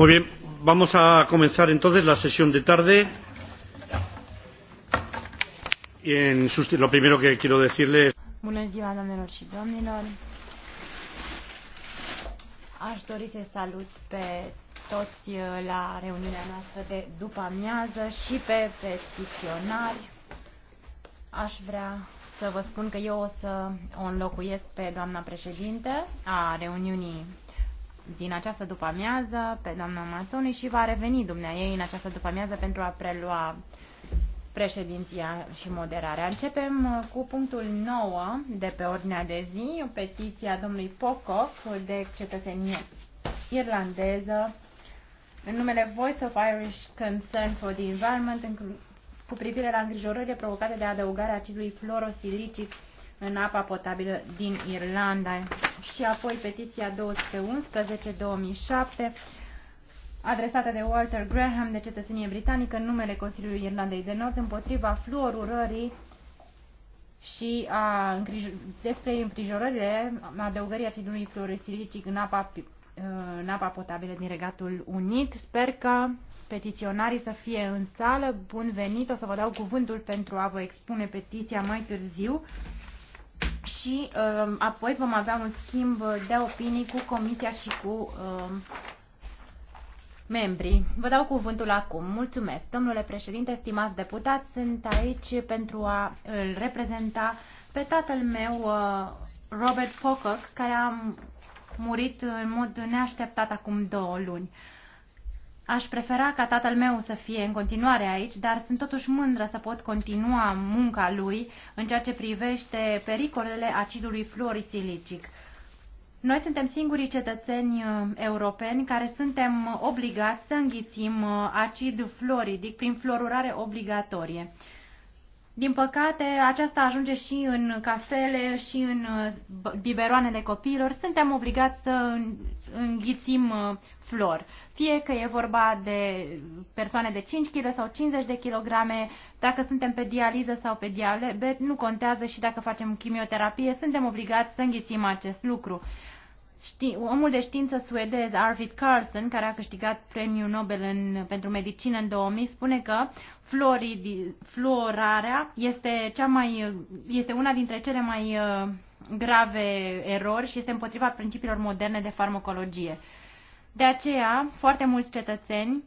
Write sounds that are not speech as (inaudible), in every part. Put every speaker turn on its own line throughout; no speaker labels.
Muy bien, vamos a comenzar entonces la sesión de tarde. Y en lo primero que quiero
Bună ziua, și domnilor. Aș dori să salut pe toți uh, la reuniunea noastră de după amiază și pe petiționari. Aș vrea să vă spun că eu o să o înlocuiesc pe doamna președinte a reuniunii din această după-amiază pe doamna Mazzoni și va reveni dumnea ei în această după-amiază pentru a prelua președinția și moderarea. Începem uh, cu punctul 9 de pe ordinea de zi, o petiție a domnului Pocock de cetățenie irlandeză în numele Voice of Irish Concern for the Environment cu privire la îngrijorările provocate de adăugarea acidului fluorosilicic în apa potabilă din Irlanda. Și apoi petiția 211-2007, adresată de Walter Graham de cetățenie britanică în numele Consiliului Irlandei de Nord împotriva fluorurării și a îngrij- despre îngrijorările adăugării acidului fluorosilicic în apa, în apa potabilă din Regatul Unit. Sper că petiționarii să fie în sală. Bun venit, o să vă dau cuvântul pentru a vă expune petiția mai târziu și uh, apoi vom avea un schimb de opinii cu comisia și cu uh, membrii. Vă dau cuvântul acum. Mulțumesc. Domnule președinte, stimați deputați, sunt aici pentru a îl reprezenta pe tatăl meu, uh, Robert Pocock, care a murit în mod neașteptat acum două luni. Uh, Aș prefera ca tatăl meu să fie în continuare aici, dar sunt totuși mândră să pot continua munca lui în ceea ce privește pericolele acidului fluorisilicic. Noi suntem singurii cetățeni uh, europeni care suntem obligați să înghițim uh, acid fluoridic prin fluorurare obligatorie. Din păcate, aceasta ajunge și în cafele, și în uh, biberoanele copiilor. Suntem obligați să înghițim flor fie că e vorba de persoane de 5 kg sau 50 de kg, dacă suntem pe dializă sau pe diabet, nu contează și dacă facem chimioterapie, suntem obligați să înghițim acest lucru. Ști, omul de știință suedez Arvid Carlson, care a câștigat premiul Nobel în, pentru medicină în 2000, spune că floridi, florarea este, cea mai, este una dintre cele mai uh, grave erori și este împotriva principiilor moderne de farmacologie. De aceea, foarte mulți cetățeni,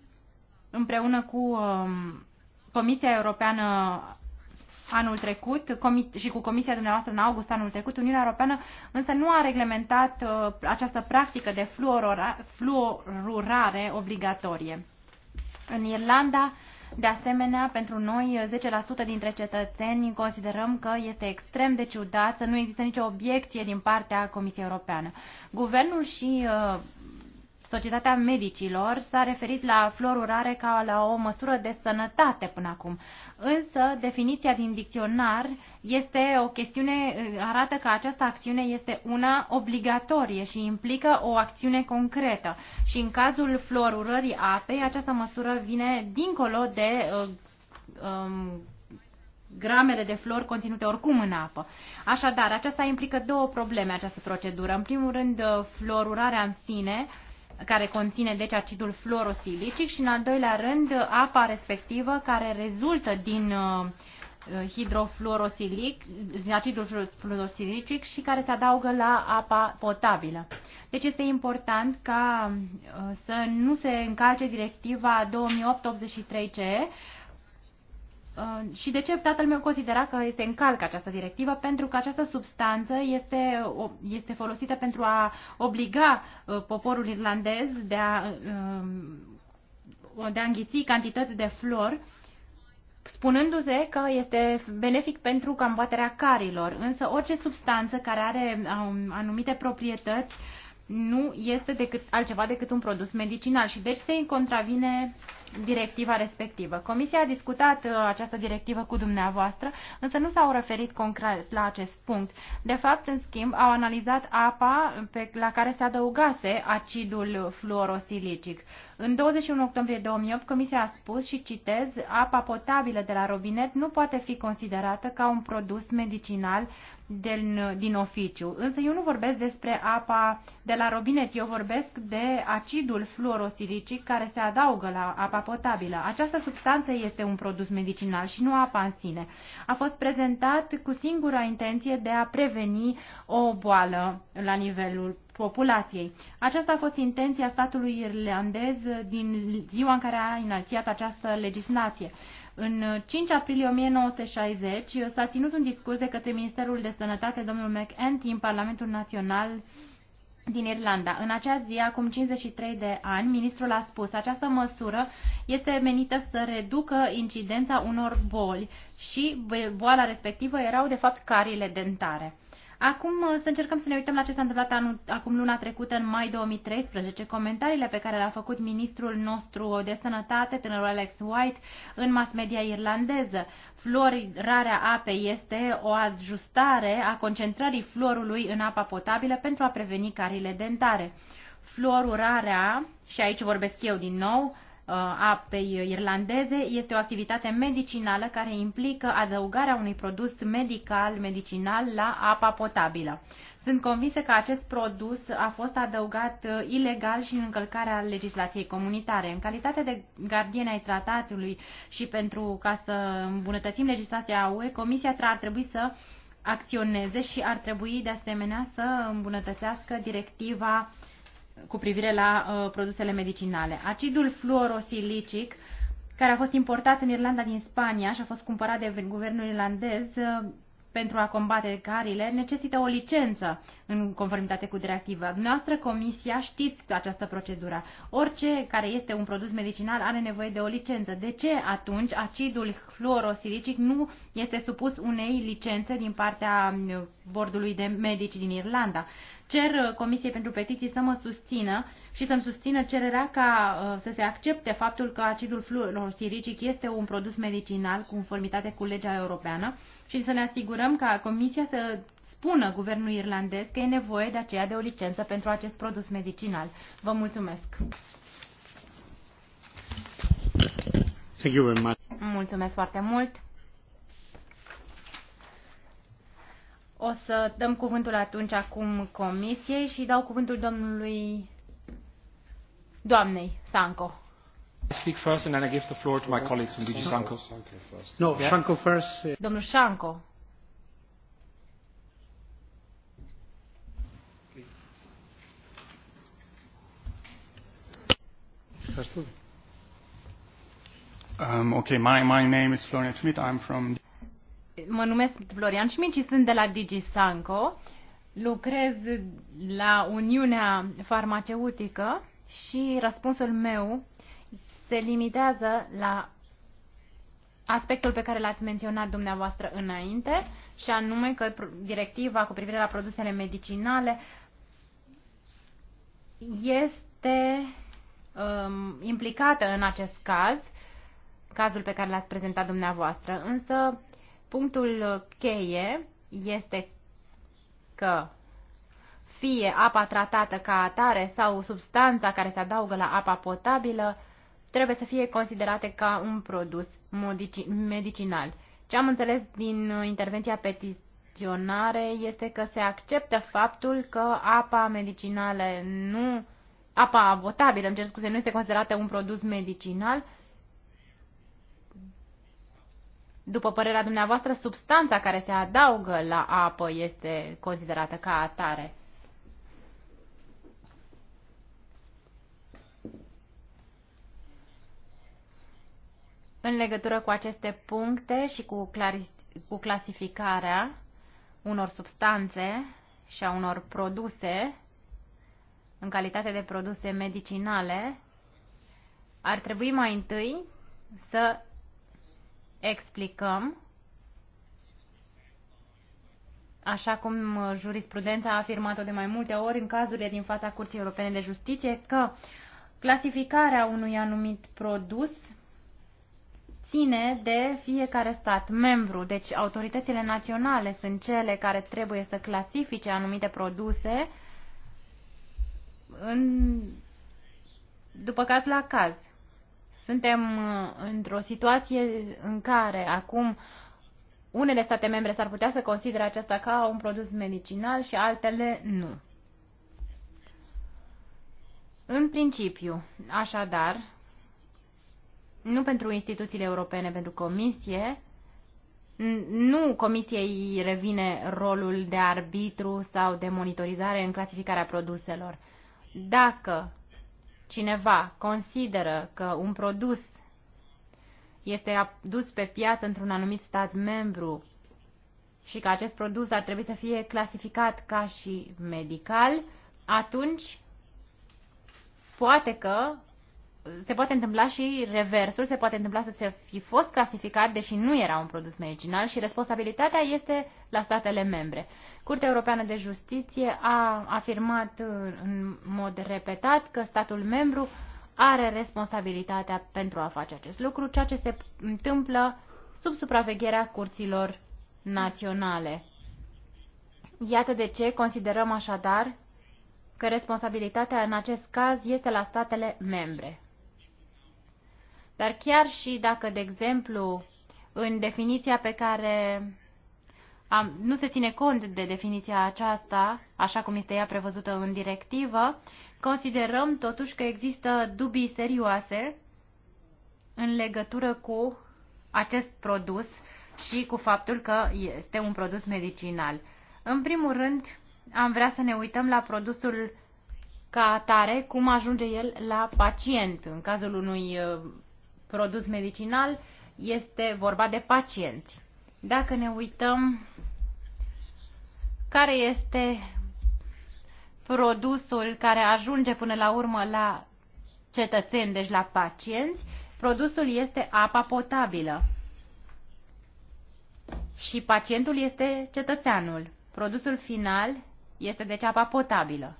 împreună cu um, Comisia Europeană anul trecut și cu Comisia dumneavoastră în august anul trecut, Uniunea Europeană însă nu a reglementat uh, această practică de fluorurare obligatorie. În Irlanda, de asemenea, pentru noi, 10% uh, dintre cetățeni considerăm că este extrem de ciudat să nu există nicio obiecție din partea Comisiei Europeană. Guvernul și uh, Societatea Medicilor s-a referit la florurare ca la o măsură de sănătate până acum. Însă, definiția din dicționar este o chestiune, arată că această acțiune este una obligatorie și implică o acțiune concretă. Și în cazul florurării apei, această măsură vine dincolo de uh, um, gramele de flori conținute oricum în apă. Așadar, aceasta implică două probleme, această procedură. În primul rând, uh, florurarea în sine, care conține deci acidul fluorosilicic și în al doilea rând apa respectivă care rezultă din uh, uh hidrofluorosilic, acidul fluorosilicic și care se adaugă la apa potabilă. Deci este important ca uh, să nu se încalce directiva 2008-83 CE Uh, și de ce tatăl meu considera că se încalcă această directivă? Pentru că această substanță este, este folosită pentru a obliga uh, poporul irlandez de a, uh, de a înghiți cantități de flori spunându-se că este benefic pentru combaterea carilor. Însă orice substanță care are um, anumite proprietăți uh, nu este decât altceva decât un produs medicinal și deci se contravine directiva respectivă. Comisia a discutat uh, această directivă cu dumneavoastră, însă nu s-au referit concret la acest punct. De fapt, în schimb, au analizat apa pe, la care se adăugase acidul fluorosilicic. În 21 octombrie 2008, Comisia a spus și citez, apa potabilă de la robinet nu poate fi considerată ca un produs medicinal din, din oficiu. Însă eu nu vorbesc despre apa de la robinet, eu vorbesc de acidul fluorosilicic care se adaugă la apa potabilă. Această substanță este un produs medicinal și nu apa în sine. A fost prezentat cu singura intenție de a preveni o boală la nivelul populației. Aceasta a fost intenția statului irlandez din ziua în care a înalțiat această legislație. În 5 aprilie 1960 s-a ținut un discurs de către Ministerul de Sănătate, domnul McEntee, în Parlamentul Național din Irlanda. În acea zi, acum 53 de ani, ministrul a spus această măsură este menită să reducă incidența unor boli și boala respectivă erau de fapt carile dentare. Acum uh, să încercăm să ne uităm la ce s-a întâmplat anul, acum luna trecută, în mai 2013. Comentariile pe care le-a făcut ministrul nostru de sănătate, tânărul Alex White, în mass media irlandeză. Florarea apei este o ajustare a concentrării fluorului în apa potabilă pentru a preveni carile dentare. Fluorurarea, și aici vorbesc eu din nou, Uh, apei irlandeze este o activitate medicinală care implică adăugarea unui produs medical, medicinal la apa potabilă. Sunt convinsă că acest produs a fost adăugat uh, ilegal și în încălcarea legislației comunitare. În calitate de gardien ai tratatului și pentru ca să îmbunătățim legislația UE, Comisia ar trebui să acționeze și ar trebui de asemenea să îmbunătățească directiva uh, cu privire la uh, produsele medicinale. Acidul fluorosilicic, care a fost importat în Irlanda din Spania și a fost cumpărat de guvernul irlandez uh, pentru a combate carile, necesită o licență în conformitate cu directiva. Noastră Comisia, știți această procedură. Orice care este un produs medicinal are nevoie de o licență. De ce atunci acidul fluorosilicic nu este supus unei licențe din partea uh, bordului de medici din Irlanda? Cer uh, Comisiei pentru Petiții să mă susțină și să-mi susțină cererea ca uh, să se accepte faptul că acidul fluorosiricic este un produs medicinal cu conformitate cu legea europeană și să ne asigurăm ca Comisia să spună guvernul irlandez că e nevoie de aceea de o licență pentru acest produs medicinal. Vă mulțumesc! Mulțumesc foarte mult! O să dăm cuvântul atunci acum comisiei și dau cuvântul domnului doamnei Sanco.
Speak first and then I give the floor to my colleagues from DG Sanco. No, yeah? Sanco
first. Uh, Domnul Sanco.
Um, okay, my,
my name is Florian Schmidt. I'm from
Mă numesc Florian Șmici sunt de la DigiSanco. Lucrez la Uniunea Farmaceutică și răspunsul meu se limitează la aspectul pe care l-ați menționat dumneavoastră înainte, și anume că directiva cu privire la produsele medicinale este um, implicată în acest caz, cazul pe care l-ați prezentat dumneavoastră, însă Punctul cheie este că fie apa tratată ca atare sau substanța care se adaugă la apa potabilă trebuie să fie considerate ca un produs medicinal. Ce am înțeles din intervenția petiționare este că se acceptă faptul că apa medicinală nu apa potabilă, îmi cer scuze, nu este considerată un produs medicinal, după părerea dumneavoastră, substanța care se adaugă la apă este considerată ca atare. În legătură cu aceste puncte și cu, cu clasificarea unor substanțe și a unor produse în calitate de produse medicinale, ar trebui mai întâi să explicăm, așa cum jurisprudența a afirmat-o de mai multe ori în cazurile din fața Curții Europene de Justiție, că clasificarea unui anumit produs ține de fiecare stat membru. Deci autoritățile naționale sunt cele care trebuie să clasifice anumite produse în, după caz la caz. Suntem uh, într-o situație în care acum unele state membre s-ar putea să considere aceasta ca un produs medicinal și altele nu. În principiu, așadar, nu pentru instituțiile europene, pentru comisie, nu comisiei revine rolul de arbitru sau de monitorizare în clasificarea produselor. Dacă cineva consideră că un produs este adus pe piață într-un anumit stat membru și că acest produs ar trebui să fie clasificat ca și medical, atunci poate că se poate întâmpla și reversul, se poate întâmpla să se fi fost clasificat, deși nu era un produs medicinal și responsabilitatea este la statele membre. Curtea Europeană de Justiție a afirmat în mod repetat că statul membru are responsabilitatea pentru a face acest lucru, ceea ce se întâmplă sub supravegherea curților naționale. Iată de ce considerăm așadar că responsabilitatea în acest caz este la statele membre. Dar chiar și dacă, de exemplu, în definiția pe care am, nu se ține cont de definiția aceasta, așa cum este ea prevăzută în directivă, considerăm totuși că există dubii serioase în legătură cu acest produs și cu faptul că este un produs medicinal. În primul rând, am vrea să ne uităm la produsul ca atare, cum ajunge el la pacient în cazul unui produs medicinal, este vorba de pacienți. Dacă ne uităm care este produsul care ajunge până la urmă la cetățeni, deci la pacienți, produsul este apa potabilă. Și pacientul este cetățeanul. Produsul final este deci apa potabilă.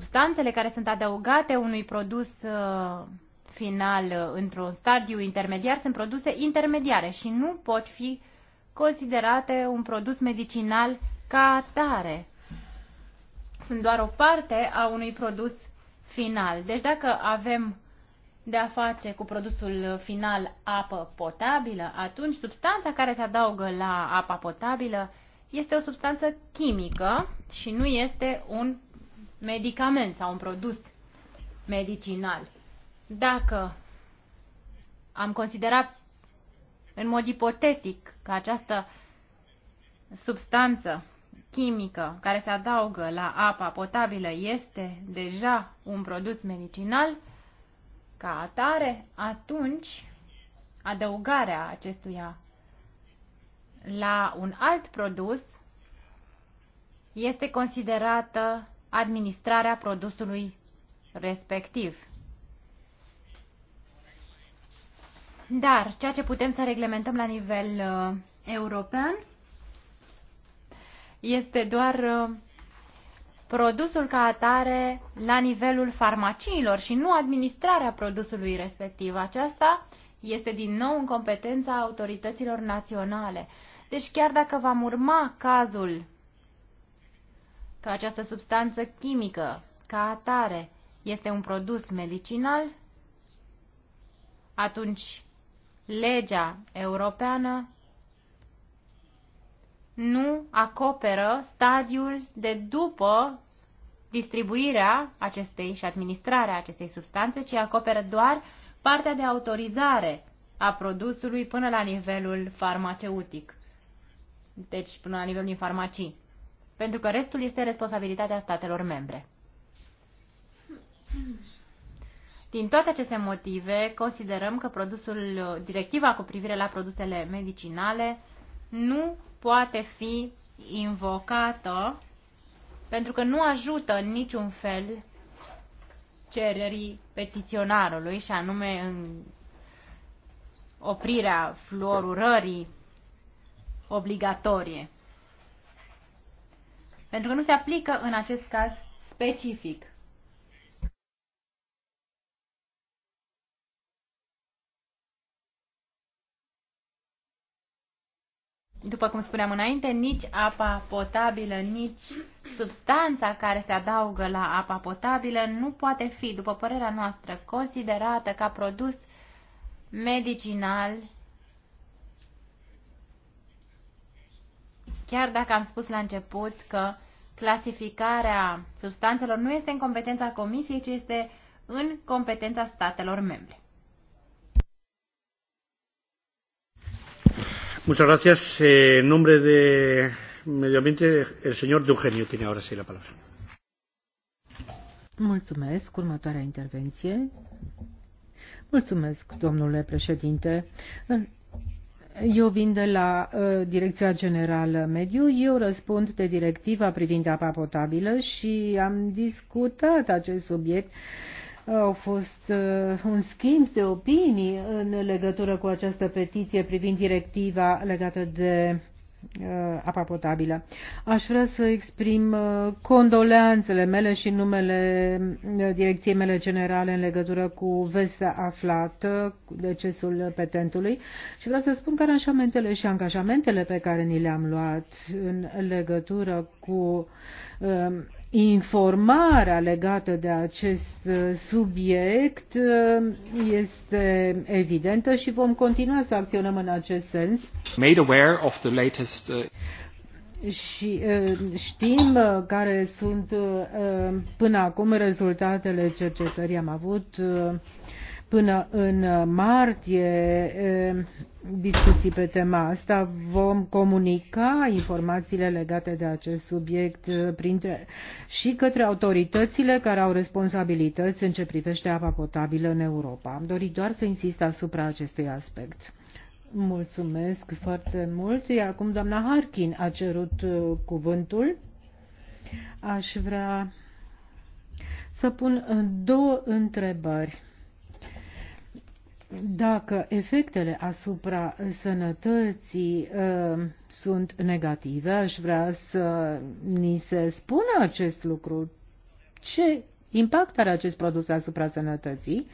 substanțele care sunt adăugate unui produs uh, final uh, într-un stadiu intermediar sunt produse intermediare și nu pot fi considerate un produs medicinal ca atare. Sunt doar o parte a unui produs final. Deci dacă avem de a face cu produsul final apă potabilă, atunci substanța care se adaugă la apa potabilă este o substanță chimică și nu este un medicament sau un produs medicinal. Dacă am considerat în mod ipotetic că această substanță chimică care se adaugă la apa potabilă este deja un produs medicinal, ca atare, atunci adăugarea acestuia la un alt produs este considerată administrarea produsului respectiv. Dar ceea ce putem să reglementăm la nivel uh, european este doar uh, produsul ca atare la nivelul farmaciilor și nu administrarea produsului respectiv. Aceasta este din nou în competența autorităților naționale. Deci chiar dacă vom urma cazul că această substanță chimică, ca atare, este un produs medicinal, atunci legea europeană nu acoperă stadiul de după distribuirea acestei și administrarea acestei substanțe, ci acoperă doar partea de autorizare a produsului până la nivelul farmaceutic, deci până la nivelul din farmacii pentru că restul este responsabilitatea statelor membre. Din toate aceste motive, considerăm că produsul, directiva cu privire la produsele medicinale nu poate fi invocată pentru că nu ajută în niciun fel cererii petiționarului și anume în oprirea fluorurării obligatorie pentru că nu se aplică în acest caz specific. După cum spuneam înainte, nici apa potabilă, nici substanța care se adaugă la apa potabilă nu poate fi, după părerea noastră, considerată ca produs medicinal chiar dacă am spus la început că clasificarea substanțelor nu este în competența Comisiei, ci este în competența statelor membre.
Muchas gracias. Eh, en nombre de Medio Ambiente, el señor Eugenio tiene ahora sí la palabra.
Mulțumesc. Următoarea intervenție. Mulțumesc, domnule președinte. Eu vin de la uh, Direcția Generală Mediu, eu răspund de directiva privind apa potabilă și am discutat acest subiect. Au fost uh, un schimb de opinii în legătură cu această petiție privind directiva legată de uh, Uh, apa potabilă. Aș vrea să exprim uh, condoleanțele mele și numele uh, direcției mele generale în legătură cu vestea aflată, cu decesul petentului și vreau să spun că aranjamentele și angajamentele pe care ni le-am luat în legătură cu informarea legată de acest uh, subiect uh, este evidentă și vom continua să acționăm în acest sens.
Made aware of the latest, uh...
Și uh, știm care sunt până acum rezultatele cercetării. Am avut până în martie discuții pe tema asta. Vom comunica informațiile legate de acest subiect printre, și către autoritățile care au responsabilități în ce privește apa potabilă în Europa. Am dorit doar să insist asupra acestui aspect. Mulțumesc foarte mult. Iar acum doamna Harkin a cerut cuvântul. Aș vrea să pun două întrebări dacă efectele asupra sănătății uh, sunt negative, aș vrea să ni se spună acest lucru. Ce impact are acest produs asupra sănătății?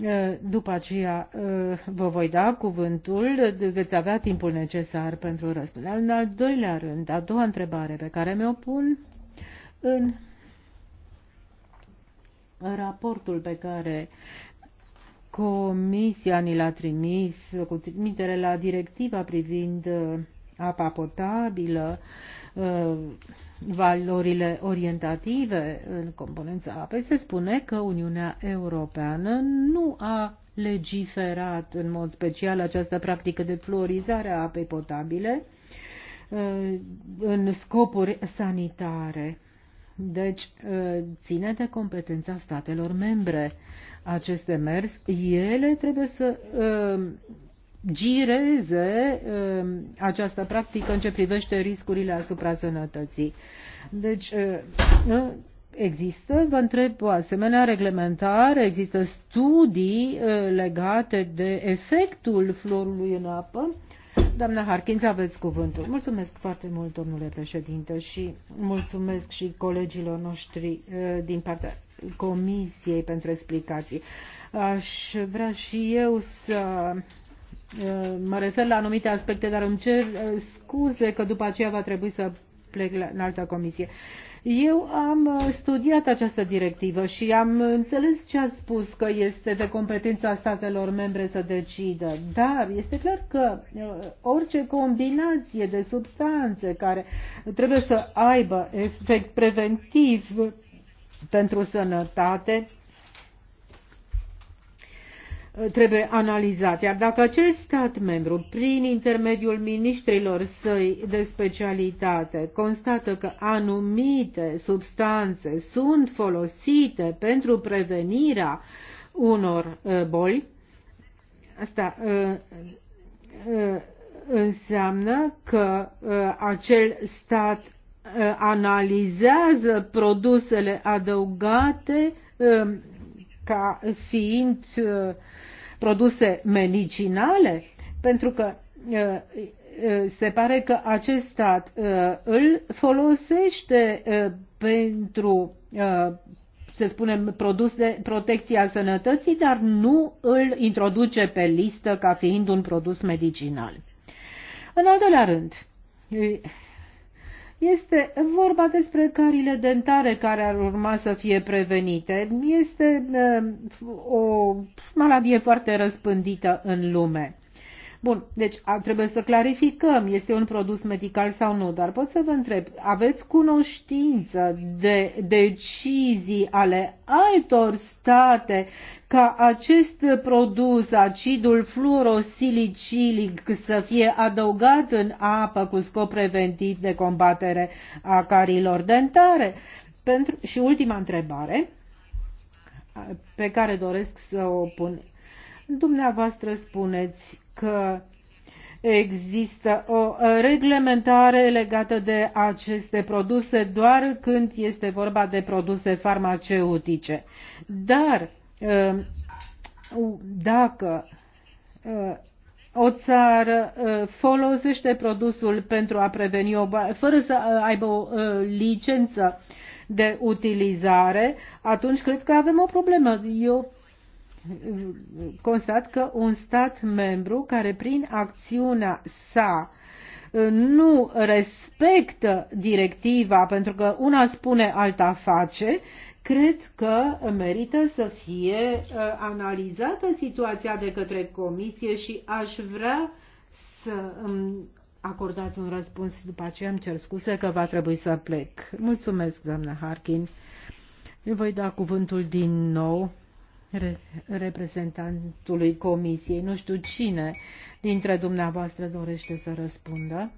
Uh, după aceea uh, vă voi da cuvântul, veți avea timpul necesar pentru răspuns. În al doilea rând, a doua întrebare pe care mi-o pun în raportul pe care Comisia ni l-a trimis cu trimitere la directiva privind uh, apa potabilă, uh, valorile orientative în componența apei, se spune că Uniunea Europeană nu a legiferat în mod special această practică de fluorizare a apei potabile uh, în scopuri sanitare. Deci ține de competența statelor membre acest demers, ele trebuie să uh, gireze uh, această practică în ce privește riscurile asupra sănătății. Deci, uh, uh există, vă întreb, o asemenea reglementare, există studii uh, legate de efectul florului în apă Doamna Harkins, aveți cuvântul. Mulțumesc foarte mult, domnule președinte, și mulțumesc și colegilor noștri uh, din partea Comisiei pentru explicații. Aș vrea și eu să uh, mă refer la anumite aspecte, dar îmi cer uh, scuze că după aceea va trebui să plec la, în alta comisie. Uh, eu am uh, studiat această directivă și am înțeles ce a spus că este de competența statelor membre să decidă, dar este clar că uh, orice combinație de substanțe care trebuie să aibă efect preventiv pentru sănătate trebuie analizat. Iar dacă acel stat membru, prin intermediul ministrilor săi de specialitate, constată că anumite substanțe sunt folosite pentru prevenirea unor uh, boli, asta uh, uh, înseamnă că acel stat analizează produsele adăugate ca fiind uh, produse medicinale, pentru că uh, uh, se pare că acest stat uh, îl folosește pentru, să spunem, produs de protecție a sănătății, dar nu îl introduce pe listă ca fiind un produs medicinal. În al doilea rând, este vorba despre carile dentare care ar urma să fie prevenite. Este uh, o maladie foarte răspândită în lume. Bun, deci trebuie să clarificăm, este un produs medical sau nu, dar pot să vă întreb, aveți cunoștință de decizii ale altor state ca acest produs, acidul fluorosilicilic, să fie adăugat în apă cu scop preventiv de combatere a carilor dentare? Pentru, și ultima întrebare pe care doresc să o pun. Dumneavoastră spuneți că există o reglementare legată de aceste produse doar când este vorba de produse farmaceutice. Dar um, dacă uh, o țară uh, folosește produsul pentru a preveni o fără să uh, aibă o licență de utilizare, atunci cred că avem o problemă. Eu constat că un stat membru care prin acțiunea sa uh, nu respectă directiva pentru că una spune alta face, cred că merită să fie uh, analizată situația de către comisie și aș vrea să îmi acordați un răspuns. După aceea îmi cer scuze că va trebui să plec. Mulțumesc, doamna Harkin. Îi voi da cuvântul din nou reprezentantului Comisiei. Nu știu cine dintre dumneavoastră dorește să răspundă.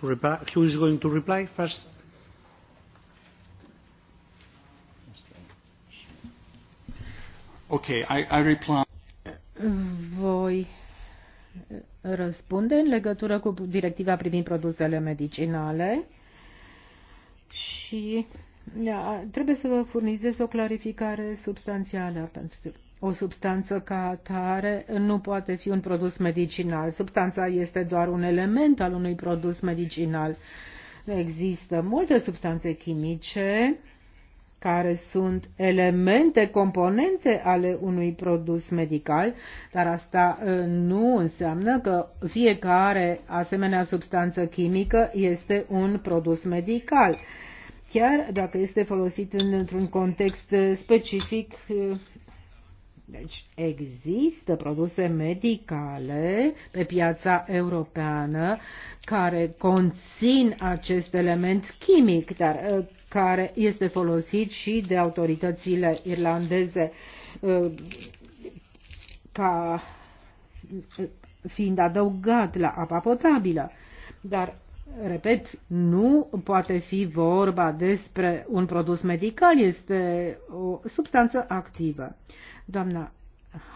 To reply, who is going to reply first?
Okay, I, I reply.
Voi răspunde în legătură cu directiva privind produsele medicinale și da, trebuie să vă furnizez o clarificare substanțială pentru o substanță ca atare nu poate fi un produs medicinal. Substanța este doar un element al unui produs medicinal. Există multe substanțe chimice care sunt elemente, componente ale unui produs medical, dar asta ă, nu înseamnă că fiecare asemenea substanță chimică este un produs medical chiar dacă este folosit într-un context uh, specific. Uh, deci există produse medicale pe piața europeană care conțin acest element chimic, dar uh, care este folosit și de autoritățile irlandeze ca fiind adăugat la apa potabilă. Dar Repet, nu poate fi vorba despre un produs medical, este o substanță activă. Doamna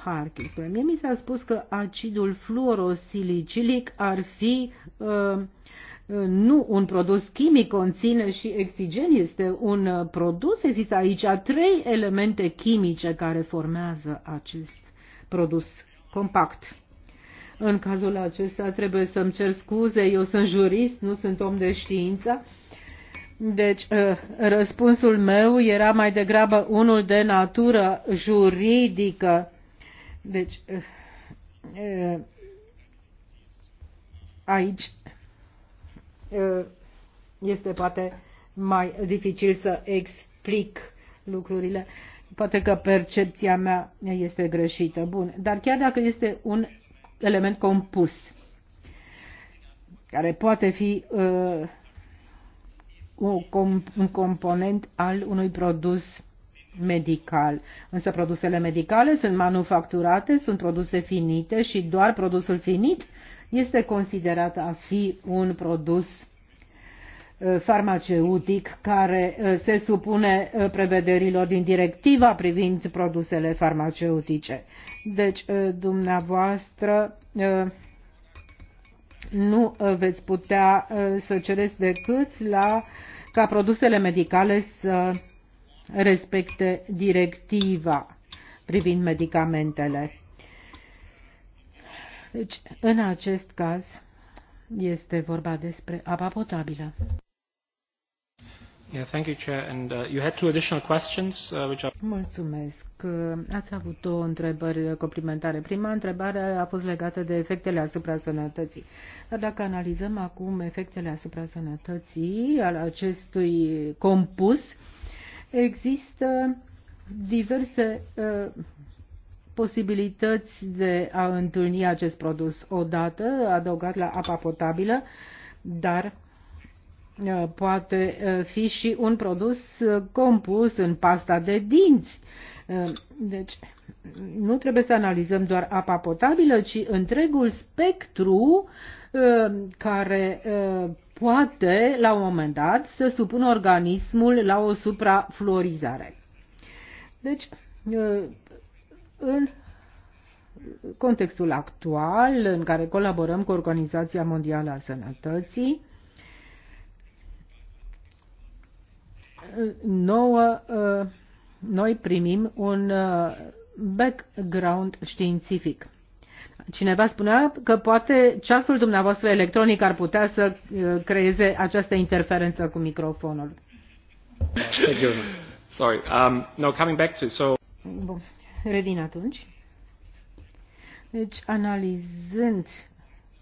Harkis, pe mie mi s-a spus că acidul fluorosilicilic ar fi uh, nu un produs chimic conține și exigen este un uh, produs. Există aici trei elemente chimice care formează acest produs compact. În cazul acesta trebuie să-mi cer scuze, eu sunt jurist, nu sunt om de știință. Deci, uh, răspunsul meu era mai degrabă unul de natură juridică. Deci, uh, uh, aici este poate mai dificil să explic lucrurile. Poate că percepția mea este greșită. Bun. Dar chiar dacă este un element compus care poate fi uh, un, com- un component al unui produs medical. Însă produsele medicale sunt manufacturate, sunt produse finite și doar produsul finit este considerat a fi un produs Uh, farmaceutic care uh, se supune uh, prevederilor din directiva privind produsele farmaceutice. Deci, dumneavoastră nu veți putea să cereți decât la ca produsele medicale să respecte directiva privind medicamentele. Deci, în acest caz, este vorba despre apa potabilă. Mulțumesc. Ați avut două întrebări complimentare. Prima întrebare a fost legată de efectele asupra sănătății. Dar dacă analizăm acum efectele asupra sănătății al acestui compus, există diverse uh, posibilități de a întâlni acest produs odată adăugat la apa potabilă, dar Eh, poate eh, fi și un produs eh, compus în pasta de dinți. Deci, nu trebuie să analizăm doar apa potabilă, ci întregul spectru care poate, la un moment dat, să supună organismul la o suprafluorizare. Deci, în contextul actual în care colaborăm cu Organizația Mondială a Sănătății, nouă, uh, noi primim un uh, background științific. Cineva spunea că poate ceasul dumneavoastră electronic ar putea să uh, creeze această interferență cu microfonul.
Sorry. Um, no, coming back to so.
Bun. Revin atunci. Deci, analizând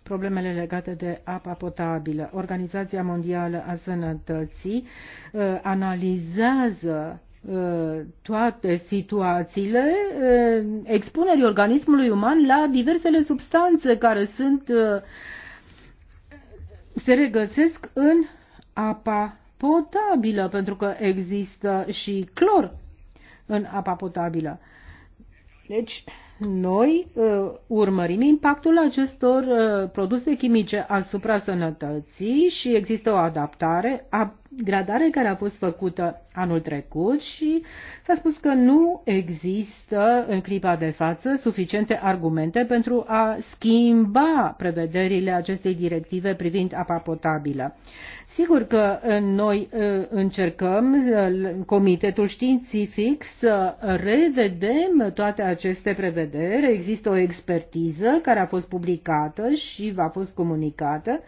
problemele legate de apa potabilă. Organizația Mondială a Sănătății uh, analizează uh, toate situațiile uh, expunerii organismului uman la diversele substanțe care sunt se regăsesc în apa potabilă, pentru că există și clor în apa potabilă. Deci, noi uh, urmărim impactul acestor uh, produse chimice asupra sănătății și există o adaptare, a gradare care a fost făcută anul trecut și s-a spus că nu există în clipa de față suficiente argumente pentru a schimba prevederile acestei directive privind apa potabilă. Sigur că uh, noi uh, încercăm, uh, Comitetul Științific, să revedem toate aceste prevederi. Există o expertiză care a fost publicată și a fost comunicată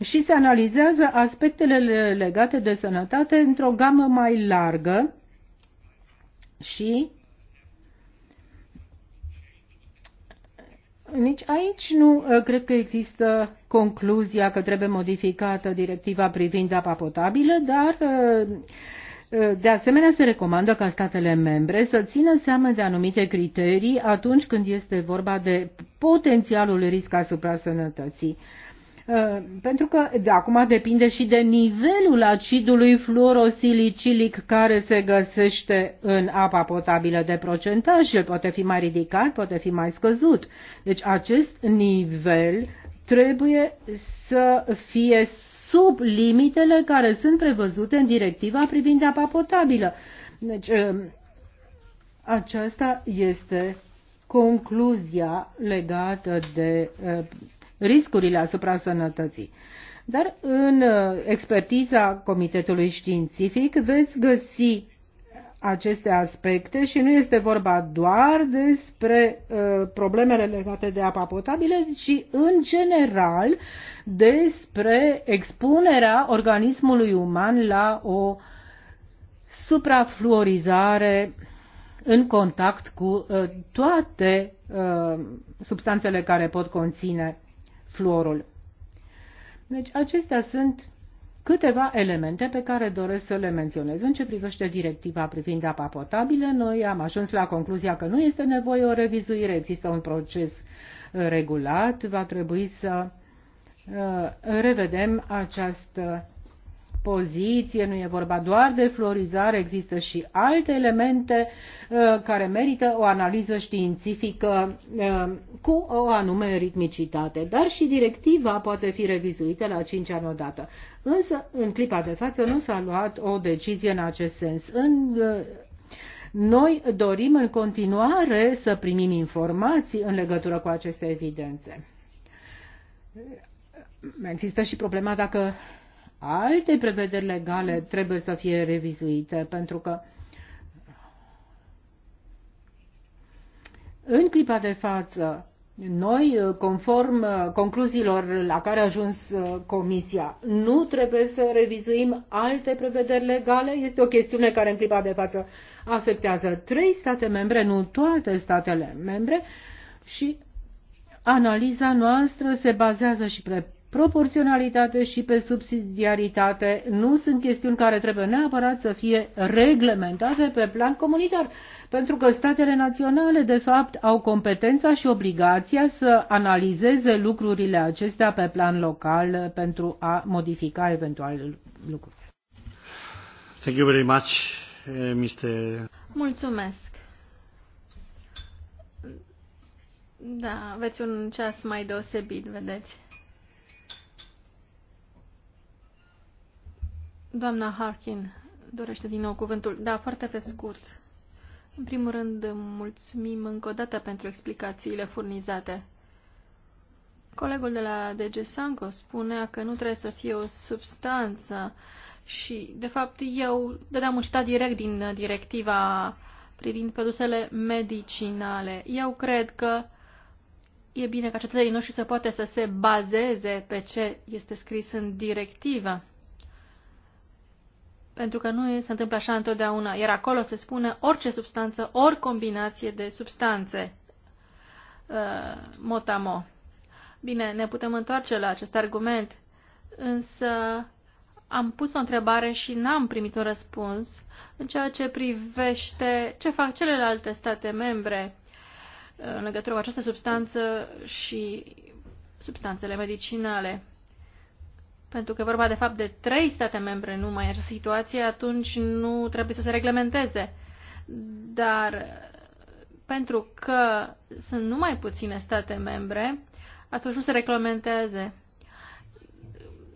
și se analizează aspectele legate de sănătate într-o gamă mai largă și Nici aici nu ă, cred că există concluzia că trebuie modificată directiva privind apa potabilă, dar ă, ă, de asemenea se recomandă ca statele membre să țină seama de anumite criterii atunci când este vorba de potențialul risc asupra sănătății. Uh, pentru că de acum depinde și de nivelul acidului fluorosilicilic care se găsește în apa potabilă de procentaj. El poate fi mai ridicat, poate fi mai scăzut. Deci acest nivel trebuie să fie sub limitele care sunt prevăzute în directiva privind apa potabilă. Deci, uh, aceasta este concluzia legată de uh, riscurile asupra sănătății. Dar în uh, expertiza Comitetului Științific veți găsi aceste aspecte și nu este vorba doar despre uh, problemele legate de apa potabilă, ci în general despre expunerea organismului uman la o suprafluorizare în contact cu uh, toate uh, substanțele care pot conține fluorul. Deci acestea sunt câteva elemente pe care doresc să le menționez. În ce privește directiva privind apa potabilă, noi am ajuns la concluzia că nu este nevoie o revizuire, există un proces uh, regulat, va trebui să uh, revedem această poziție, nu e vorba doar de florizare, există și alte elemente uh, care merită o analiză științifică uh, cu o anume ritmicitate, dar și directiva poate fi revizuită la 5 ani odată. Însă, în clipa de față, nu s-a luat o decizie în acest sens. În uh, noi dorim în continuare să primim informații în legătură cu aceste evidențe. Există și problema dacă alte prevederi legale trebuie să fie revizuite, pentru că în clipa de față, noi, conform concluziilor la care a ajuns Comisia, nu trebuie să revizuim alte prevederi legale. Este o chestiune care în clipa de față afectează trei state membre, nu toate statele membre, și analiza noastră se bazează și pe proporționalitate și pe subsidiaritate nu sunt chestiuni care trebuie neapărat să fie reglementate pe plan comunitar, pentru că statele naționale, de fapt, au competența și obligația să analizeze lucrurile acestea pe plan local pentru a modifica eventual lucruri.
Thank you very much, eh, Mr. Mulțumesc. Da, aveți un ceas mai deosebit, vedeți. Doamna Harkin dorește din nou cuvântul. Da, foarte pe scurt. În primul rând, mulțumim încă o dată pentru explicațiile furnizate. Colegul de la DG Sanco spunea că nu trebuie să fie o substanță și, de fapt, eu dădeam un citat direct din directiva privind produsele medicinale. Eu cred că e bine ca cetățenii noștri să poate să se bazeze pe ce este scris în directivă pentru că nu se întâmplă așa întotdeauna, iar acolo se spune orice substanță, ori combinație de substanțe. Uh, motamo. Bine, ne putem întoarce la acest argument, însă am pus o întrebare și n-am primit un răspuns în ceea ce privește ce fac celelalte state membre uh, în legătură cu această substanță și substanțele medicinale pentru că vorba de fapt de trei state membre nu mai această situație, atunci nu trebuie să se reglementeze. Dar pentru că sunt numai puține state membre, atunci nu se reglementeze.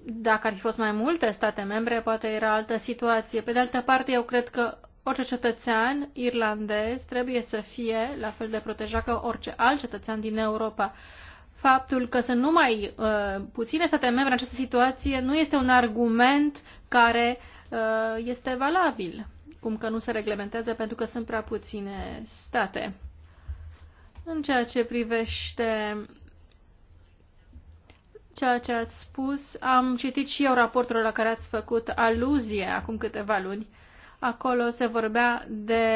Dacă ar fi fost mai multe state membre, poate era altă situație. Pe de altă parte, eu cred că orice cetățean irlandez trebuie să fie la fel de protejat ca orice alt cetățean din Europa faptul că sunt numai uh, puține state membre în această situație nu este un argument care uh, este valabil, cum că nu se reglementează pentru că sunt prea puține state. În ceea ce privește ceea ce ați spus, am citit și eu raportul la care ați făcut aluzie acum câteva luni. Acolo se vorbea de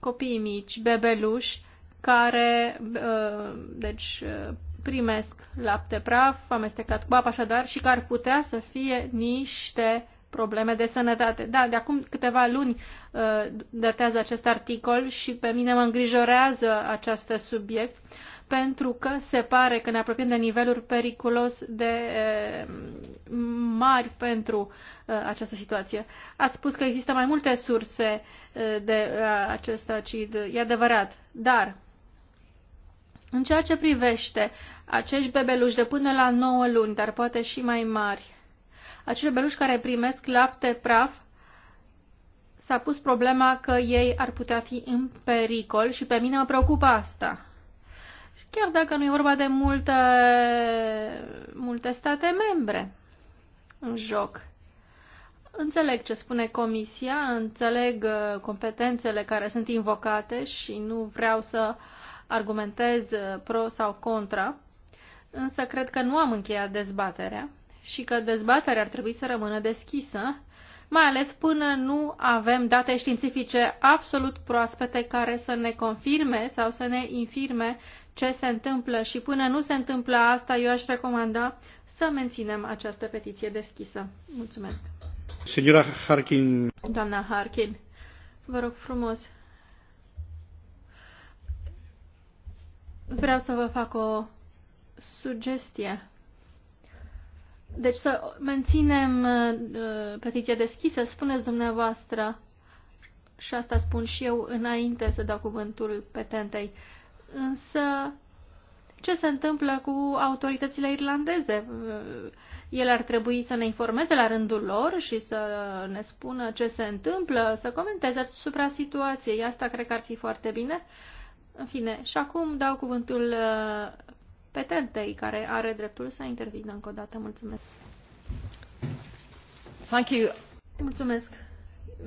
copiii mici, bebeluși, care uh, deci, uh, primesc lapte praf amestecat cu apă așadar și care ar putea să fie niște probleme de sănătate. Da, de acum câteva luni uh, datează acest articol și pe mine mă îngrijorează acest subiect pentru că se pare că ne apropiem de niveluri periculos de mari pentru această situație. Ați spus că există mai multe surse de acest acid, e adevărat, dar în ceea ce privește acești bebeluși de până la 9 luni, dar poate și mai mari, acești bebeluși care primesc lapte praf, s-a pus problema că ei ar putea fi în pericol și pe mine mă preocupă asta. Chiar dacă nu e vorba de multe, multe state membre în joc. Înțeleg ce spune Comisia, înțeleg uh, competențele care sunt invocate și nu vreau să uh, argumentez uh, pro sau contra, însă cred că nu am încheiat dezbaterea și că dezbaterea ar trebui să rămână deschisă, mai ales până nu avem date științifice absolut proaspete care să ne confirme sau să ne infirme ce se întâmplă și până nu se întâmplă asta, eu aș recomanda să menținem această petiție deschisă. Mulțumesc. Signora Harkin. Doamna Harkin, vă rog frumos. Vreau să vă fac o sugestie. Deci să menținem uh, uh, petiția deschisă, spuneți dumneavoastră, și asta spun și eu înainte să dau cuvântul petentei, însă ce se întâmplă cu autoritățile irlandeze? Uh, ele ar trebui să ne informeze la rândul lor și să ne spună ce se întâmplă, să comenteze asupra situației. Asta cred că ar fi foarte bine. Uh, în fine, și acum dau cuvântul uh, petentei care are dreptul să intervină încă o dată. Mulțumesc. Thank you. Mulțumesc.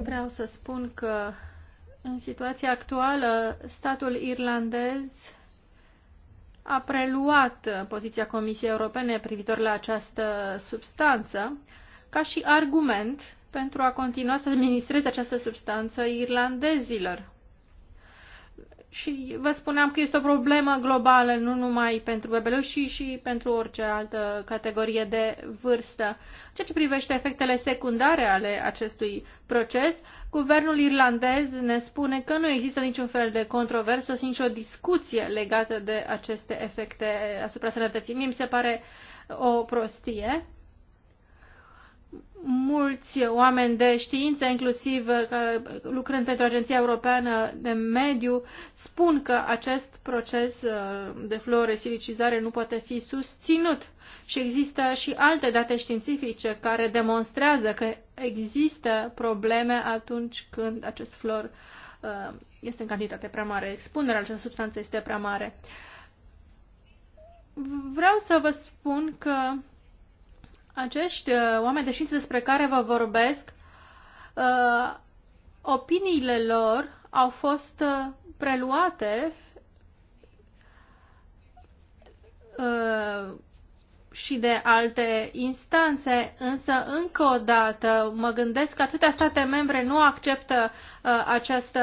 Vreau să spun că în situația actuală statul irlandez a preluat poziția Comisiei Europene privitor la această substanță ca și argument pentru a continua să administreze această substanță irlandezilor și vă spuneam că este o problemă globală, nu numai pentru bebeluși, și pentru orice altă categorie de vârstă. Ceea ce privește efectele secundare ale acestui proces, guvernul irlandez ne spune că nu există niciun fel de controversă și nicio discuție legată de aceste efecte asupra sănătății. Mie mi se pare o prostie mulți oameni de știință, inclusiv uh, lucrând pentru Agenția Europeană de Mediu, spun că acest proces uh, de fluoresilicizare nu poate fi susținut și există și alte date științifice care demonstrează că există probleme atunci când acest flor uh, este în cantitate prea mare, expunerea acestei substanțe este prea mare. Vreau să vă spun că acești uh, oameni de știință despre care vă vorbesc, uh, opiniile lor au fost uh, preluate și de alte instanțe, însă încă o dată mă gândesc că atâtea state membre nu acceptă uh, această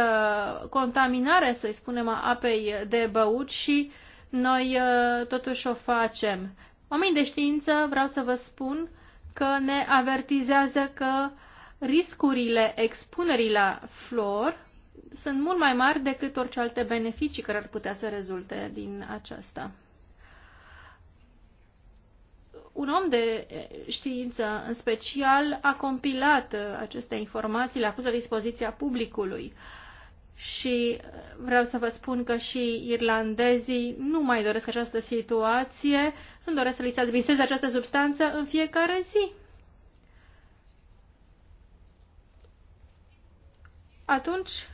contaminare, să-i spunem, a apei de băut și noi uh, totuși o facem. Oamenii de știință, vreau să vă spun că ne avertizează că riscurile expunerii la flor sunt mult mai mari decât orice alte beneficii care ar putea să rezulte din aceasta. Un om de știință, în special, a compilat aceste informații, le-a pus la dispoziția publicului. Uh, și vreau să vă spun că și irlandezii nu mai doresc această situație, nu doresc să li se administreze această substanță în fiecare zi. Atunci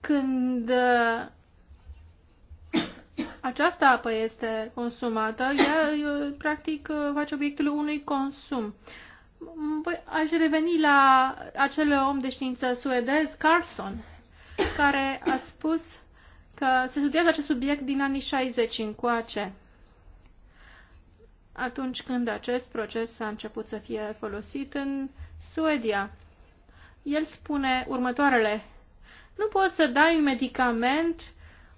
când uh, această apă este consumată, ea uh, practic uh, face obiectul unui consum aș reveni la acel om de știință suedez, Carlson, care a spus că se studiază acest subiect din anii 60 încoace, atunci când acest proces a început să fie folosit în Suedia. El spune următoarele. Nu poți să dai un medicament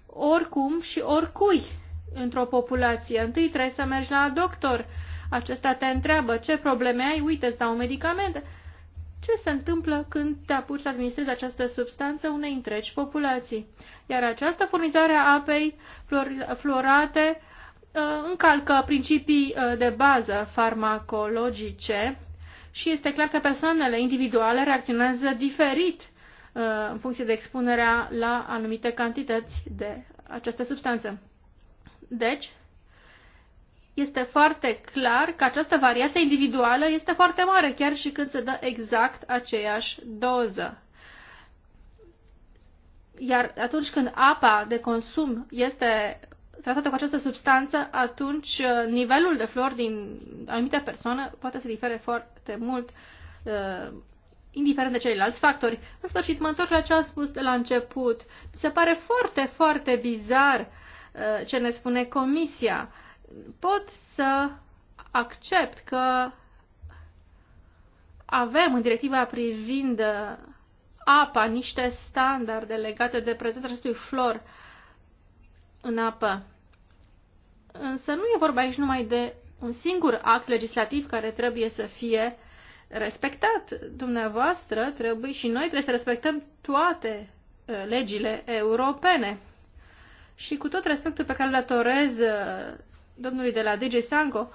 oricum și oricui într-o populație. Întâi trebuie să mergi la doctor acesta te întreabă ce probleme ai, uite, îți dau medicamente. Ce se întâmplă când te apuci să administrezi această substanță unei întregi populații? Iar această furnizare a apei florate uh, încalcă principii uh, de bază farmacologice și este clar că persoanele individuale reacționează diferit uh, în funcție de expunerea la anumite cantități de această substanță. Deci, este foarte clar că această variație individuală este foarte mare, chiar și când se dă exact aceeași doză. Iar atunci când apa de consum este tratată cu această substanță, atunci uh, nivelul de flori din anumite persoane poate să difere foarte mult, uh, indiferent de ceilalți factori. În sfârșit, mă întorc la ce a spus de la început. Mi se pare foarte, foarte bizar uh, ce ne spune Comisia pot să accept că avem în directiva privind uh, apa niște standarde legate de prezența acestui flor în apă. Însă nu e vorba aici numai de un singur act legislativ care trebuie să fie respectat. Dumneavoastră trebuie și noi trebuie să respectăm toate uh, legile europene. Și cu tot respectul pe care îl datorez uh, domnului de la DG Sanco,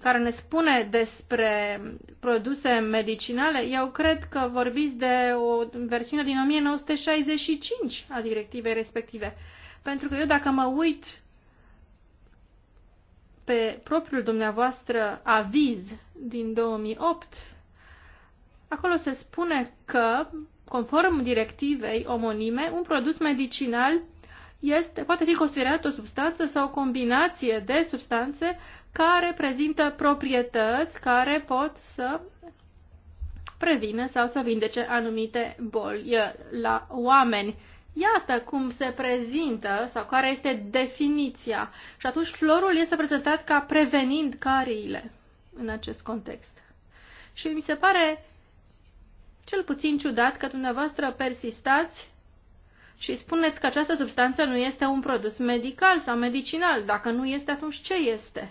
care ne spune despre produse medicinale, eu cred că vorbiți de o versiune din 1965 a directivei respective. Pentru că eu dacă mă uit pe propriul dumneavoastră aviz din 2008, acolo se spune că, conform directivei omonime, un produs medicinal este, poate fi considerat o substanță sau o combinație de substanțe care prezintă proprietăți care pot să prevină sau să vindece anumite boli eh, la oameni. Iată cum se prezintă sau care este definiția. Și atunci florul este prezentat ca prevenind cariile în acest context. Și mi se pare cel puțin ciudat că dumneavoastră persistați și spuneți că această substanță nu este un produs medical sau medicinal. Dacă nu este, atunci ce este?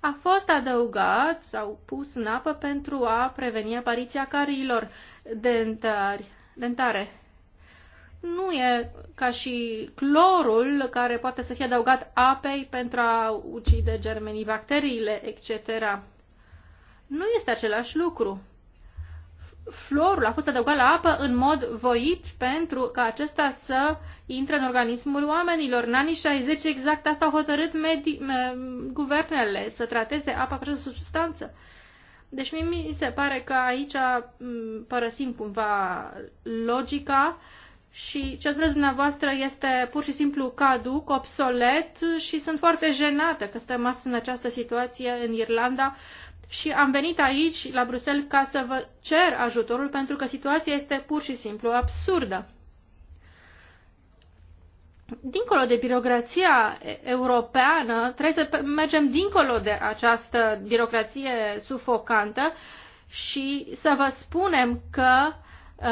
A fost adăugat sau pus în apă pentru a preveni apariția carilor dentari, dentare. Nu e ca și clorul care poate să fie adăugat apei pentru a ucide germenii, bacteriile, etc. Nu este același lucru. Florul a fost adăugat la apă în mod voit pentru ca acesta să intre în organismul oamenilor. În anii 60 exact asta au hotărât medi- guvernele, să trateze apa ca o substanță. Deci mi se pare că aici părăsim cumva logica și ce ați vrea dumneavoastră este pur și simplu caduc, obsolet și sunt foarte jenată că stăm astăzi în această situație în Irlanda și am venit aici, la Bruxelles, ca să vă cer ajutorul, pentru că situația este pur și simplu absurdă. Dincolo de birocrația europeană, trebuie să mergem dincolo de această birocrație sufocantă și să vă spunem că uh, Uh,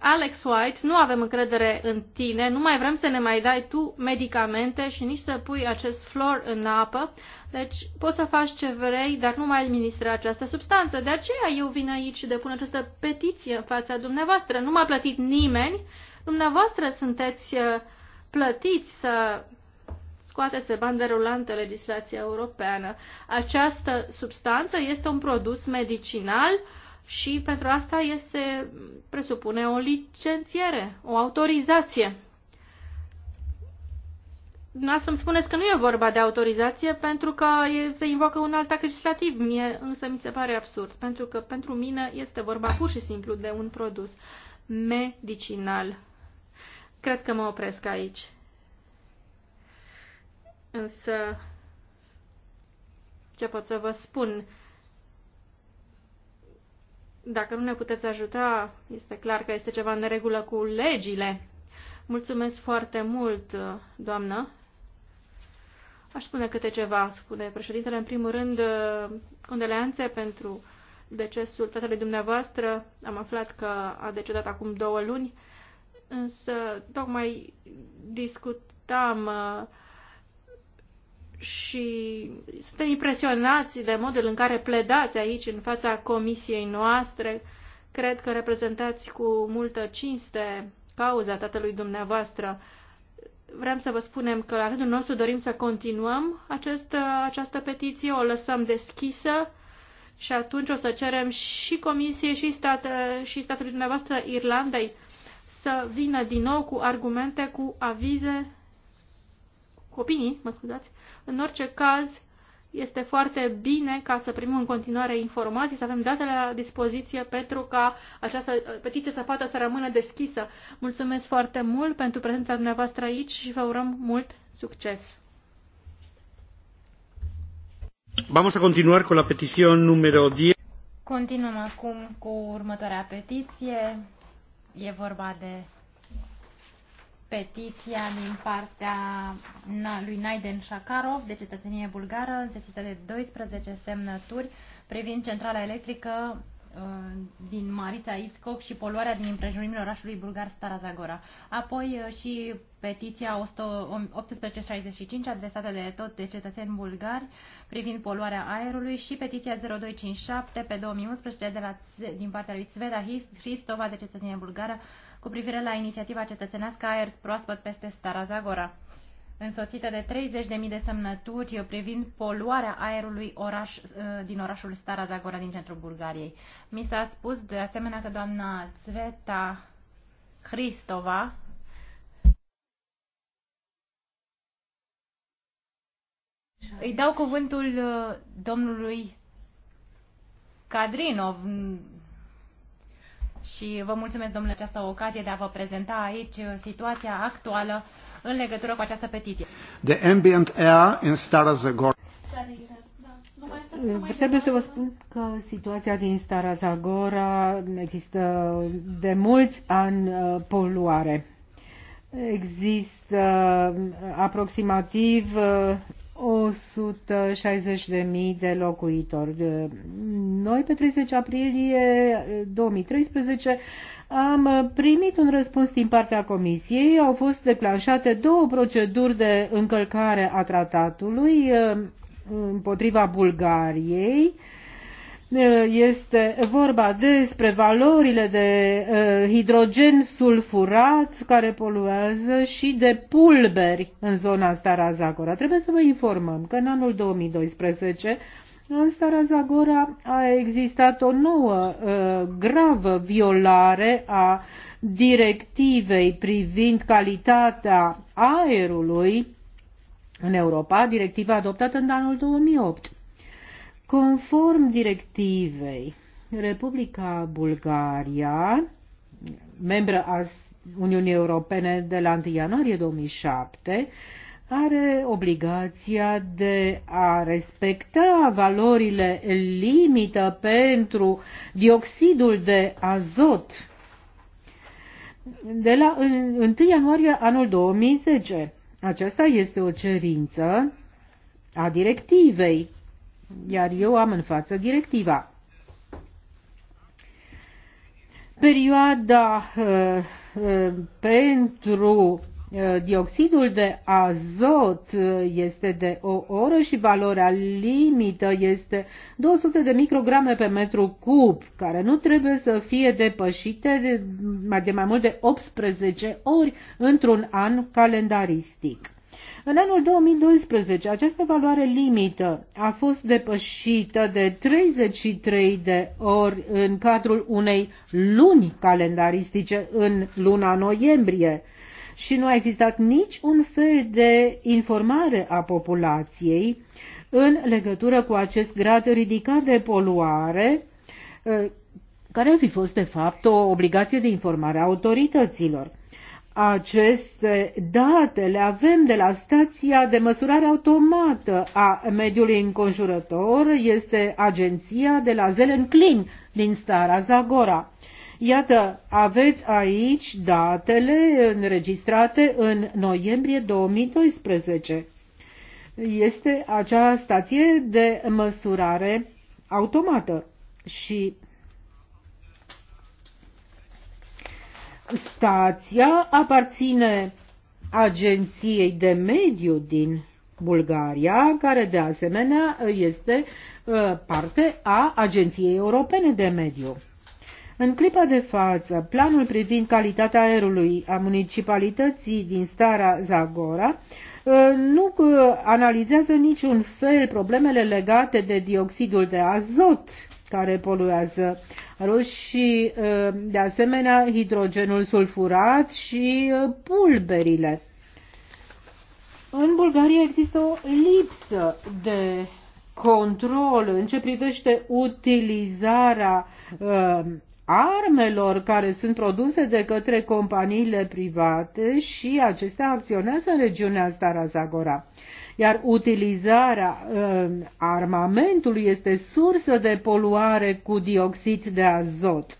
Alex White, nu avem încredere în tine, nu mai vrem să ne mai dai tu medicamente și nici să pui acest flor în apă, deci poți să faci ce vrei, dar nu mai administra această substanță. De aceea eu vin aici și depun această petiție în fața dumneavoastră. Nu m-a plătit nimeni, dumneavoastră sunteți uh, plătiți să scoateți pe bandă rulantă legislația europeană. Această substanță este un produs medicinal uh, și pentru asta este, presupune o licențiere, o autorizație. Dumneavoastră îmi spuneți că nu e vorba de autorizație pentru că se invocă un alt act legislativ, mie, însă mi se pare absurd, pentru că pentru mine este vorba pur și simplu de un produs medicinal. Cred că mă opresc aici. Însă, ce pot să vă spun? Dacă nu ne puteți ajuta, este clar că este ceva în regulă cu legile. Mulțumesc foarte mult, doamnă. Aș spune câte ceva, spune președintele. În primul rând, condoleanțe pentru decesul tatălui dumneavoastră. Am aflat că a decedat acum două luni, însă tocmai discutam uh, și suntem impresionați de modul în care pledați aici în fața comisiei noastre. Cred că reprezentați cu multă cinste cauza tatălui dumneavoastră. Vrem să vă spunem că la rândul nostru dorim să continuăm acest, această petiție, o lăsăm deschisă și atunci o să cerem și comisiei și, stat, și statului dumneavoastră Irlandei să vină din nou cu argumente, cu avize copiii, mă scuzați, în orice caz este foarte bine ca să primim în continuare informații, să avem datele la dispoziție pentru ca această uh, petiție să poată să rămână deschisă. Mulțumesc foarte mult pentru prezența dumneavoastră
aici și vă urăm mult succes!
Vamos a continuar con la petición número 10.
Continuăm acum cu următoarea petiție. E vorba de petiția din partea lui Naiden Shakarov de cetățenie bulgară, însețită de 12 semnături, privind centrala electrică uh, din Marița Iscoc și poluarea din împrejurimile orașului bulgar Zagora. Apoi uh, și petiția 1865 adresată de tot de cetățeni bulgari privind poluarea aerului și petiția 0257 pe 2011 de la, din partea lui Sveta Hristova de cetățenie bulgară cu privire la inițiativa cetățenească Aer Proaspăt peste Stara Zagora, însoțită de 30.000 de semnături privind poluarea aerului oraș, uh, din orașul Stara Zagora din centrul Bulgariei. Mi s-a spus de asemenea că doamna Zveta Cristova Îi dau cuvântul uh, domnului Cadrinov, și vă mulțumesc, domnule, această ocazie de a vă prezenta aici situația actuală în legătură cu această petiție.
The ambient air in Stara Zagor.
Trebuie să vă spun că situația din Stara Zagora există de mulți ani uh, poluare. Există uh, aproximativ uh, 160.000 de locuitori. Noi, pe 30 aprilie 2013, am primit un răspuns din partea Comisiei. Au fost declanșate două proceduri de încălcare a tratatului uh, împotriva Bulgariei este vorba despre valorile de uh, hidrogen sulfurat care poluează și de pulberi în zona Stara Zagora. Trebuie să vă informăm că în anul 2012 în Stara Zagora a existat o nouă uh, gravă violare a directivei privind calitatea aerului în Europa, directiva adoptată în anul 2008 Conform directivei, Republica Bulgaria, membră a Uniunii Europene de la 1 ianuarie 2007, are obligația de a respecta valorile limită pentru dioxidul de azot de la 1 ianuarie anul 2010. Aceasta este o cerință a directivei iar eu am în față directiva. Perioada uh, uh, pentru uh, dioxidul de azot uh, este de o oră și valoarea limită este 200 de micrograme pe metru cub, care nu trebuie să fie depășite de mai, de mai mult de 18 ori într-un an calendaristic. În anul 2012, această valoare limită a fost depășită de 33 de ori în cadrul unei luni calendaristice în luna noiembrie și nu a existat nici un fel de informare a populației în legătură cu acest grad ridicat de poluare, eh, care ar fi fost de fapt o obligație de informare a autorităților aceste date le avem de la stația de măsurare automată a mediului înconjurător, este agenția de la Zelenclin din Stara Zagora. Iată, aveți aici datele înregistrate în noiembrie 2012. Este acea stație de măsurare automată și stația aparține Agenției de Mediu din Bulgaria, care de asemenea este uh, parte a Agenției Europene de Mediu. În clipa de față, planul privind calitatea aerului a municipalității din Stara Zagora uh, nu uh, analizează niciun fel problemele legate de dioxidul de azot care poluează roșii, ă, de asemenea hidrogenul sulfurat și ă, pulberile. În Bulgaria există o lipsă de control în ce privește utilizarea ă, armelor care sunt produse de către companiile private și acestea acționează în regiunea Stara Zagora iar utilizarea uh, armamentului este sursă de poluare cu dioxid de azot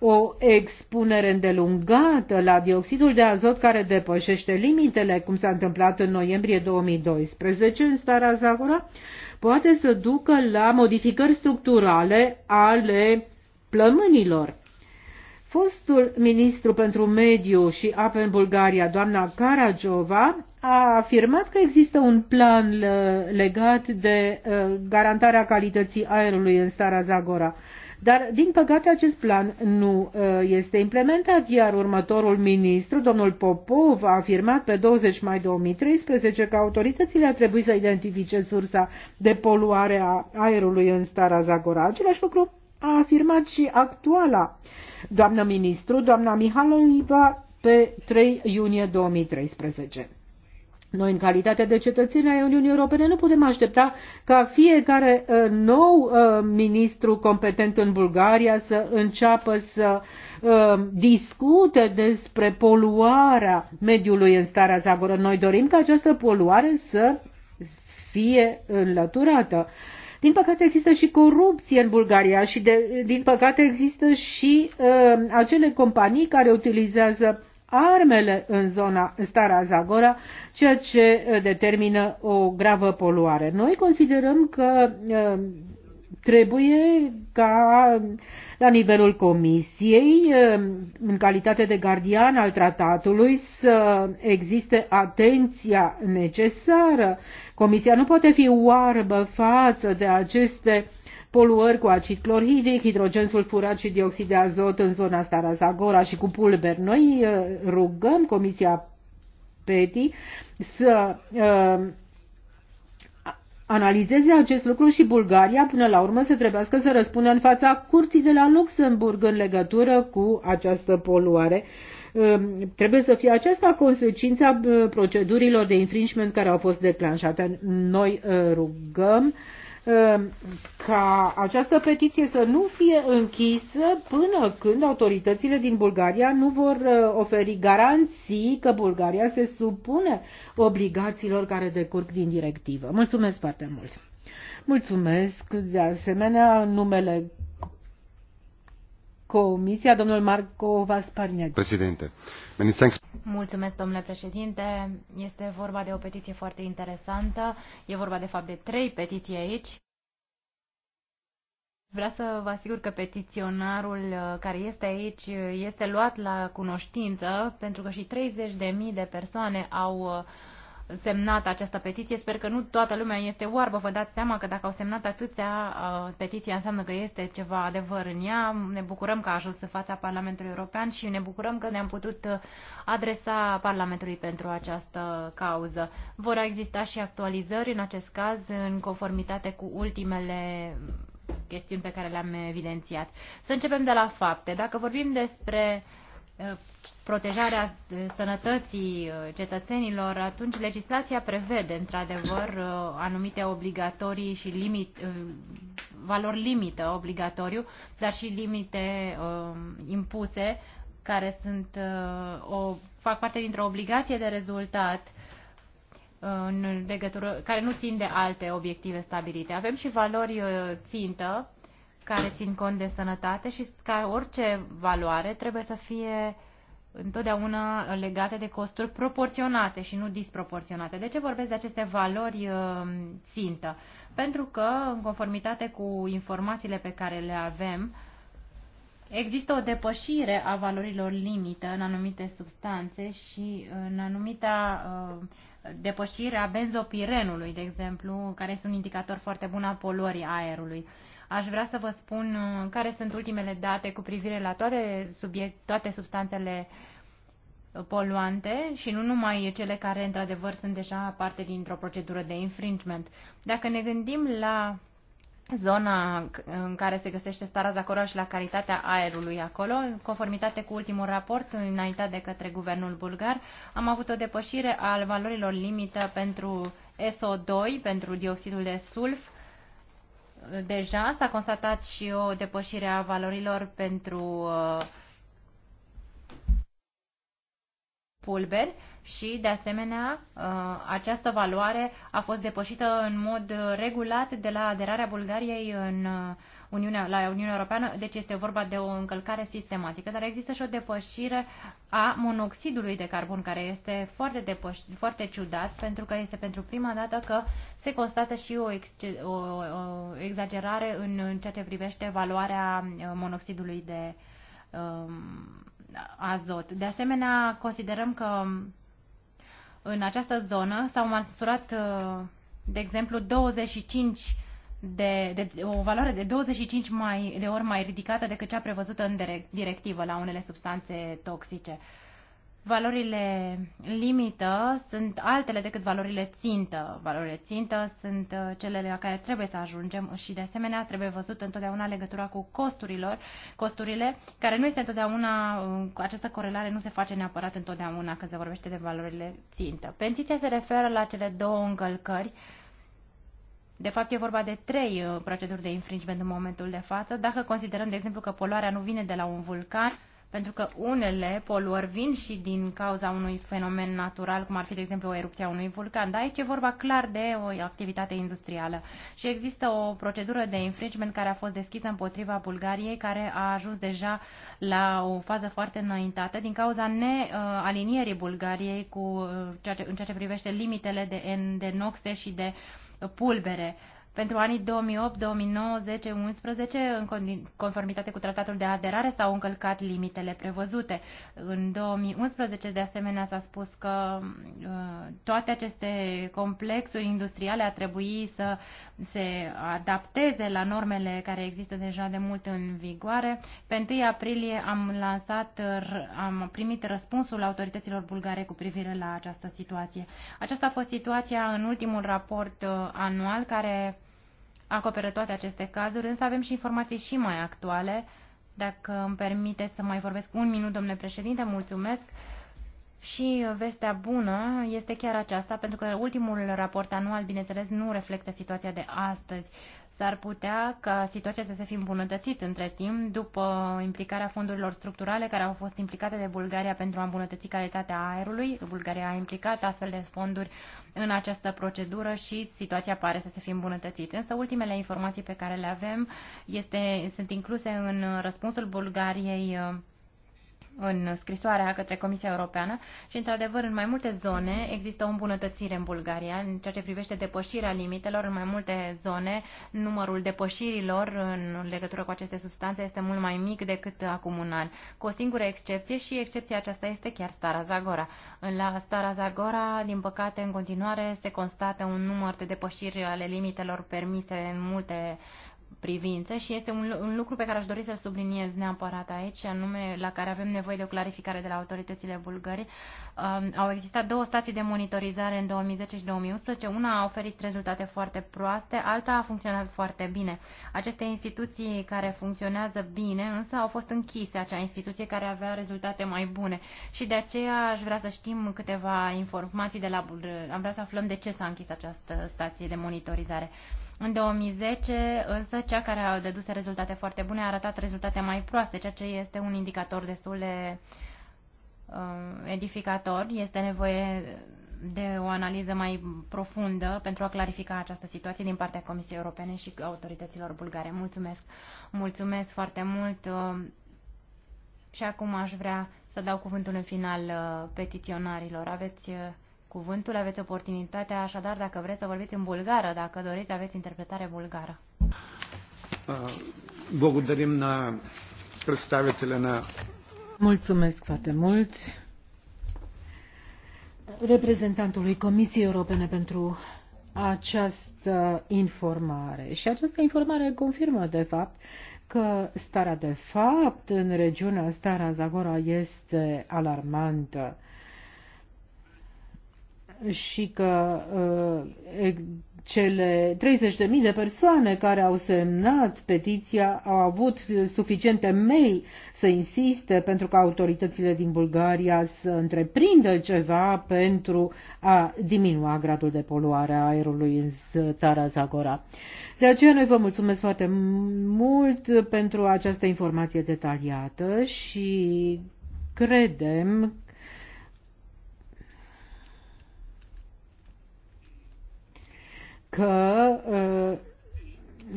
o expunere îndelungată la dioxidul de azot care depășește limitele, cum s-a întâmplat în noiembrie 2012 în Stara Zagora, poate să ducă la modificări structurale ale plămânilor. Fostul ministru pentru mediu și apă în Bulgaria, doamna Karajova, a afirmat că există un plan legat de uh, garantarea calității aerului în Stara Zagora. Dar, din păcate, acest plan nu uh, este implementat, iar următorul ministru, domnul Popov, a afirmat pe 20 mai 2013 că autoritățile ar trebui să identifice sursa de poluare a aerului în Stara Zagora. Același lucru a afirmat și actuala doamnă ministru, doamna Mihaloiva, pe 3 iunie 2013. Noi, în calitate de cetățeni ai Uniunii Europene, nu putem aștepta ca fiecare uh, nou uh, ministru competent în Bulgaria să înceapă să uh, discute despre poluarea mediului în starea Zagoră. Noi dorim ca această poluare să fie înlăturată. Din păcate există și corupție în Bulgaria și de, din păcate există și uh, acele companii care utilizează armele în zona Stara Zagora, ceea ce uh, determină o gravă poluare. Noi considerăm că uh, trebuie ca la nivelul comisiei, uh, în calitate de gardian al tratatului, să existe atenția necesară. Comisia nu poate fi oarbă față de aceste poluări cu acid clorhidric, hidrogen sulfurat și dioxid de azot în zona Stara Zagora și cu pulber. Noi uh, rugăm Comisia PETI să uh, analizeze acest lucru și Bulgaria până la urmă să trebuiască să răspundă în fața curții de la Luxemburg în legătură cu această poluare. Um, trebuie să fie aceasta consecința uh, procedurilor de infringement care au fost declanșate. Noi uh, rugăm uh, Ehm, ca această petiție să nu fie închisă până când autoritățile din Bulgaria nu vor eh, oferi garanții că Bulgaria se supune obligațiilor care decurg din directivă. Mulțumesc foarte mult! Mulțumesc de asemenea numele Comisia, domnul
Marco Vasparinet. Președinte, Mulțumesc, domnule președinte. Este vorba de o petiție foarte interesantă. E vorba, de fapt, de trei petiții aici. Vreau să vă asigur că petiționarul uh, care este aici este luat la cunoștință, pentru că și 30.000 de persoane au uh, semnat această petiție. Sper că nu toată lumea este oarbă. Vă dați seama că dacă au semnat atâția, uh, petiția înseamnă că este ceva adevăr în ea. Ne bucurăm că a ajuns în fața Parlamentului European și ne bucurăm că ne-am putut uh, adresa Parlamentului pentru această cauză. Vor exista și actualizări în acest caz în conformitate cu ultimele chestiuni pe care le-am evidențiat. Să începem de la fapte. Dacă vorbim despre uh, protejarea eh, sănătății eh, cetățenilor, atunci legislația prevede, într-adevăr, eh, anumite obligatorii și limit, valori limită obligatoriu, dar și limite impuse, care sunt o, fac parte dintr-o obligație de rezultat în legătură, care nu țin de alte obiective stabilite. Avem și valori țintă care țin cont de sănătate și ca orice valoare trebuie să fie uh, întotdeauna legate de costuri proporționate și nu disproporționate. De ce vorbesc de aceste valori uh, țintă? Pentru că, în conformitate cu informațiile pe care le avem, există o depășire a valorilor limită în anumite substanțe și în anumita uh, depășire a benzopirenului, de exemplu, care este un indicator foarte bun a poluării aerului. Aș vrea să vă spun uh, care sunt ultimele date cu privire la toate, subiect, toate substanțele uh, poluante și nu numai cele care într-adevăr sunt deja parte dintr-o procedură de infringement. Dacă ne gândim la zona în care se găsește starea Zacoroa și la calitatea aerului acolo, în conformitate cu ultimul raport înaintat de către guvernul bulgar, am avut o depășire al valorilor limită pentru SO2, pentru dioxidul de sulf, deja s-a constatat și o depășire a valorilor pentru uh, pulberi și, de asemenea, uh, această valoare a fost depășită în mod regulat de la aderarea Bulgariei în uh, Uniunea, la Uniunea Europeană, deci este vorba de o încălcare sistematică, dar există și o depășire a monoxidului de carbon, care este foarte, depăș, foarte ciudat, pentru că este pentru prima dată că se constată și o, ex, o, o exagerare în, în ceea ce privește valoarea uh, monoxidului de um, azot. De asemenea, considerăm că în această zonă s-au măsurat, uh, de exemplu, 25 de, de, o valoare de 25 mai, de ori mai ridicată decât cea prevăzută în directivă la unele substanțe toxice. Valorile limită sunt altele decât valorile țintă. Valorile țintă sunt uh, cele la care trebuie să ajungem și de asemenea trebuie văzut întotdeauna legătura cu costurilor, costurile, care nu este întotdeauna, uh, această corelare nu se face neapărat întotdeauna când se vorbește de valorile țintă. Pentiția se referă la cele două încălcări uh, de fapt, e vorba de trei uh, proceduri de infringement în momentul de față. Dacă considerăm, de exemplu, că poluarea nu vine de la un vulcan, pentru că unele poluări vin și din cauza unui fenomen natural, cum ar fi, de exemplu, o erupție a unui vulcan. Dar aici e vorba clar de o activitate industrială. Și există o procedură de infringement care a fost deschisă împotriva Bulgariei, care a ajuns deja la o fază foarte înaintată din cauza nealinierii Bulgariei cu uh, ceea ce, în ceea ce privește limitele de, de noxe și de uh, pulbere pentru anii 2008, 2009, 10, 11, în conformitate cu tratatul de aderare, s-au încălcat limitele prevăzute. În 2011, de asemenea, s-a spus că uh, toate aceste complexuri industriale ar trebui să se adapteze la normele care există deja de mult în vigoare. Pe 1 aprilie am lansat, am primit răspunsul autorităților bulgare cu privire la această situație. Aceasta a fost situația în ultimul raport uh, anual care acopere toate aceste cazuri, însă avem și informații și mai actuale. Dacă îmi permiteți să mai vorbesc un minut, domnule președinte, mulțumesc. Și vestea bună este chiar aceasta, pentru că ultimul raport anual, bineînțeles, nu reflectă situația de astăzi. S-ar putea ca situația să se fi îmbunătățit între timp după implicarea fondurilor structurale care au fost implicate de Bulgaria pentru a îmbunătăți calitatea aerului. Bulgaria a implicat astfel de fonduri în această procedură și situația pare să se fi îmbunătățit. Însă ultimele informații pe care le avem este, sunt incluse în răspunsul Bulgariei în scrisoarea către Comisia Europeană și, într-adevăr, în mai multe zone există o îmbunătățire în Bulgaria în ceea ce privește depășirea limitelor. În mai multe zone, numărul depășirilor în legătură cu aceste substanțe este mult mai mic decât acum un an, cu o singură excepție și excepția aceasta este chiar Stara Zagora. La Stara Zagora, din păcate, în continuare se constată un număr de depășiri ale limitelor permise în multe privință și este un, un lucru pe care aș dori să-l subliniez neapărat aici, anume la care avem nevoie de o clarificare de la autoritățile bulgări. Um, au existat două stații de monitorizare în 2010 și 2011. Una a oferit rezultate foarte proaste, alta a funcționat foarte bine. Aceste instituții care funcționează bine, însă au fost închise, acea instituție care avea rezultate mai bune. Și de aceea aș vrea să știm câteva informații de la Bulgări. Am vrea să aflăm de ce s-a închis această stație de monitorizare. În 2010, însă, cea care a deduse rezultate foarte bune a arătat rezultate mai proaste, ceea ce este un indicator destul de uh, edificator. Este nevoie de o analiză mai profundă pentru a clarifica această situație din partea Comisiei Europene și autorităților bulgare. Mulțumesc! Mulțumesc foarte mult! Uh, și acum aș vrea să dau cuvântul în final uh, petiționarilor. Aveți... Uh, cuvântul, aveți oportunitatea, așadar, dacă vreți să vorbiți în bulgară, dacă doriți, aveți interpretare bulgară.
Uh, Благодарим на представителя на...
Mulțumesc foarte mult reprezentantului Comisiei Europene pentru această informare. Și această informare confirmă, de fapt, că starea de fapt în regiunea Stara Zagora este alarmantă și că uh, cele 30.000 de persoane care au semnat petiția au avut suficiente mei să insiste pentru ca autoritățile din Bulgaria să întreprindă ceva pentru a diminua gradul de poluare a aerului în țara Zagora. De aceea noi vă mulțumesc foarte mult pentru această informație detaliată și credem că uh,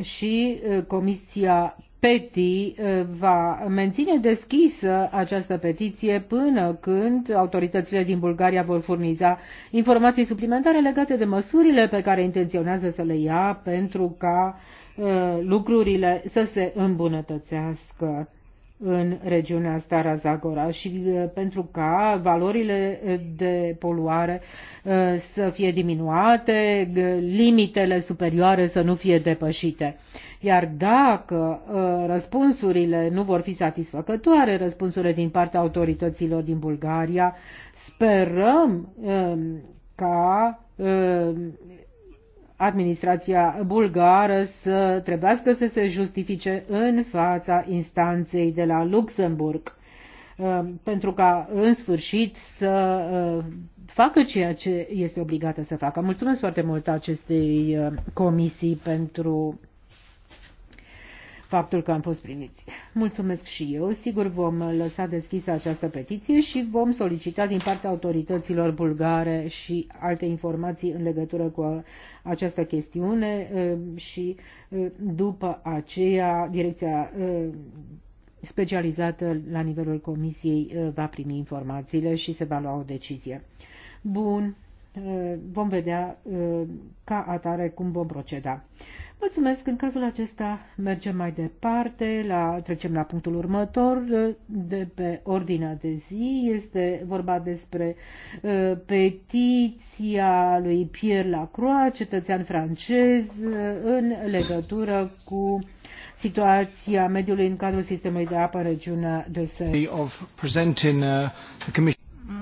și uh, Comisia PETI uh, va menține deschisă această petiție până când autoritățile din Bulgaria vor furniza informații suplimentare legate de măsurile pe care intenționează să le ia pentru ca lucrurile să se îmbunătățească în regiunea Stara Zagora și uh, pentru ca valorile uh, de poluare uh, să fie diminuate, limitele superioare să nu fie depășite. Iar dacă răspunsurile nu vor fi satisfăcătoare, răspunsurile din partea autorităților din Bulgaria, sperăm um, ca um, administrația bulgară să trebuiască să se justifice în fața instanței de la Luxemburg uh, pentru ca în sfârșit să uh, facă ceea ce este obligată să facă. Mulțumesc foarte mult acestei uh, comisii pentru faptul că am fost primiți. Mulțumesc și eu. Sigur vom lăsa deschisă această petiție și vom solicita din partea autorităților bulgare și alte informații în legătură cu această chestiune uh, și uh, după aceea direcția uh, specializată la nivelul comisiei va primi informațiile și se va lua o decizie. Bun, vom vedea ca atare cum vom proceda. Mulțumesc. În cazul acesta mergem mai departe. La, trecem la punctul următor de pe ordinea de zi. Este vorba despre uh, petiția lui Pierre Lacroix, cetățean francez, uh, în legătură cu situația mediului în cadrul sistemului de apă în regiunea de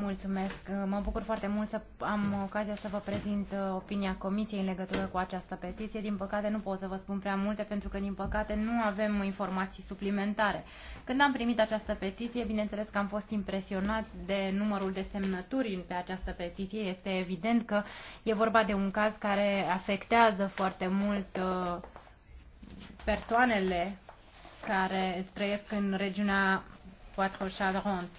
Mulțumesc. Uh, mă bucur foarte mult să am ocazia să vă prezint uh, opinia Comisiei în legătură cu această petiție. Din păcate nu pot să vă spun prea multe pentru că, din păcate, nu avem informații suplimentare. Când am primit această petiție, bineînțeles că am fost impresionat de numărul de semnături pe această petiție. Este evident că e vorba de un caz care afectează foarte mult uh, persoanele care trăiesc în regiunea poitou chalronte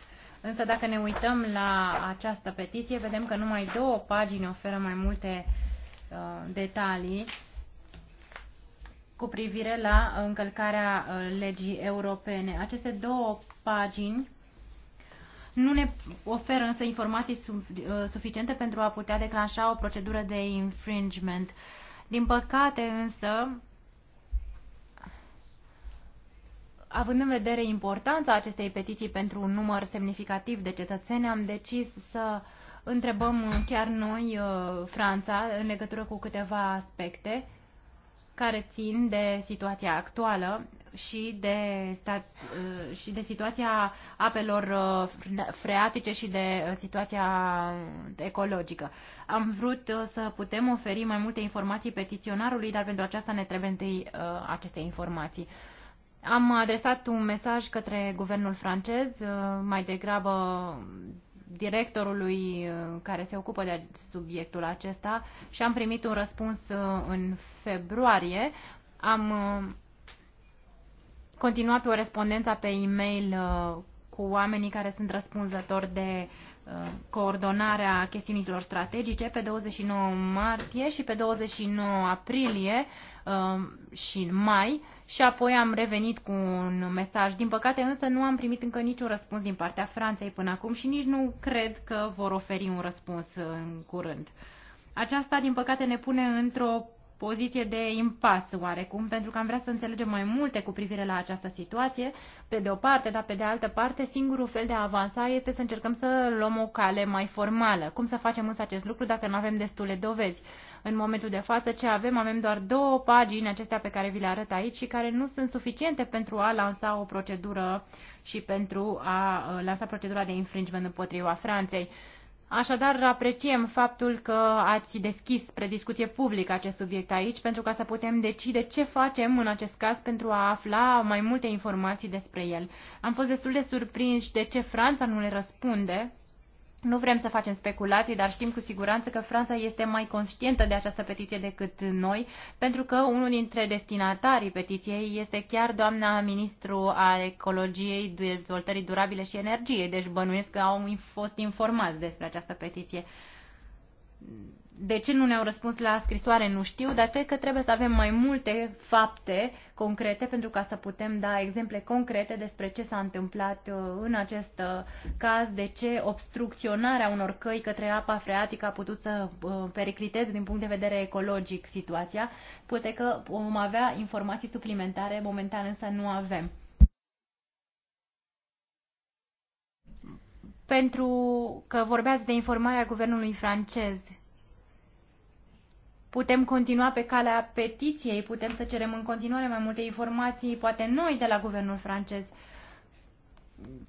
Însă dacă ne uităm la această petiție, vedem că numai două pagini oferă mai multe uh, detalii cu privire la uh, încălcarea uh, legii europene. Aceste două pagini nu ne oferă însă informații uh, suficiente pentru a putea declanșa o procedură de infringement. Din păcate însă, având în vedere importanța acestei petiții pentru un număr semnificativ de cetățeni, am decis să întrebăm chiar noi uh, Franța în legătură cu câteva aspecte care țin de situația actuală și de, stat, uh, și de situația apelor uh, freatice și de situația ecologică. Am vrut să putem oferi mai multe informații petiționarului, dar pentru aceasta ne trebuie întâi aceste informații. Am adresat un mesaj către guvernul francez, uh, mai degrabă directorului uh, care se ocupă de subiectul acesta și am primit un răspuns uh, în februarie. Am continuat corespondența pe e-mail cu oamenii care sunt răspunzători de coordonarea chestiunilor strategice pe 29 martie și pe 29 aprilie și în mai și apoi am revenit cu un mesaj. Din păcate însă nu am primit încă niciun răspuns din partea Franței până acum și nici nu cred că vor oferi un răspuns uh, în curând. Aceasta, din păcate, ne pune într-o poziție de impas oarecum, pentru că am vrea să înțelegem mai multe cu privire la această situație, pe de o parte, dar pe de altă parte, singurul fel de a avansa este să încercăm să luăm o cale mai formală. Cum să facem însă acest lucru dacă nu avem destule dovezi? în momentul de față ce avem. Avem doar două pagini acestea pe care vi le arăt aici și care nu sunt suficiente pentru a lansa o procedură și pentru a uh, lansa procedura de infringement împotriva Franței. Așadar, apreciem faptul că ați deschis spre discuție publică acest subiect aici, pentru ca să putem decide ce facem în acest caz pentru a afla mai multe informații despre el. Am fost destul de surprinși de ce Franța nu le răspunde nu vrem să facem speculații, dar știm cu siguranță că Franța este mai conștientă de această petiție decât noi, pentru că unul dintre destinatarii petiției este chiar doamna ministru a ecologiei, dezvoltării durabile și energiei, deci bănuiesc că au fost informați despre această petiție de ce nu ne-au răspuns la scrisoare nu știu, dar cred că trebuie să avem mai multe fapte concrete pentru ca să putem da exemple concrete despre ce s-a întâmplat uh, în acest uh, caz, de ce obstrucționarea unor căi către apa freatică a putut să uh, pericliteze din punct de vedere ecologic situația. Poate că vom avea informații suplimentare, momentan însă nu avem. Pentru că vorbeați de informarea guvernului francez, Putem continua pe calea petiției, putem să cerem în continuare mai multe informații, poate noi, de la guvernul francez.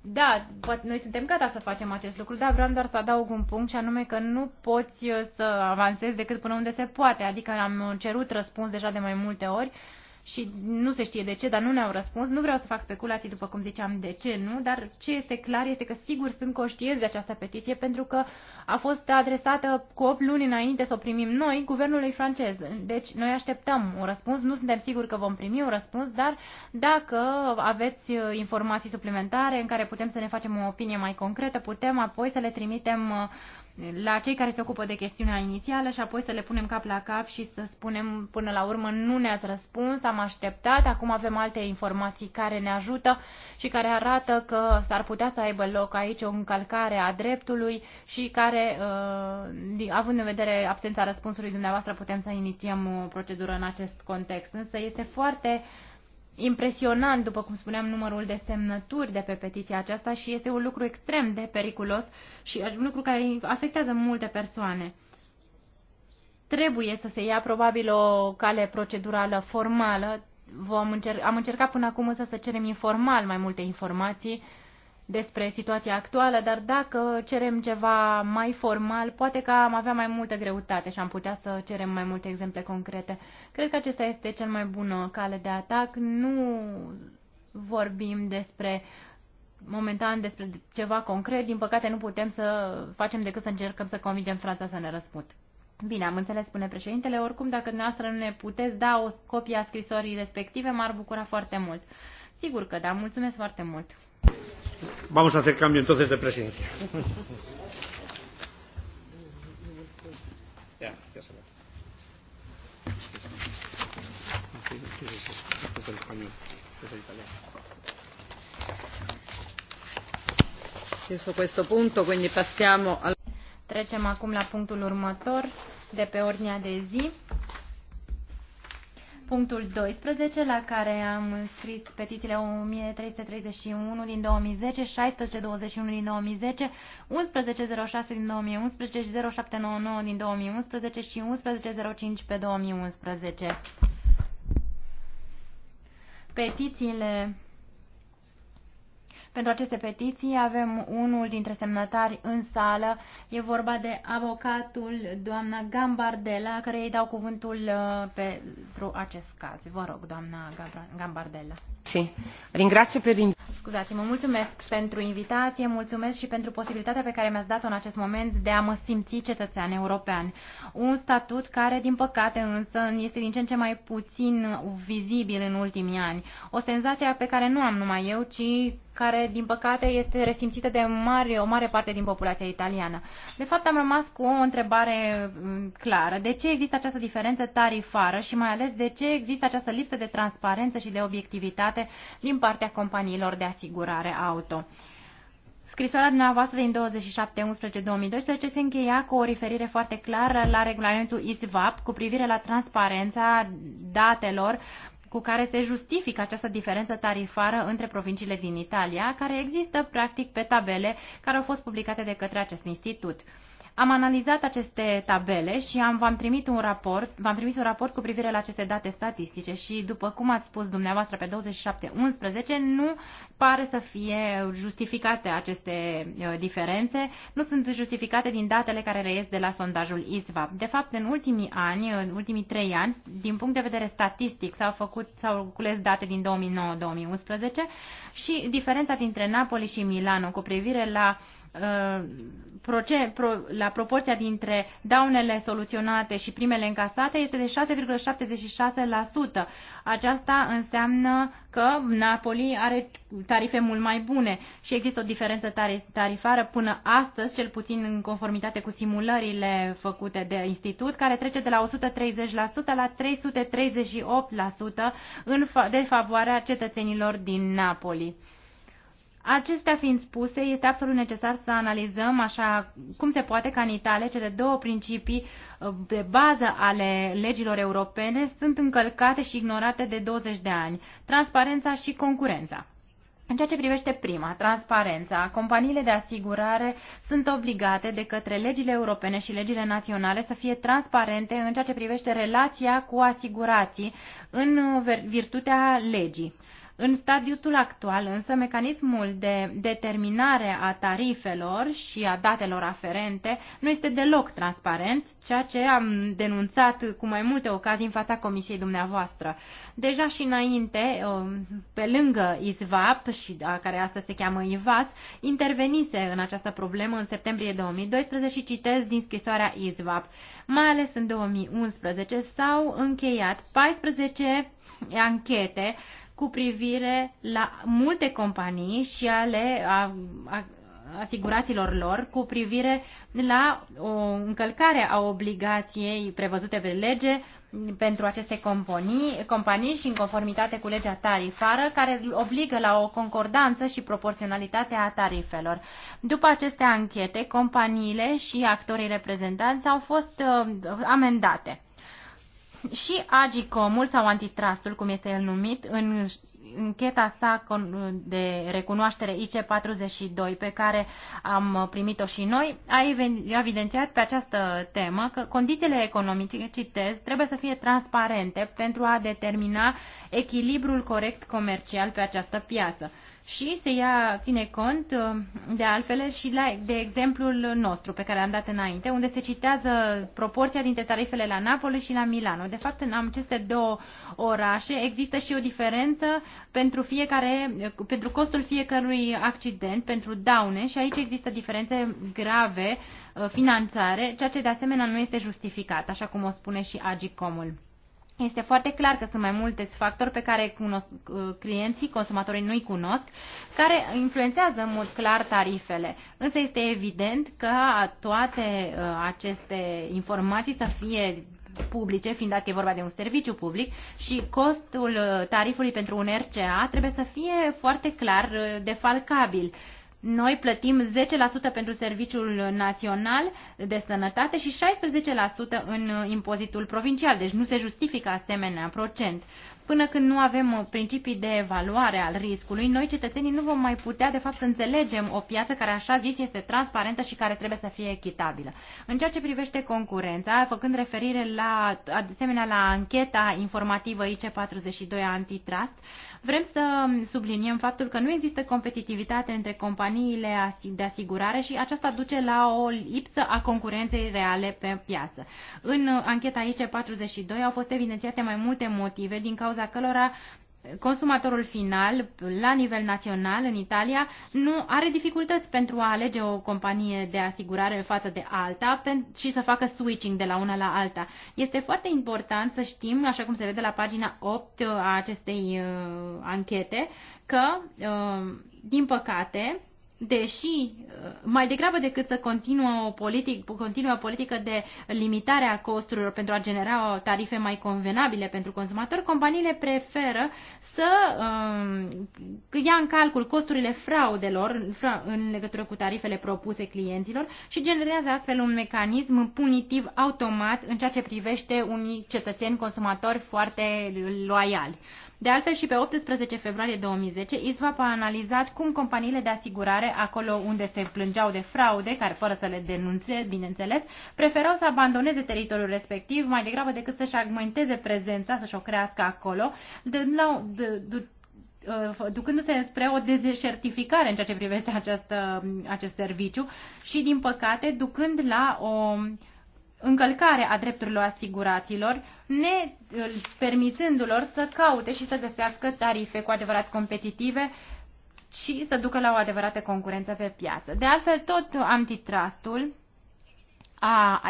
Da, noi suntem gata să facem acest lucru, dar vreau doar să adaug un punct și anume că nu poți uh, să avansezi decât până unde se poate. Adică am cerut răspuns deja de mai multe ori și nu se știe de ce, dar nu ne-au răspuns. Nu vreau să fac speculații, după cum ziceam, de ce nu, dar ce este clar este că sigur sunt conștienți de această petiție pentru că a fost adresată cu 8 luni înainte să o primim noi, guvernului francez. Deci noi așteptăm un răspuns, nu suntem siguri că vom primi un răspuns, dar dacă aveți uh, informații suplimentare în care putem să ne facem o opinie mai concretă, putem apoi să le trimitem uh, la cei care se ocupă de chestiunea inițială și apoi să le punem cap la cap și să spunem până la urmă nu ne-ați răspuns, am așteptat, acum avem alte informații care ne ajută și care arată că s-ar putea să aibă loc aici o încălcare a dreptului și care, uh, având în vedere absența răspunsului dumneavoastră, putem să inițiem o procedură în acest context. Însă este foarte uh, impresionant, după cum spuneam, numărul de semnături de pe petiția aceasta și este un lucru extrem de periculos și un lucru care afectează multe persoane. Trebuie să se ia probabil o cale procedurală formală. Vom încer- am încercat până acum însă să cerem informal mai multe informații despre situația actuală, dar dacă cerem ceva mai formal, poate că am avea mai multă greutate și am putea să cerem mai multe exemple concrete. Cred că acesta este cel mai bună cale de atac. Nu vorbim despre momentan despre ceva concret, din păcate nu putem să facem decât să încercăm să convingem Franța să ne răspund. Bine, am înțeles, spune președintele, oricum dacă dumneavoastră nu ne puteți da o copie a scrisorii respective, m-ar bucura foarte mult. Sigur că da, mulțumesc foarte mult.
Vamos a hacer cambio entonces de presidencia.
Trecem acum la punctul următor de pe ordinea de zi punctul 12, la care am scris petițiile 1331 din 2010, 1621 din 2010, 1106 din 2011, și 0799 din 2011 și 1105 pe 2011. Petițiile pentru aceste petiții avem unul dintre semnatari în sală. E vorba de avocatul doamna Gambardella, care îi dau cuvântul uh, pentru acest caz. Vă rog, doamna Gambardella.
Si. Ringrazio per
Scuzați-mă, mulțumesc pentru invitație, mulțumesc și pentru posibilitatea pe care mi-ați dat-o în acest moment de a mă simți cetățean european. Un statut care, din păcate, însă, este din ce în ce mai puțin vizibil în ultimii ani. O senzație pe care nu am numai eu, ci care, din păcate, este resimțită de mare o mare parte din populația italiană. De fapt, am rămas cu o întrebare mm, clară. De ce există această diferență tarifară și mai ales de ce există această lipsă de transparență și de obiectivitate din partea companiilor de asigurare auto? Scrisoarea dumneavoastră din 27.11.2012 se încheia cu o referire foarte clară la regulamentul ISVAP cu privire la transparența datelor cu care se justifică această diferență tarifară între provinciile din Italia, care există practic pe tabele care au fost publicate de către acest institut. Am analizat aceste tabele și am, v-am, trimit un raport, v-am trimis un raport cu privire la aceste date statistice și, după cum ați spus dumneavoastră pe 27.11, nu pare să fie justificate aceste uh, diferențe, nu sunt justificate din datele care reies de la sondajul ISVA. De fapt, în ultimii ani, în ultimii trei ani, din punct de vedere statistic, s-au făcut, s-au cules date din 2009-2011 și diferența dintre Napoli și Milano cu privire la uh, Uh, la proporția dintre daunele soluționate și primele încasate este de 6,76%. Aceasta înseamnă că Napoli are tarife mult mai bune și există o diferență tarifară până astăzi, cel puțin în conformitate cu simulările făcute de institut, care trece de la 130% la 338% în fa- de favoarea cetățenilor din Napoli. Acestea fiind spuse, este absolut necesar să analizăm așa cum se poate ca în Italia cele două principii uh, de bază ale legilor europene sunt încălcate și ignorate de 20 de ani, transparența și concurența. În ceea ce privește prima, transparența, companiile de asigurare sunt obligate de către legile europene și legile naționale să fie transparente în ceea ce privește relația cu asigurații în virtutea legii. În stadiul actual, însă, mecanismul de determinare a tarifelor și a datelor aferente nu este deloc transparent, ceea ce am denunțat cu mai multe ocazii în fața comisiei dumneavoastră. Deja și înainte, uh, pe lângă ISVAP, și uh, care astăzi se cheamă IVAS, intervenise în această problemă în septembrie 2012 și citez din scrisoarea ISVAP. Mai ales în 2011 s-au încheiat 14 anchete cu privire la multe companii și ale a, a, asiguraților lor cu privire la o încălcare a obligației prevăzute pe lege pentru aceste companii, companii și în conformitate cu legea tarifară, care obligă la o concordanță și proporționalitate a tarifelor. După aceste anchete, companiile și actorii reprezentanți au fost uh, amendate. Și Agicomul sau antitrustul, cum este el numit, în încheta sa de recunoaștere IC42 pe care am primit-o și noi, a evidențiat pe această temă că condițiile economice, citez, trebuie să fie transparente pentru a determina echilibrul corect comercial pe această piață și se ia, ține cont uh, de altfel și la, de exemplul nostru pe care am dat înainte, unde se citează proporția dintre tarifele la Napoli și la Milano. De fapt, în aceste două orașe există și o diferență pentru, fiecare, pentru costul fiecărui accident, pentru daune și aici există diferențe grave uh, finanțare, ceea ce de asemenea nu este justificat, așa cum o spune și Agicomul. Este foarte clar că sunt mai multe factori pe care cunosc, clienții, consumatorii nu-i cunosc, care influențează în mod clar tarifele. Însă este evident că toate uh, aceste informații să fie publice, fiind dat că e vorba de un serviciu public și costul uh, tarifului pentru un RCA trebuie să fie foarte clar uh, defalcabil. Noi plătim 10% pentru Serviciul Național de Sănătate și 16% în impozitul provincial, deci nu se justifică asemenea procent. Până când nu avem uh, principii de evaluare al riscului, noi cetățenii nu vom mai putea de fapt să înțelegem o piață care așa zis este transparentă și care trebuie să fie echitabilă. În ceea ce privește concurența, făcând referire la, asemenea la ancheta informativă IC42 Antitrust, Vrem să subliniem faptul că nu există competitivitate între companiile de asigurare și aceasta duce la o lipsă a concurenței reale pe piață. În uh, ancheta IC42 au fost evidențiate mai multe motive din cauza baza cărora consumatorul final, la nivel național, în Italia, nu are dificultăți pentru a alege o companie de asigurare față de alta și să facă switching de la una la alta. Este foarte important să știm, așa cum se vede la pagina 8 uh, a acestei uh, anchete, că, uh, din păcate, deși uh, mai degrabă decât să continuă o politic, continuă o politică de limitare a costurilor pentru a genera tarife mai convenabile pentru consumatori, companiile preferă să um, ia în calcul costurile fraudelor fra, în legătură cu tarifele propuse clienților și generează astfel un mecanism punitiv automat în ceea ce privește unii cetățeni consumatori foarte loiali. De altfel, și pe 18 februarie 2010, ISVAP a analizat cum companiile de asigurare, acolo unde se plângeau de fraude, care fără să le denunțe, bineînțeles, preferau să abandoneze teritoriul respectiv mai degrabă decât să-și augmenteze prezența, să-și o crească acolo, uh, ducându-se spre o dezertificare în ceea ce privește acest, uh, acest serviciu și, din păcate, ducând la o încălcare a drepturilor asiguraților, ne permițându-lor să caute și să găsească tarife cu adevărat competitive și să ducă la o adevărată concurență pe piață. De altfel, tot antitrustul a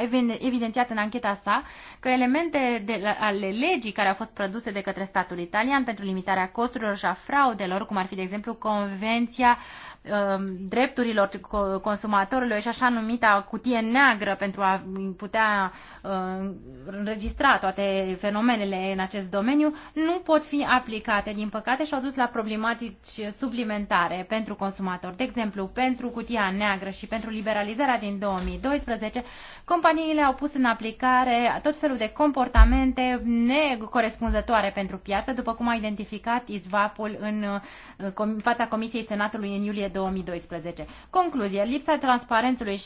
evidențiat în ancheta sa că elemente de, ale legii care au fost produse de către statul italian pentru limitarea costurilor și a fraudelor, cum ar fi, de exemplu, Convenția um, drepturilor consumatorilor și așa numita cutie neagră pentru a putea um, înregistra toate fenomenele în acest domeniu, nu pot fi aplicate, din păcate, și au dus la problematici suplimentare pentru consumatori. De exemplu, pentru cutia neagră și pentru liberalizarea din 2012, companiile au pus în aplicare tot felul de comportamente necorespunzătoare pentru piață, după cum a identificat izvapul ul uh, în fața Comisiei Senatului în iulie 2012. Concluzie, lipsa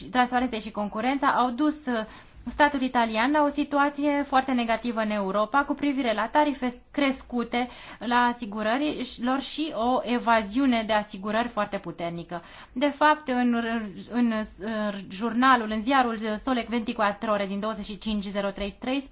transparenței și concurența au dus uh, statul italian la o situație foarte negativă în Europa cu privire la tarife crescute la asigurărilor și o evaziune de asigurări foarte puternică. De fapt, în, în, în jurnalul, în ziarul Solec 24 ore din 25.03.13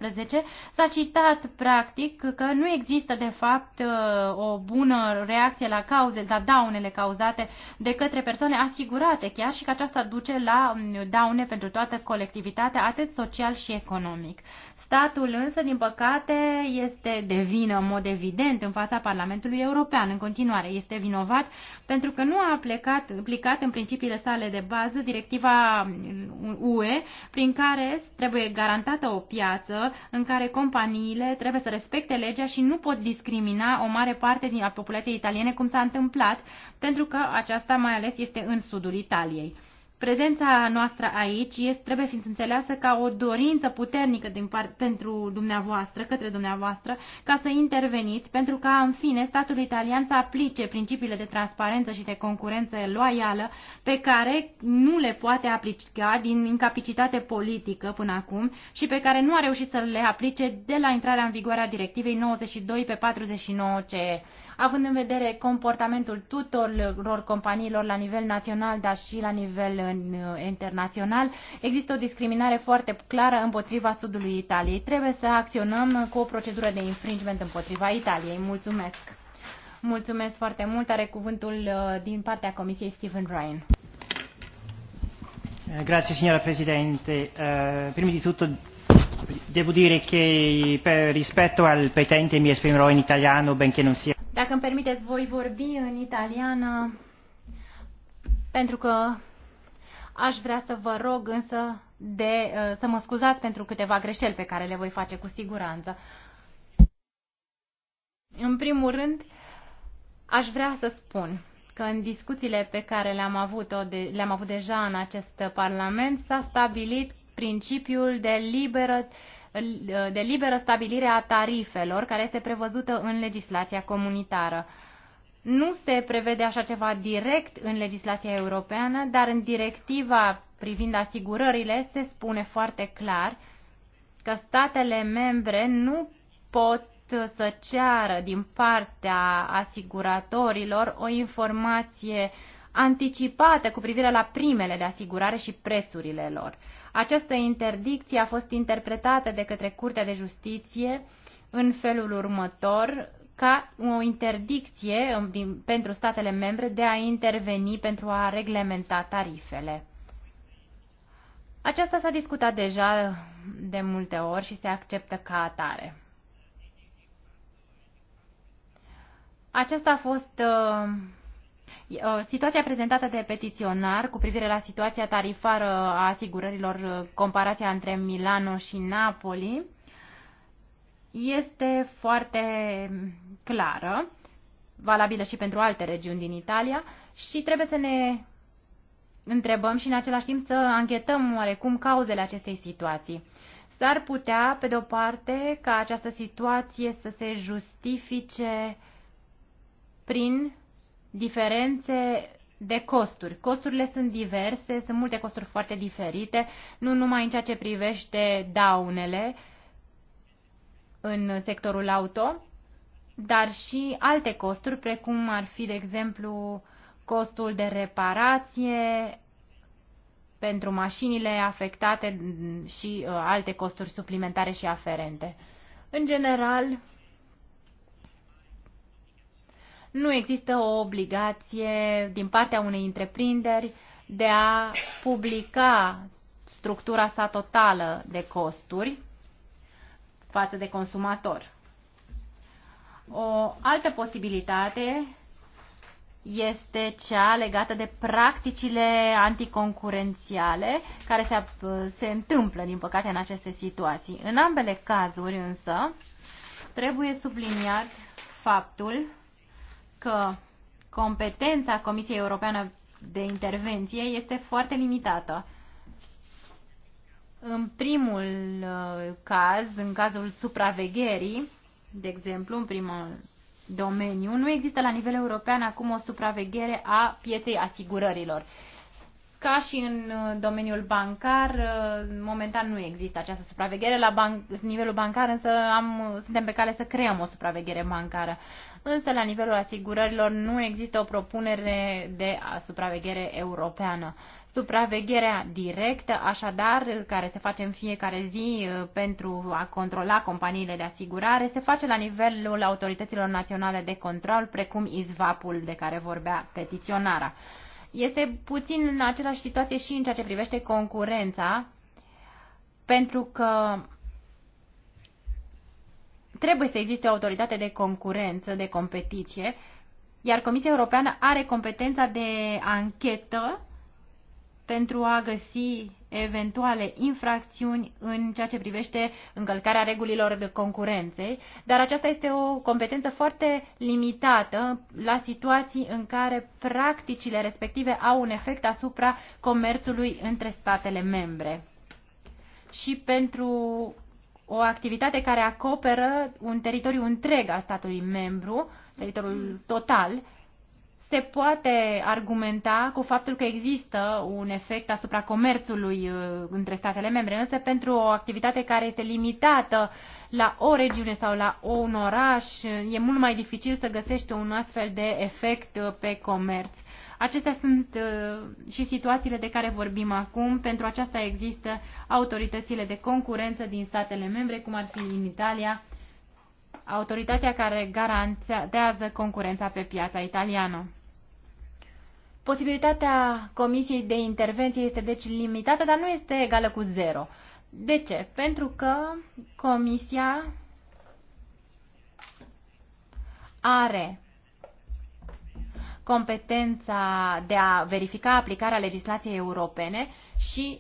s-a citat practic că nu există de fapt uh, o bună reacție la cauze, la daunele cauzate de către persoane asigurate chiar și că aceasta duce la mm, daune pentru toată colectivitatea, atât social și economic. Statul însă, din păcate, este de vină în mod evident în fața Parlamentului European. În continuare, este vinovat pentru că nu a aplicat, aplicat în principiile sale de bază directiva UE, prin care trebuie garantată o piață în care companiile trebuie să respecte legea și nu pot discrimina o mare parte din a populației italiene, cum s-a întâmplat, pentru că aceasta mai ales este în sudul Italiei. Prezența noastră aici este, trebuie fiind înțeleasă ca o dorință puternică din part, pentru dumneavoastră, către dumneavoastră, ca să interveniți pentru ca, în fine, statul italian să aplice principiile de transparență și de concurență loială pe care nu le poate aplica din incapacitate politică până acum și pe care nu a reușit să le aplice de la intrarea în vigoare a directivei 92 pe 49 CE având în vedere comportamentul tuturor companiilor la nivel național, dar și la nivel internațional, există o discriminare foarte clară împotriva sudului Italiei. Trebuie să acționăm cu o procedură de infringement împotriva Italiei. Mulțumesc! Mulțumesc foarte mult. Are cuvântul uh, din partea Comisiei Stephen Ryan. Eh, grazie signora Presidente. Uh, prima di tutto devo dire che per rispetto al petente mi esprimerò in italiano benché non sia dacă îmi permiteți, voi vorbi în italiană, pentru că aș vrea să vă rog însă de, uh, să mă scuzați pentru câteva greșeli pe care le voi face cu siguranță. În primul rând, aș vrea să spun că în discuțiile pe care le-am avut, de, le avut deja în acest Parlament s-a stabilit principiul de liberă de liberă stabilire a tarifelor care este prevăzută în legislația comunitară. Nu se prevede așa ceva direct în legislația europeană, dar în directiva privind asigurările se spune foarte clar că statele membre nu pot să ceară din partea asiguratorilor o informație anticipată cu privire la primele de asigurare și prețurile lor. Această interdicție a fost interpretată de către Curtea de Justiție în felul următor, ca o interdicție um, din, pentru statele membre de a interveni pentru a reglementa tarifele. Aceasta s-a discutat deja de multe ori și se acceptă ca atare. Aceasta a fost uh, Uh, situația prezentată de petiționar cu privire la situația tarifară a asigurărilor, uh, comparația între Milano și Napoli, este foarte clară, valabilă și pentru alte regiuni din Italia și trebuie să ne întrebăm și în același timp să anchetăm oarecum cauzele acestei situații. S-ar putea, pe de o parte, ca această situație să se justifice prin diferențe de costuri. Costurile sunt diverse, sunt multe costuri foarte diferite, nu numai în ceea ce privește daunele în sectorul auto, dar și alte costuri, precum ar fi, de exemplu, costul de reparație pentru mașinile afectate și uh, alte costuri suplimentare și aferente. În general, nu există o obligație din partea unei întreprinderi de a publica structura sa totală de costuri față de consumator. O altă posibilitate este cea legată de practicile anticoncurențiale care se, se întâmplă, din păcate, în aceste situații. În ambele cazuri, însă, trebuie subliniat faptul că competența Comisiei Europeană de intervenție este foarte limitată. În primul uh, caz, în cazul supravegherii, de exemplu, în primul domeniu, nu există la nivel european acum o supraveghere a pieței asigurărilor. Ca și în uh, domeniul bancar, uh, momentan nu există această supraveghere. La ban- nivelul bancar însă am, suntem pe cale să creăm o supraveghere bancară însă la nivelul asigurărilor nu există o propunere de supraveghere europeană. Supravegherea directă, așadar, care se face în fiecare zi uh, pentru a controla companiile de asigurare, se face la nivelul autorităților naționale de control, precum izvapul de care vorbea petiționara. Este puțin în același situație și în ceea ce privește concurența, pentru că trebuie să existe o autoritate de concurență, de competiție, iar Comisia Europeană are competența de anchetă pentru a găsi eventuale infracțiuni în ceea ce privește încălcarea regulilor de concurenței, dar aceasta este o competență foarte limitată la situații în care practicile respective au un efect asupra comerțului între statele membre. Și pentru o activitate care acoperă un teritoriu întreg al statului membru, teritoriul hmm. total, se poate argumenta cu faptul că există un efect asupra comerțului uh, între statele membre, însă pentru o activitate care este limitată la o regiune sau la un oraș, e mult mai dificil să găsești un astfel de efect uh, pe comerț. Acestea sunt uh, și situațiile de care vorbim acum. Pentru aceasta există autoritățile de concurență din statele membre, cum ar fi în Italia, autoritatea care garantează concurența pe piața italiană. Posibilitatea Comisiei de intervenție este deci limitată, dar nu este egală cu zero. De ce? Pentru că Comisia are competența de a verifica aplicarea legislației europene și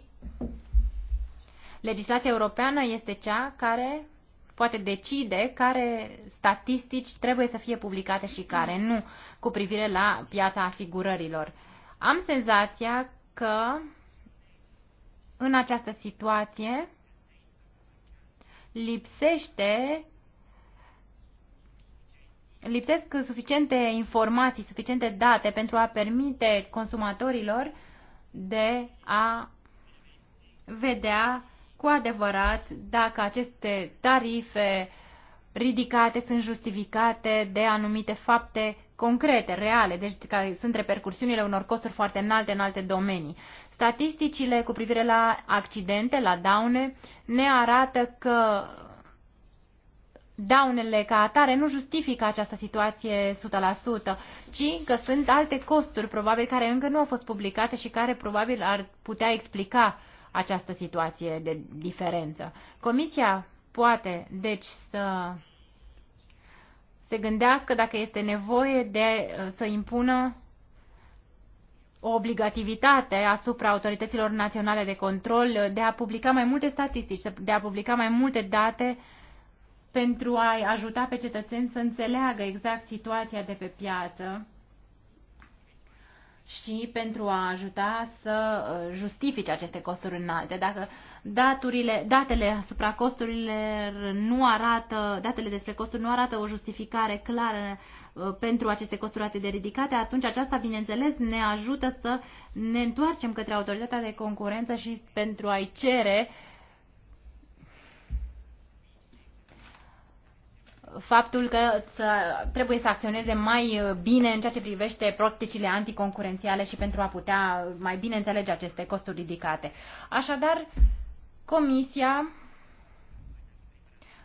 legislația europeană este cea care poate decide care statistici trebuie să fie publicate și care nu cu privire la piața asigurărilor. Am senzația că în această situație lipsește lipsesc suficiente informații, suficiente date pentru a permite consumatorilor de a vedea cu adevărat dacă aceste tarife ridicate sunt justificate de anumite fapte concrete, reale, deci că sunt repercursiunile unor costuri foarte înalte în alte domenii. Statisticile cu privire la accidente, la daune, ne arată că daunele ca atare nu justifică această situație 100%, ci că sunt alte costuri probabil care încă nu au fost publicate și care probabil ar putea explica această situație de diferență. Comisia poate, deci, să se gândească dacă este nevoie de să impună o obligativitate asupra autorităților naționale de control de a publica mai multe statistici, de a publica mai multe date uh, pentru a-i ajuta pe cetățeni să înțeleagă exact situația de pe piață și pentru a ajuta să uh, justifice aceste costuri înalte. Dacă daturile, datele asupra costurilor nu arată, datele despre costuri nu arată o justificare clară uh, pentru aceste costuri atât de ridicate, atunci aceasta, bineînțeles, ne ajută să ne întoarcem către autoritatea de concurență și pentru a-i cere uh, faptul că să, trebuie să acționeze mai uh, bine în ceea ce privește practicile anticoncurențiale și pentru a putea mai bine înțelege aceste costuri ridicate. Așadar, Comisia,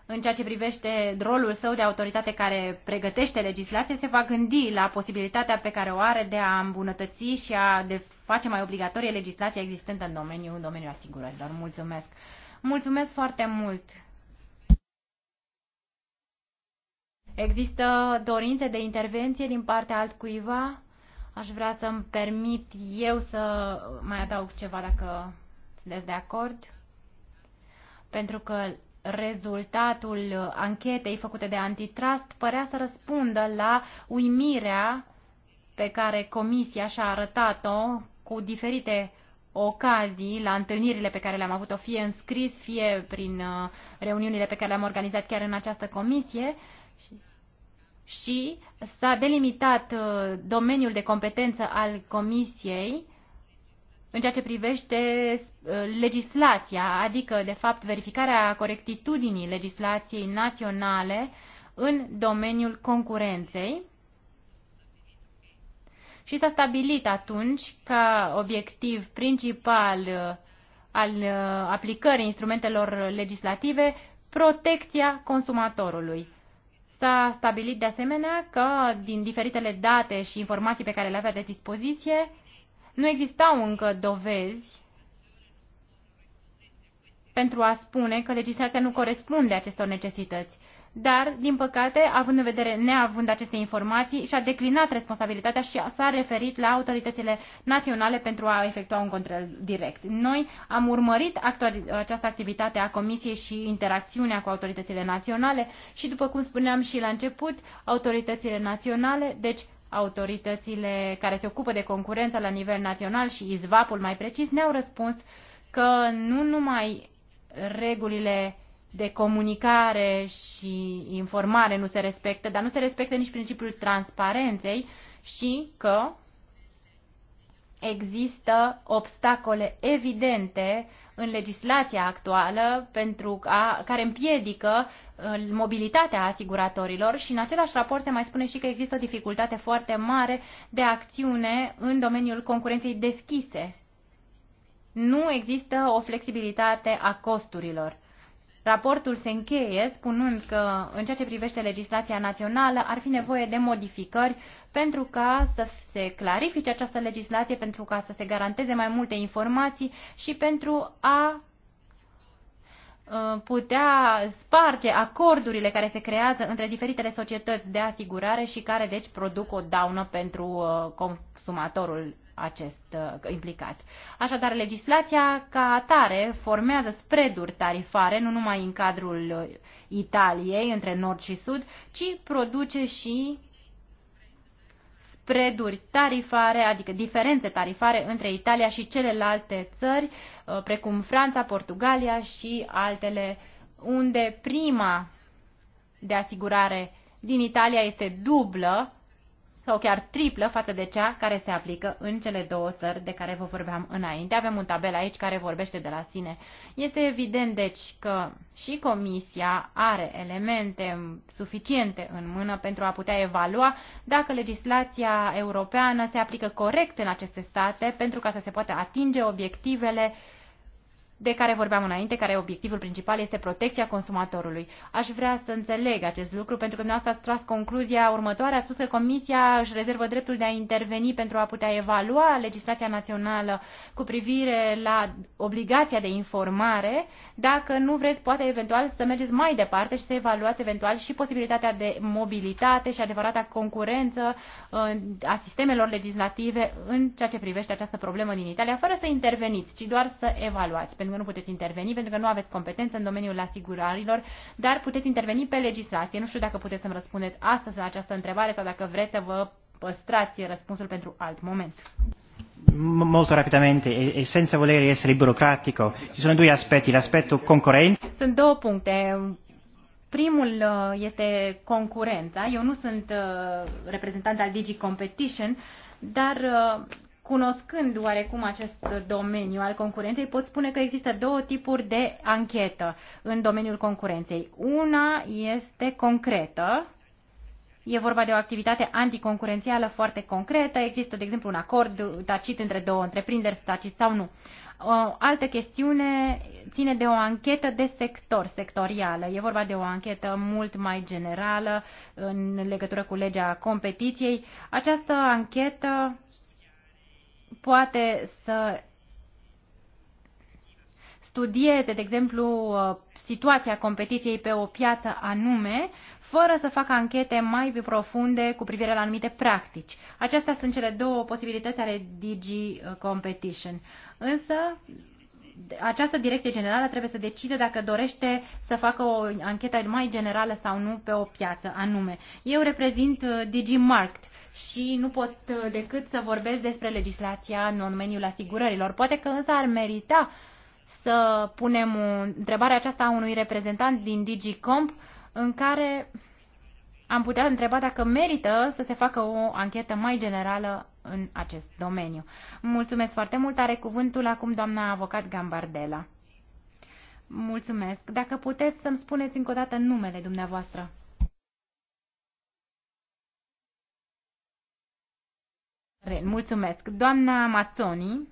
în ceea ce privește rolul său de autoritate care pregătește legislație, se va gândi la posibilitatea pe care o are de a îmbunătăți și a de face mai obligatorie legislația existentă în domeniul, în domeniul asigurărilor. Mulțumesc! Mulțumesc foarte mult! Există dorințe de intervenție din partea altcuiva? Aș vrea să-mi permit eu să mai adaug ceva dacă sunteți de acord. Pentru că rezultatul anchetei făcute de antitrust părea să răspundă la uimirea pe care comisia și-a arătat-o cu diferite ocazii la întâlnirile pe care le-am avut-o fie în scris, fie prin uh, reuniunile pe care le-am organizat chiar în această comisie. Și și s-a delimitat uh, domeniul de competență al Comisiei în ceea ce privește uh, legislația, adică, de fapt, verificarea corectitudinii legislației naționale în domeniul concurenței. Și s-a stabilit atunci ca obiectiv principal uh, al aplicării instrumentelor legislative protecția consumatorului. S-a stabilit de asemenea că din diferitele date și informații pe care le avea de dispoziție, nu existau încă dovezi pentru a spune că legislația nu corespunde acestor necesități dar, din păcate, având în vedere, neavând aceste informații, și-a declinat responsabilitatea și s-a referit la autoritățile naționale pentru a efectua un control direct. Noi am urmărit această activitate a Comisiei și interacțiunea cu autoritățile naționale și, după cum spuneam și la început, autoritățile naționale, deci autoritățile care se ocupă de concurență la nivel național și izvapul mai precis, ne-au răspuns că nu numai regulile de comunicare și informare nu se respectă, dar nu se respectă nici principiul transparenței și că există obstacole evidente în legislația actuală pentru a, care împiedică uh, mobilitatea asiguratorilor și în același raport se mai spune și că există o dificultate foarte mare de acțiune în domeniul concurenței deschise. Nu există o flexibilitate a costurilor. Raportul se încheie spunând că, în ceea ce privește legislația națională, ar fi nevoie de modificări pentru ca să se clarifice această legislație, pentru ca să se garanteze mai multe informații și pentru a uh, putea sparge acordurile care se creează între diferitele societăți de asigurare și care deci produc o daună pentru uh, consumatorul acest uh, implicat. Așadar, legislația ca atare formează spreaduri tarifare, nu numai în cadrul uh, Italiei, între nord și sud, ci produce și spreaduri tarifare, adică diferențe tarifare între Italia și celelalte țări, uh, precum Franța, Portugalia și altele, unde prima de asigurare din Italia este dublă sau chiar triplă față de cea care se aplică în cele două țări de care vă vorbeam înainte. Avem un tabel aici care vorbește de la sine. Este evident, deci, că și Comisia are elemente suficiente în mână pentru a putea evalua dacă legislația europeană se aplică corect în aceste state pentru ca să se poată atinge obiectivele uh, de care vorbeam înainte, care obiectivul principal este protecția consumatorului. Aș vrea să înțeleg acest lucru, pentru că dumneavoastră ați tras concluzia următoare, a spus că Comisia își rezervă dreptul de a interveni pentru a putea evalua legislația națională cu privire la obligația de informare. Dacă nu vreți, poate eventual să mergeți mai departe și să evaluați eventual și posibilitatea de mobilitate și adevărata concurență uh, a sistemelor legislative în ceea ce privește această problemă din Italia, fără să interveniți, ci doar să evaluați pentru că nu puteți interveni, pentru că nu aveți competență în domeniul asigurărilor, dar puteți interveni pe legislație. Nu știu dacă puteți să-mi răspundeți astăzi la această întrebare sau dacă vreți să vă păstrați răspunsul pentru alt moment. Molto rapidamente e, senza voler essere burocratico, ci sono due aspetti, l'aspetto concorrenza. Sunt două puncte. Primul uh, este concurența. Eu nu sunt uh, reprezentant al Digi Competition, dar uh, cunoscând oarecum acest domeniu al concurenței, pot spune că există două tipuri de anchetă în domeniul concurenței. Una este concretă, E vorba de o activitate anticoncurențială foarte concretă. Există, de exemplu, un acord tacit între două întreprinderi, tacit sau nu. O altă chestiune ține de o anchetă de sector, sectorială. E vorba de o anchetă mult mai generală în legătură cu legea competiției. Această anchetă poate să studieze, de exemplu, situația competiției pe o piață anume, fără să facă anchete mai profunde cu privire la anumite practici. Acestea sunt cele două posibilități ale Digi Competition. Însă, această direcție generală trebuie să decide dacă dorește să facă o anchetă mai generală sau nu pe o piață anume. Eu reprezint uh, Market și nu pot uh, decât să vorbesc despre legislația în domeniul asigurărilor. Poate că însă ar merita să punem întrebarea aceasta a unui reprezentant din DigiComp în care am putea întreba dacă merită să se facă o anchetă mai generală în acest domeniu. Mulțumesc foarte mult. Are cuvântul acum doamna avocat Gambardela. Mulțumesc. Dacă puteți să-mi spuneți încă o dată numele dumneavoastră. Ren. Mulțumesc. Doamna Mazzoni,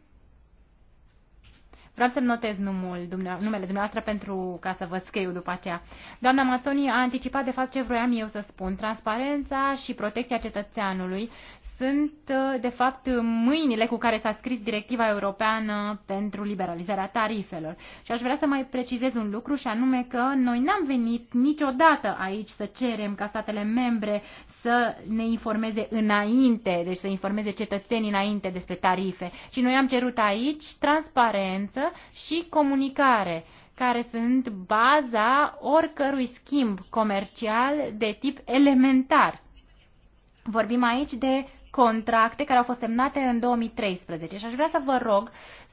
vreau să-mi notez numul, numele dumneavoastră pentru ca să vă scriu după aceea. Doamna Mazzoni a anticipat de fapt ce vroiam eu să spun. Transparența și protecția cetățeanului sunt, uh, de fapt, mâinile cu care s-a scris directiva europeană pentru liberalizarea tarifelor. Și aș vrea să mai precizez un lucru și anume că noi n-am venit niciodată aici să cerem ca statele membre să ne informeze înainte, deci să informeze cetățenii înainte despre tarife. Și noi am cerut aici transparență și comunicare care sunt baza oricărui schimb comercial de tip elementar. Vorbim aici de contracte care au fost semnate în 2013 și aș vrea să vă rog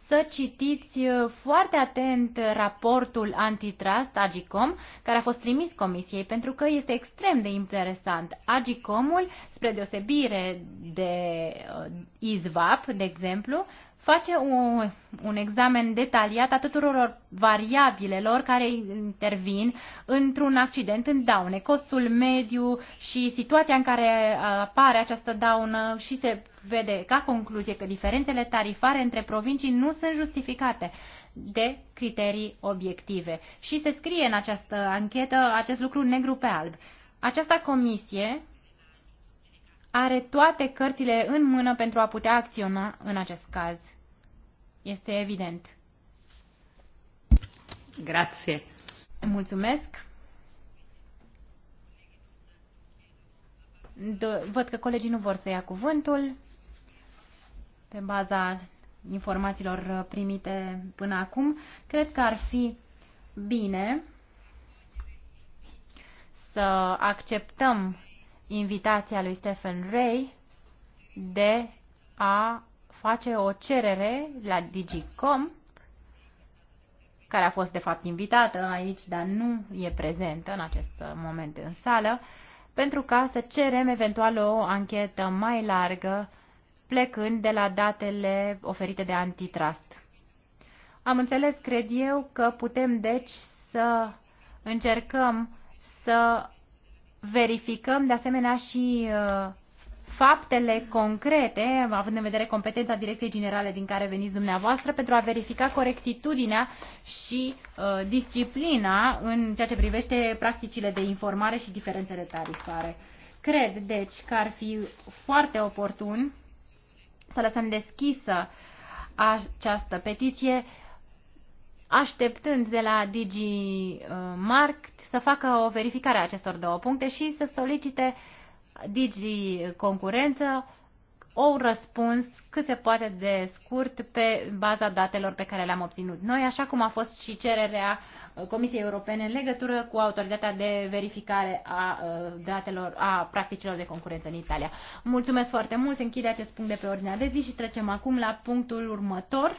să citiți uh, foarte atent raportul antitrust Agicom, care a fost trimis Comisiei, pentru că este extrem de interesant. Agicomul, spre deosebire de uh, IZVAP, de exemplu, face un, un examen detaliat a tuturor variabilelor care intervin într-un accident în daune, costul mediu și situația în care apare această daună și se vede ca concluzie că diferențele tarifare între provincii nu sunt justificate de criterii obiective. Și se scrie în această anchetă acest lucru negru pe alb. Această comisie are toate cărțile în mână pentru a putea acționa în acest caz. Este evident. Grație. Mulțumesc. Do- văd că colegii nu vor să ia cuvântul. Pe baza informațiilor primite până acum, cred că ar fi bine să acceptăm invitația lui Stephen Ray de a face o cerere la Digicom, care a fost de fapt invitată aici, dar nu e prezentă în acest moment în sală, pentru ca să cerem eventual o anchetă mai largă, plecând de la datele oferite de antitrust. Am înțeles, cred eu, că putem deci să încercăm să verificăm de asemenea și uh, faptele concrete, având în vedere competența Direcției Generale din care veniți dumneavoastră, pentru a verifica corectitudinea și uh, disciplina în ceea ce privește practicile de informare și diferențele tarifare. Cred, deci, că ar fi foarte oportun să lăsăm deschisă această petiție, așteptând de la Digi uh, Markt să facă o verificare a acestor două puncte și să solicite uh, Digi Concurență o răspuns cât se poate de scurt pe baza datelor pe care le-am obținut noi, așa cum a fost și cererea uh, Comisiei Europene în legătură cu autoritatea de verificare a uh, datelor, a practicilor de concurență în Italia. Mulțumesc foarte mult, închide acest punct de pe ordinea de zi și trecem acum la punctul următor.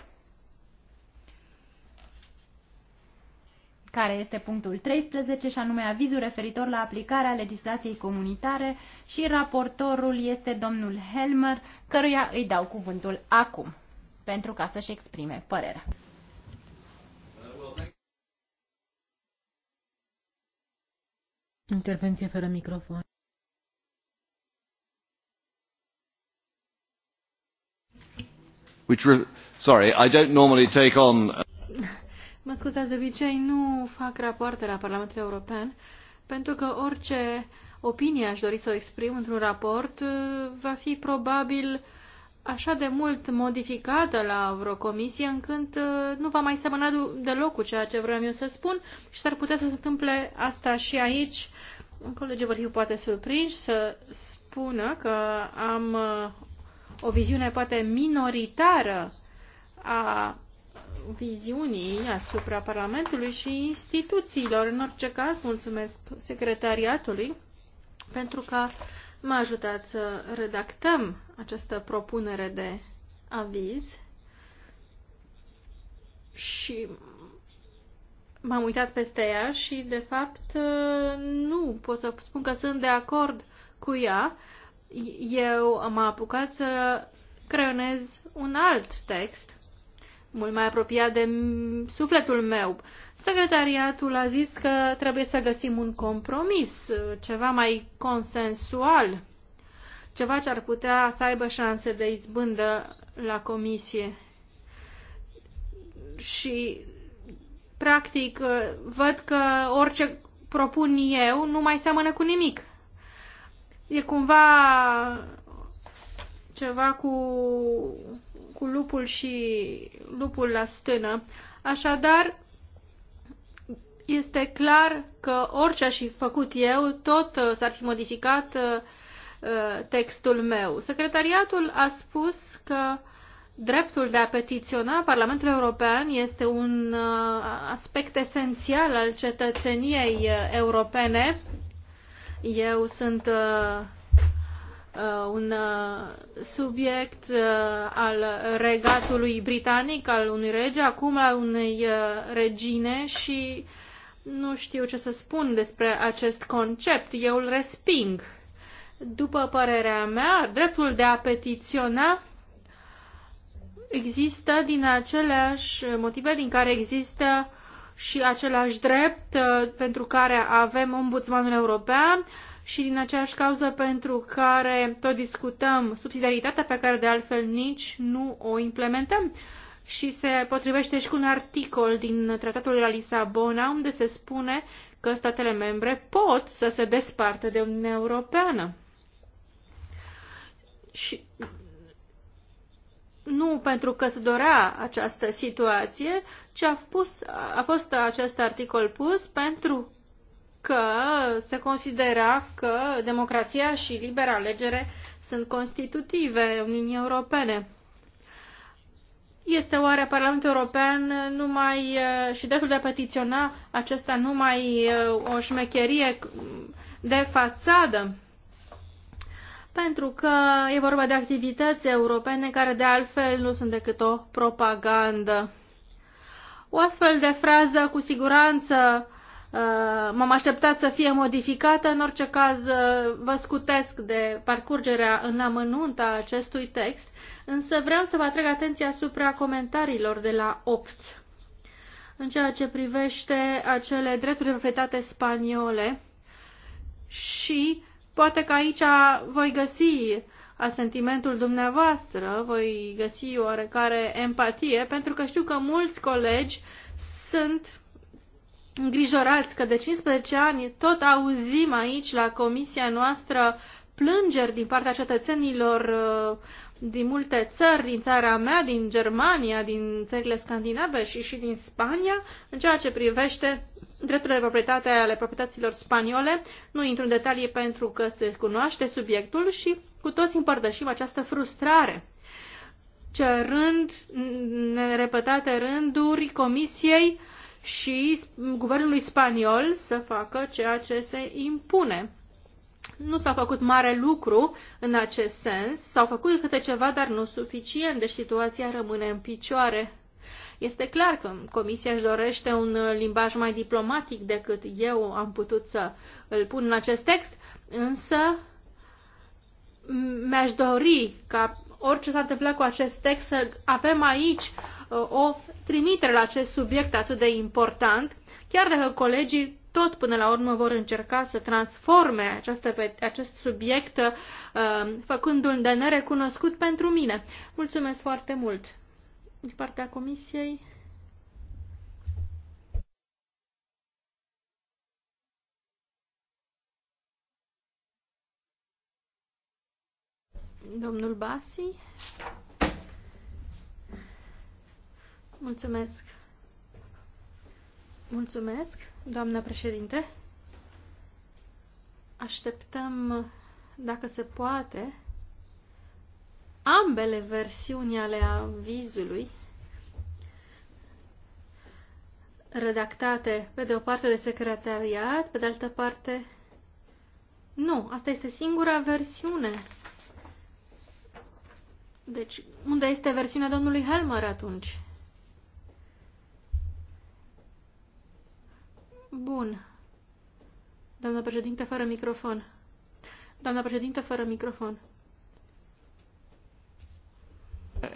care este punctul 13, și anume avizul referitor la aplicarea legislației comunitare și raportorul este domnul Helmer, căruia îi dau cuvântul acum, pentru ca să-și exprime părerea. Intervenție fără microfon.
Which re- sorry, I don't normally take on uh, Mă scuzați, de obicei nu fac rapoarte la Parlamentul European, pentru că orice opinie aș dori să o exprim într-un raport uh, va fi probabil așa de mult modificată la vreo comisie încât uh, nu va mai semăna deloc cu ceea ce vreau eu să spun și s-ar putea să se întâmple asta și aici. Colegii vor fi poate surprinși să spună că am uh, o viziune poate minoritară a viziunii asupra Parlamentului și instituțiilor. În orice caz, mulțumesc secretariatului pentru că m-a ajutat să redactăm această propunere de aviz și m-am uitat peste ea și, de fapt, nu pot să spun că sunt de acord cu ea. Eu m-am apucat să creionez un alt text mult mai apropiat de sufletul meu. Secretariatul a zis că trebuie să găsim un compromis, ceva mai consensual, ceva ce ar putea să aibă șanse de izbândă la comisie. Și, practic, văd că orice propun eu nu mai seamănă cu nimic. E cumva ceva cu cu lupul și lupul la stână. Așadar, este clar că orice aș fi făcut eu, tot uh, s-ar fi modificat uh, uh, textul meu. Secretariatul a spus că dreptul de a petiționa Parlamentul European este un aspect esențial al cetățeniei europene. Eu sunt Uh, un uh, subiect uh, al regatului britanic, al unui rege, acum al unei regine și nu știu ce să spun despre acest concept. Eu îl resping. După părerea mea, dreptul de a petiționa există din aceleași motive din care există și același drept pentru care avem ombudsmanul european, și din aceeași cauză pentru care tot discutăm subsidiaritatea pe care de altfel nici nu o implementăm și se potrivește și cu un articol din Tratatul de la Lisabona unde se spune că statele membre pot să se despartă de Uniunea Europeană. Și nu pentru că se dorea această situație, ci a, pus, a fost acest articol pus pentru că se considera că democrația și libera alegere sunt constitutive Uniunii Europene. Este oare Parlamentul European numai eh, și dreptul de a petiționa acesta numai eh, o șmecherie de fațadă? Pentru că e vorba de activități europene care de altfel nu sunt decât o propagandă. O astfel de frază cu siguranță Uh, m-am așteptat să fie modificată. În orice caz, uh, vă scutesc de parcurgerea în amănunt a acestui text, însă vreau să vă atrag atenția asupra comentariilor de la 8 în ceea ce privește acele drepturi de proprietate spaniole și poate că aici voi găsi asentimentul dumneavoastră, voi găsi oarecare empatie, pentru că știu că mulți colegi sunt îngrijorați că de 15 ani tot auzim aici la comisia noastră plângeri din partea cetățenilor uh, din multe țări, din țara mea, din Germania, din țările scandinave și și din Spania, în ceea ce privește drepturile de proprietate ale proprietăților spaniole. Nu intru în detalii pentru că se cunoaște subiectul și cu toți împărtășim această frustrare cerând în repetate rânduri comisiei uh, și guvernului spaniol să facă ceea ce se impune. Nu s-a făcut mare lucru în acest sens, s-au făcut câte ceva, dar nu suficient, deci situația rămâne în picioare. Este clar că Comisia își dorește un limbaj mai diplomatic decât eu am putut să îl pun în acest text, însă mi-aș dori ca orice s-a întâmplat cu acest text să avem aici Uh, o trimitere la acest subiect atât de important, chiar dacă colegii tot până la urmă vor încerca să transforme această, acest subiect uh, făcându-l de nerecunoscut pentru mine. Mulțumesc foarte mult! Din partea comisiei... Domnul Basi. Mulțumesc. Mulțumesc, doamnă președinte. Așteptăm, dacă se poate, ambele versiuni ale avizului redactate pe de o parte de secretariat, pe de altă parte nu, asta este singura versiune. Deci, unde este versiunea domnului Helmer atunci? Bun. Doamna președinte, fără microfon. Doamna președinte, fără microfon.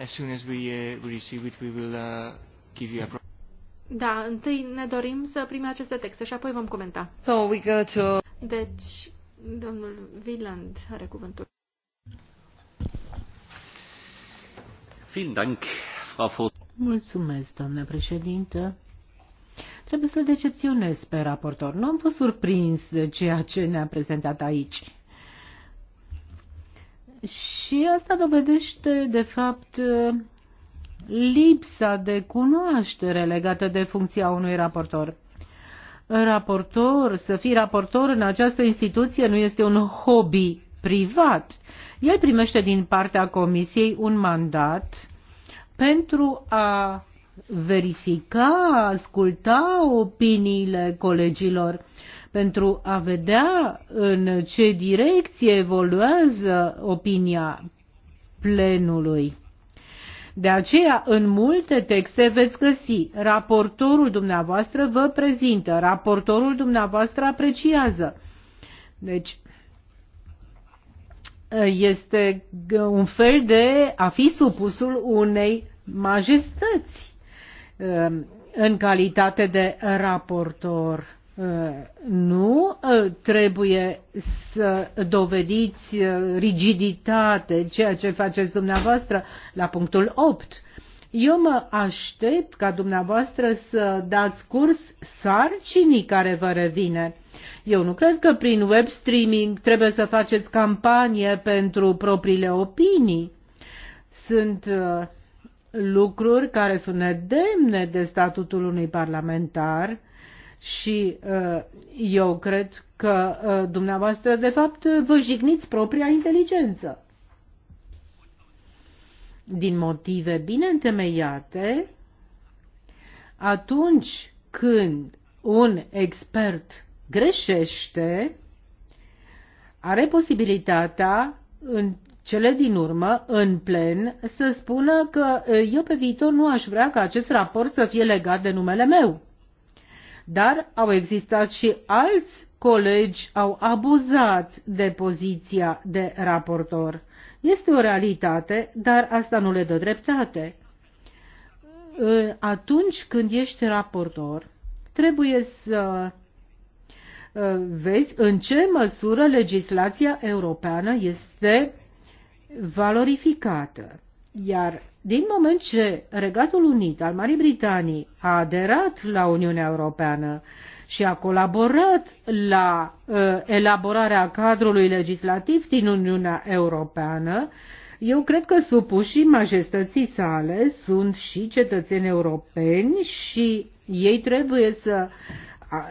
As soon as we, uh, receive it, we will uh, give you a da, întâi ne dorim să primim aceste texte și apoi vom comenta. So we go to... Deci, domnul Wieland are cuvântul.
Vielen Dank, Frau Mulțumesc, doamnă președintă. Trebuie să-l decepționez pe raportor. Nu am fost surprins de ceea ce ne-a prezentat aici. Și asta dovedește, de fapt, lipsa de cunoaștere legată de funcția unui raportor. Raportor, să fii raportor în această instituție nu este un hobby privat. El primește din partea comisiei un mandat pentru a verifica, asculta opiniile colegilor pentru a vedea în ce direcție evoluează opinia plenului. De aceea, în multe texte veți găsi raportorul dumneavoastră vă prezintă, raportorul dumneavoastră apreciază. Deci, este un fel de a fi supusul unei majestăți. Ehm, în calitate de raportor. Ehm, nu ehm, trebuie să dovediți rigiditate, ceea ce faceți dumneavoastră la punctul 8. Eu mă aștept ca dumneavoastră să dați curs sarcinii care vă revine. Eu nu cred că prin web streaming trebuie să faceți campanie pentru propriile opinii. Sunt uh, lucruri care sunt nedemne de statutul unui parlamentar și uh, eu cred că uh, dumneavoastră, de fapt, vă jigniți propria inteligență. Din motive bine întemeiate, atunci când un expert greșește, are posibilitatea în cele din urmă, în plen, să spună că eu pe viitor nu aș vrea ca acest raport să fie legat de numele meu. Dar au existat și alți colegi au abuzat de poziția de raportor. Este o realitate, dar asta nu le dă dreptate. Atunci când ești raportor, trebuie să vezi în ce măsură legislația europeană este valorificată. Iar din moment ce Regatul Unit al Marii Britanii a aderat la Uniunea Europeană și a colaborat la uh, elaborarea cadrului legislativ din Uniunea Europeană, eu cred că supușii majestății sale sunt și cetățeni europeni și ei trebuie să uh,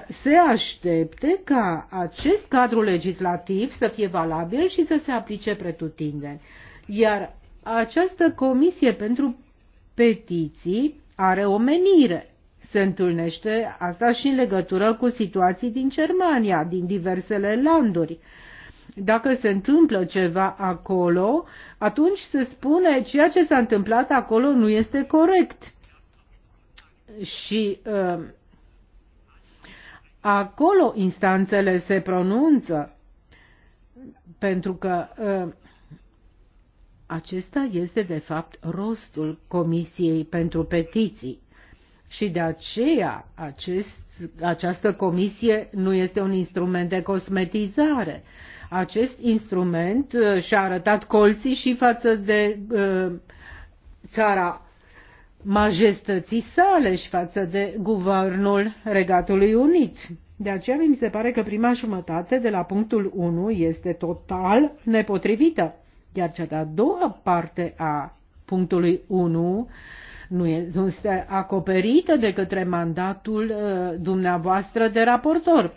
se aștepte ca acest cadru legislativ să fie valabil și să se aplice pretutindeni. Iar această comisie pentru petiții are o menire. Se întâlnește asta și în legătură cu situații din Germania, din diversele landuri. Dacă se întâmplă ceva acolo, atunci se spune ceea ce s-a întâmplat acolo nu este corect. Și uh, Acolo instanțele se pronunță, pentru că ă, acesta este de fapt rostul Comisiei pentru Petiții. Și de aceea acest, această comisie nu este un instrument de cosmetizare. Acest instrument ă, și-a arătat colții și față de uh, țara majestății sale și față de guvernul Regatului Unit. De aceea mi se pare că prima jumătate de la punctul 1 este total nepotrivită, iar cea de-a doua parte a punctului 1 nu este acoperită de către mandatul uh, dumneavoastră de raportor,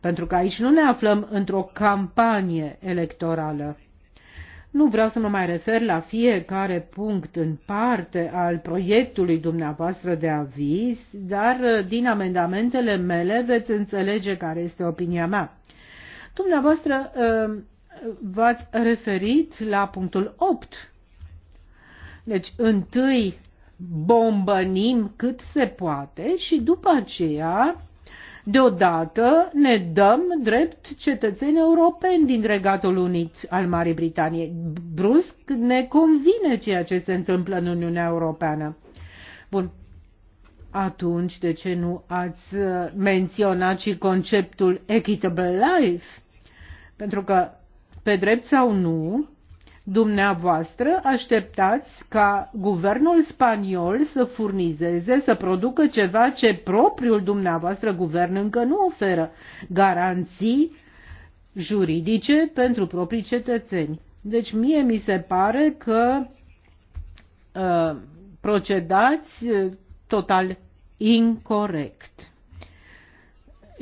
pentru că aici nu ne aflăm într-o campanie electorală. Nu vreau să mă mai refer la fiecare punct în parte al proiectului dumneavoastră de aviz, dar uh, din amendamentele mele veți înțelege care este opinia mea. Dumneavoastră uh, v-ați referit la punctul 8. Deci, întâi bombănim cât se poate și după aceea Deodată ne dăm drept cetățeni europeni din Regatul Unit al Marii Britanie. Brusc ne convine ceea ce se întâmplă în Uniunea Europeană. Bun. Atunci, de ce nu ați uh, menționat și conceptul equitable life? Pentru că, pe drept sau nu, Dumneavoastră așteptați ca guvernul spaniol să furnizeze, să producă ceva ce propriul dumneavoastră guvern încă nu oferă, garanții juridice pentru proprii cetățeni. Deci mie mi se pare că uh, procedați uh, total incorrect.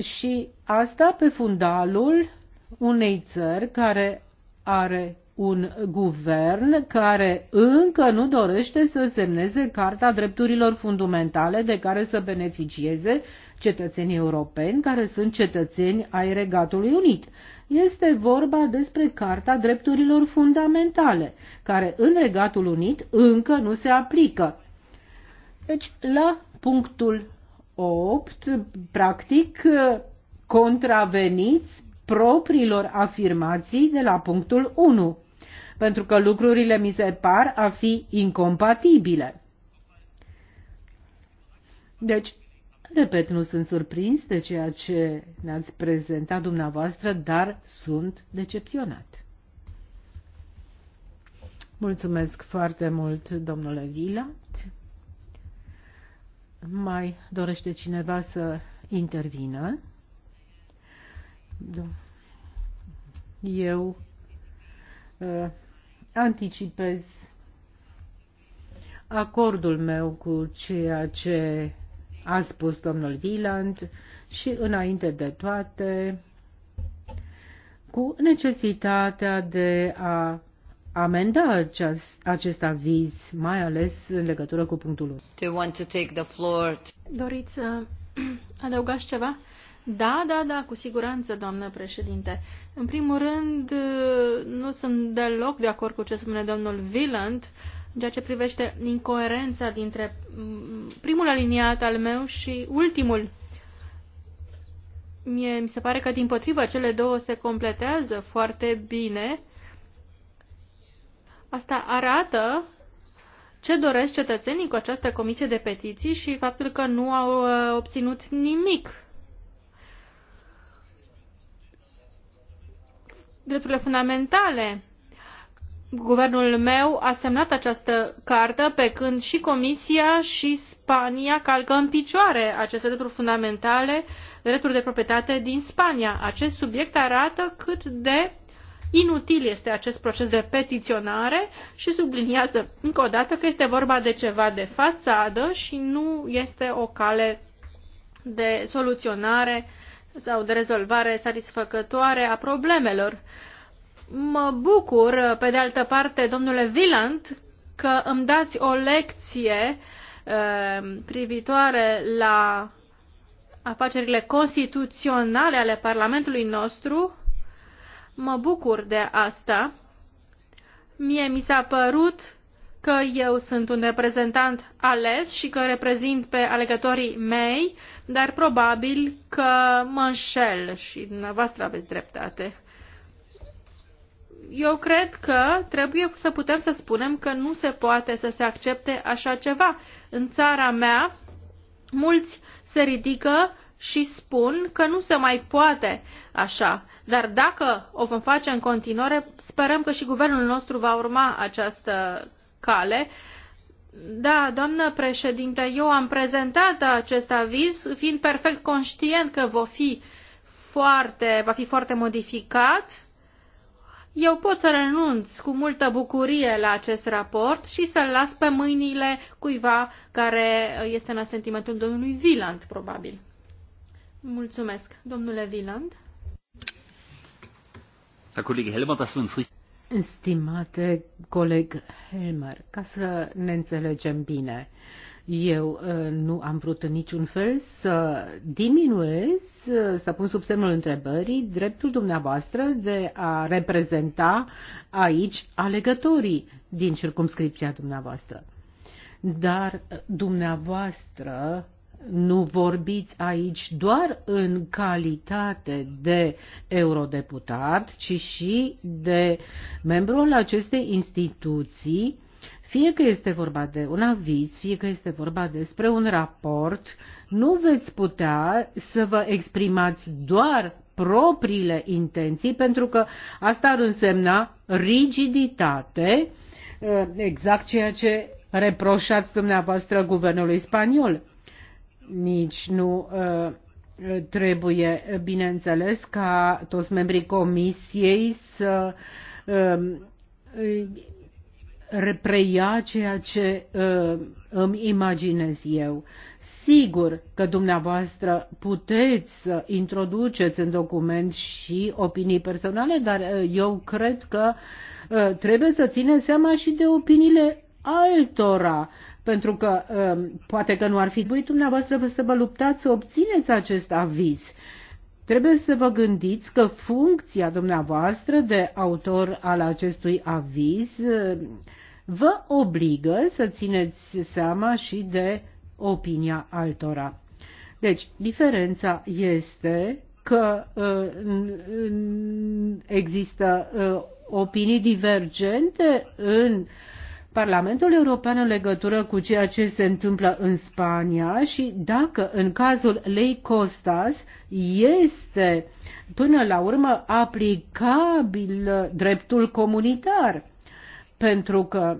Și asta pe fundalul unei țări care are un guvern care încă nu dorește să semneze Carta Drepturilor Fundamentale de care să beneficieze cetățenii europeni care sunt cetățeni ai Regatului Unit. Este vorba despre Carta Drepturilor Fundamentale, care în Regatul Unit încă nu se aplică. Deci, la punctul 8, practic, contraveniți propriilor afirmații de la punctul 1 pentru că lucrurile mi se par a fi incompatibile. Deci, repet, nu sunt surprins de ceea ce ne-ați prezentat dumneavoastră, dar sunt decepționat. Mulțumesc foarte mult, domnule Vila. Mai dorește cineva să intervină? Eu uh, anticipez acordul meu cu ceea ce a spus domnul Wieland și, înainte de toate, cu necesitatea de a amenda acest, acest aviz, mai ales în legătură cu punctul 1.
Doriți să (clears throat) adăugați ceva? Da, da, da, cu siguranță, doamnă președinte. În primul rând, uh, nu sunt deloc de acord cu ce spune domnul Villand, în ceea ce privește incoerența dintre mm, primul aliniat al meu și ultimul. Mie mi se pare că, din potrivă, cele două se completează foarte bine. Asta arată ce doresc cetățenii cu această comisie de petiții și faptul că nu au uh, obținut nimic drepturile fundamentale. Guvernul meu a semnat această cartă pe când și Comisia și Spania calcă în picioare aceste drepturi fundamentale, drepturi de proprietate din Spania. Acest subiect arată cât de inutil este acest proces de petiționare și subliniază încă o dată că este vorba de ceva de fațadă și nu este o cale de soluționare uh, sau de rezolvare satisfăcătoare a problemelor. Mă bucur, pe de altă parte, domnule Villand, că îmi dați o lecție uh, privitoare la afacerile constituționale ale Parlamentului nostru. Mă bucur de asta. Mie mi s-a părut că eu sunt un reprezentant ales și că reprezint pe alegătorii mei, dar probabil că mă înșel și dumneavoastră aveți dreptate. Eu cred că trebuie să putem să spunem că nu se poate să se accepte așa ceva. În țara mea, mulți se ridică și spun că nu se mai poate așa. Dar dacă o vom face în continuare, sperăm că și guvernul nostru va urma această cale. Da, doamnă președinte, eu am prezentat acest aviz fiind perfect conștient că va fi foarte, va fi foarte modificat. Eu pot să renunț cu multă bucurie la acest raport și să-l las pe mâinile cuiva care este în asentimentul domnului Viland, probabil. Mulțumesc. Domnule Viland.
Herr Kollege Helmer, das war uns
Stimate coleg Helmer, ca să ne înțelegem bine, eu uh, nu am vrut în niciun fel să diminuez, uh, să pun sub semnul întrebării dreptul dumneavoastră de a reprezenta aici alegătorii din circumscripția dumneavoastră. Dar uh, dumneavoastră nu vorbiți aici doar în calitate de eurodeputat, ci și de membru al acestei instituții, fie că este vorba de un aviz, fie că este vorba despre un raport, nu veți putea să vă exprimați doar propriile intenții, pentru că asta ar însemna rigiditate, eh, exact ceea ce reproșați dumneavoastră guvernului spaniol nici nu uh, trebuie, bineînțeles, ca toți membrii comisiei să um, preia ceea ce uh, îmi imaginez eu. Sigur că dumneavoastră puteți să introduceți în document și opinii personale, dar uh, eu cred că trebuie să țineți seama și de opiniile altora pentru că um, poate că nu ar fi voi dumneavoastră să vă luptați să obțineți acest aviz. Trebuie să vă gândiți că funcția dumneavoastră de autor al acestui aviz um, vă obligă să țineți seama și de opinia altora. Deci, diferența este că uh, există uh, opinii divergente în Parlamentul European în legătură cu ceea ce se întâmplă în Spania și dacă în cazul lei Costas este până la urmă aplicabil dreptul comunitar. Pentru că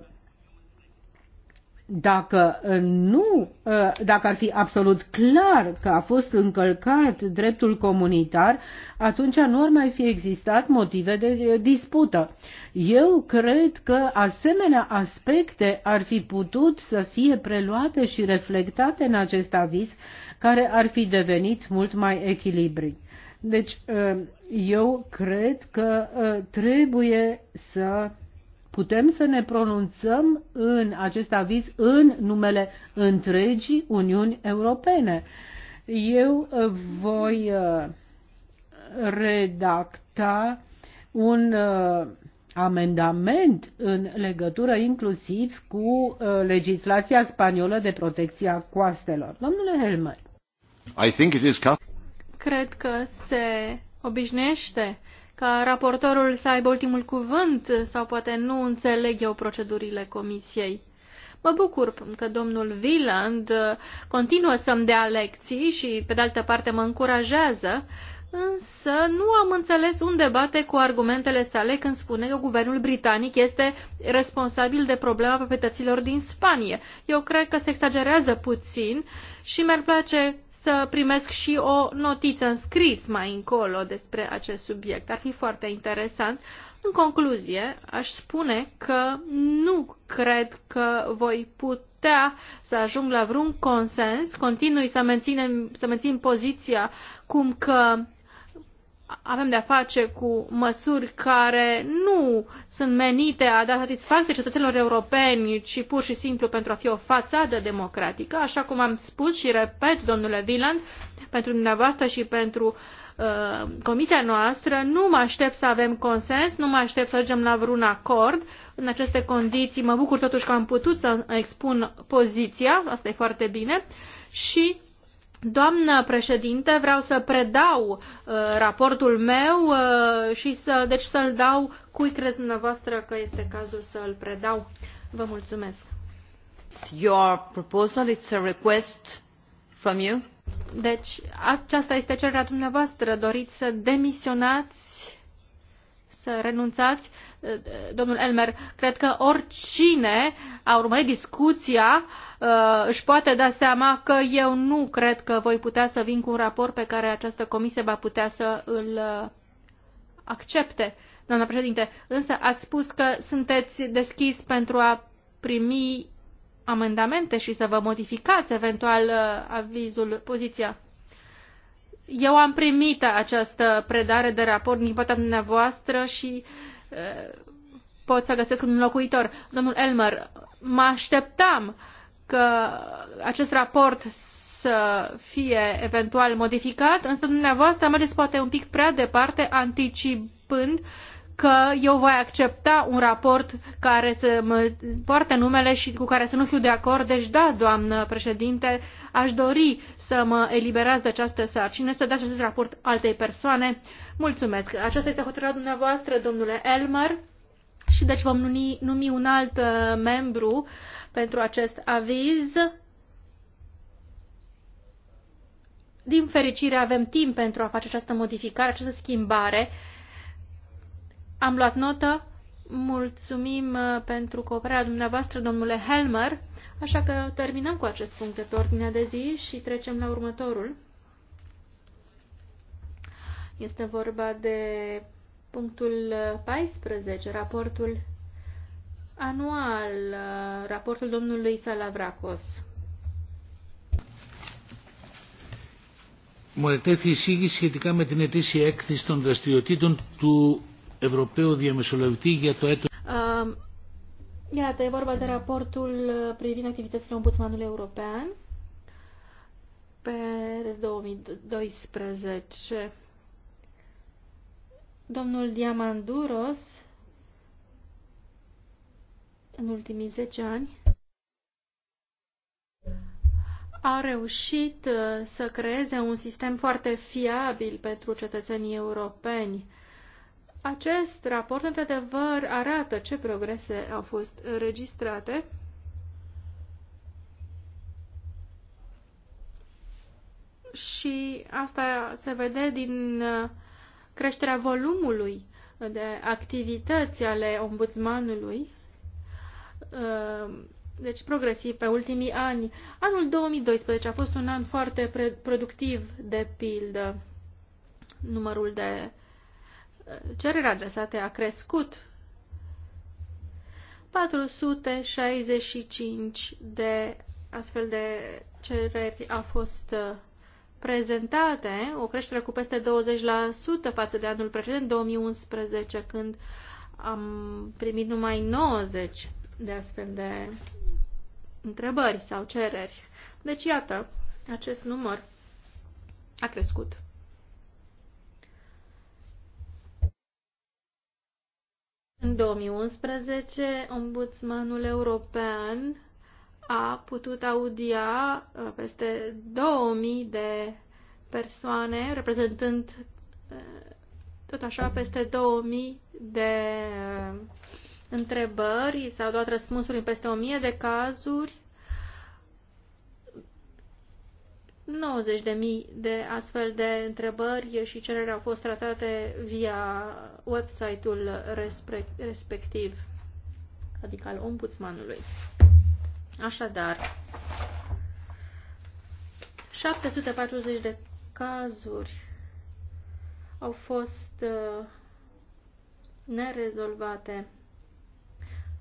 dacă uh, nu, uh, dacă ar fi absolut clar că a fost încălcat dreptul comunitar, atunci nu ar mai fi existat motive de uh, dispută. Eu cred că asemenea aspecte ar fi putut să fie preluate și reflectate în acest aviz, care ar fi devenit mult mai echilibrat. Deci, eu cred că trebuie să putem să ne pronunțăm în acest aviz în numele întregii Uniuni Europene. Eu uh, voi uh, redacta un uh, amendament în legătură inclusiv cu legislația spaniolă de protecție a coastelor. Domnule Helmer. I think it is...
Cred că se obișnuiește ca raportorul să aibă ultimul cuvânt sau poate nu înțeleg eu procedurile comisiei. Mă bucur că domnul Wieland continuă să-mi dea lecții și, pe de altă parte, mă încurajează, însă nu am înțeles unde bate cu argumentele sale când spune că guvernul britanic este responsabil de problema proprietăților din Spanie. Eu cred că se exagerează puțin și mi-ar place să primesc și o notiță în scris mai încolo despre acest subiect. Ar fi foarte interesant. În concluzie, aș spune că nu cred că voi putea să ajung la vreun consens. Continui să mențin, să mențin poziția cum că avem de-a face cu măsuri care nu sunt menite a da satisfacție cetățenilor europeni, ci pur și simplu pentru a fi o fațadă democratică, așa cum am spus și repet, domnule Viland, pentru dumneavoastră și pentru uh, comisia noastră, nu mă aștept să avem consens, nu mă aștept să ajungem la vreun acord. În aceste condiții mă bucur totuși că am putut să expun poziția, asta e foarte bine, și Doamnă președinte, vreau să predau uh, raportul meu uh, și să, deci să-l dau cui crezi dumneavoastră că este cazul să-l predau. Vă mulțumesc. Your proposal, it's a request from you. Deci, aceasta este cererea dumneavoastră. Doriți să demisionați să renunțați, domnul Elmer, cred că oricine a urmărit discuția uh, își poate da seama că eu nu cred că voi putea să vin cu un raport pe care această comisie va putea să îl uh, accepte. Doamna președinte, însă ați spus că sunteți deschis pentru a primi amendamente și să vă modificați eventual uh, avizul, poziția. Eu am primit această predare de raport din partea dumneavoastră și pot să găsesc un locuitor. Domnul Elmer, mă așteptam că acest raport să fie eventual modificat, însă dumneavoastră mergeți poate un pic prea departe, anticipând că eu voi accepta un raport care să mă poarte numele și cu care să nu fiu de acord. Deci da, doamnă președinte, aș dori să mă eliberați de această sarcină, să dați acest raport altei persoane. Mulțumesc. Aceasta este hotărârea dumneavoastră, domnule Elmer. Și deci vom numi, numi un alt uh, membru pentru acest aviz. Din fericire avem timp pentru a face această modificare, această schimbare. Uh, am luat notă. Mulțumim uh, pentru cooperarea dumneavoastră, domnule Helmer. Așa că terminăm cu acest punct de pe ordinea de zi și trecem la următorul. Este vorba de punctul 14, raportul anual, uh, raportul domnului Salavracos. Μου ετέθη εισήγηση σχετικά με την ετήσια έκθεση των
δραστηριοτήτων του Ευρωπαίο Διαμεσολαβητή για το έτος...
Iată, e vorba de raportul privind activitățile Ombudsmanului European pe 2012. Domnul Diamanduros, în ultimii 10 ani, a reușit uh, să creeze un sistem foarte fiabil pentru cetățenii europeni acest raport, într-adevăr, arată ce progrese au fost înregistrate. Și asta se vede din uh, creșterea volumului de activități ale ombudsmanului, uh, deci progresiv pe ultimii ani. Anul 2012 a fost un an foarte productiv, de pildă, numărul de cererea adresate a crescut 465 de astfel de cereri au fost uh, prezentate, o creștere cu peste 20% față de anul precedent, 2011, când am primit numai 90 de astfel de întrebări sau cereri. Deci, iată, acest număr a crescut. 2011, Ombudsmanul European a putut audia uh, peste 2000 de persoane, reprezentând uh, tot așa peste 2000 de uh, întrebări, s-au dat răspunsuri în peste 1000 de cazuri 90.000 de astfel de întrebări și cereri au fost tratate via website-ul respectiv, adică al ombudsmanului. Așadar, 740 de cazuri au fost uh, nerezolvate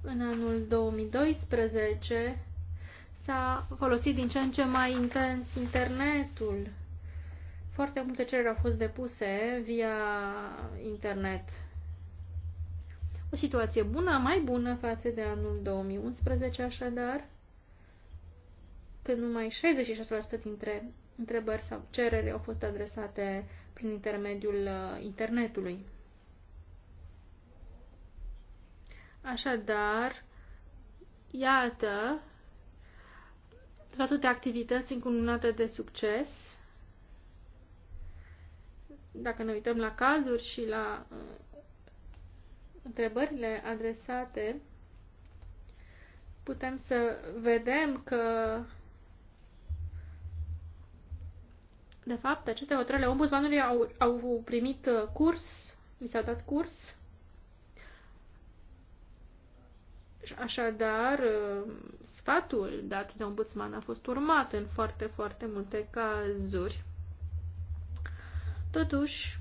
în anul 2012 S-a folosit din ce în ce mai intens internetul. Foarte multe cereri au fost depuse via internet. O situație bună, mai bună față de anul 2011, așadar, când numai 66% dintre întrebări sau cereri au fost adresate prin intermediul uh, internetului. Așadar, iată atâtea activități încununate de succes. Dacă ne uităm la cazuri și la uh, întrebările adresate, putem să vedem că de fapt, aceste hotărâre ombudsmanului au, au primit uh, curs, li s-a dat curs Așadar, uh, sfatul dat de ombudsman a fost urmat în foarte, foarte multe cazuri. Totuși,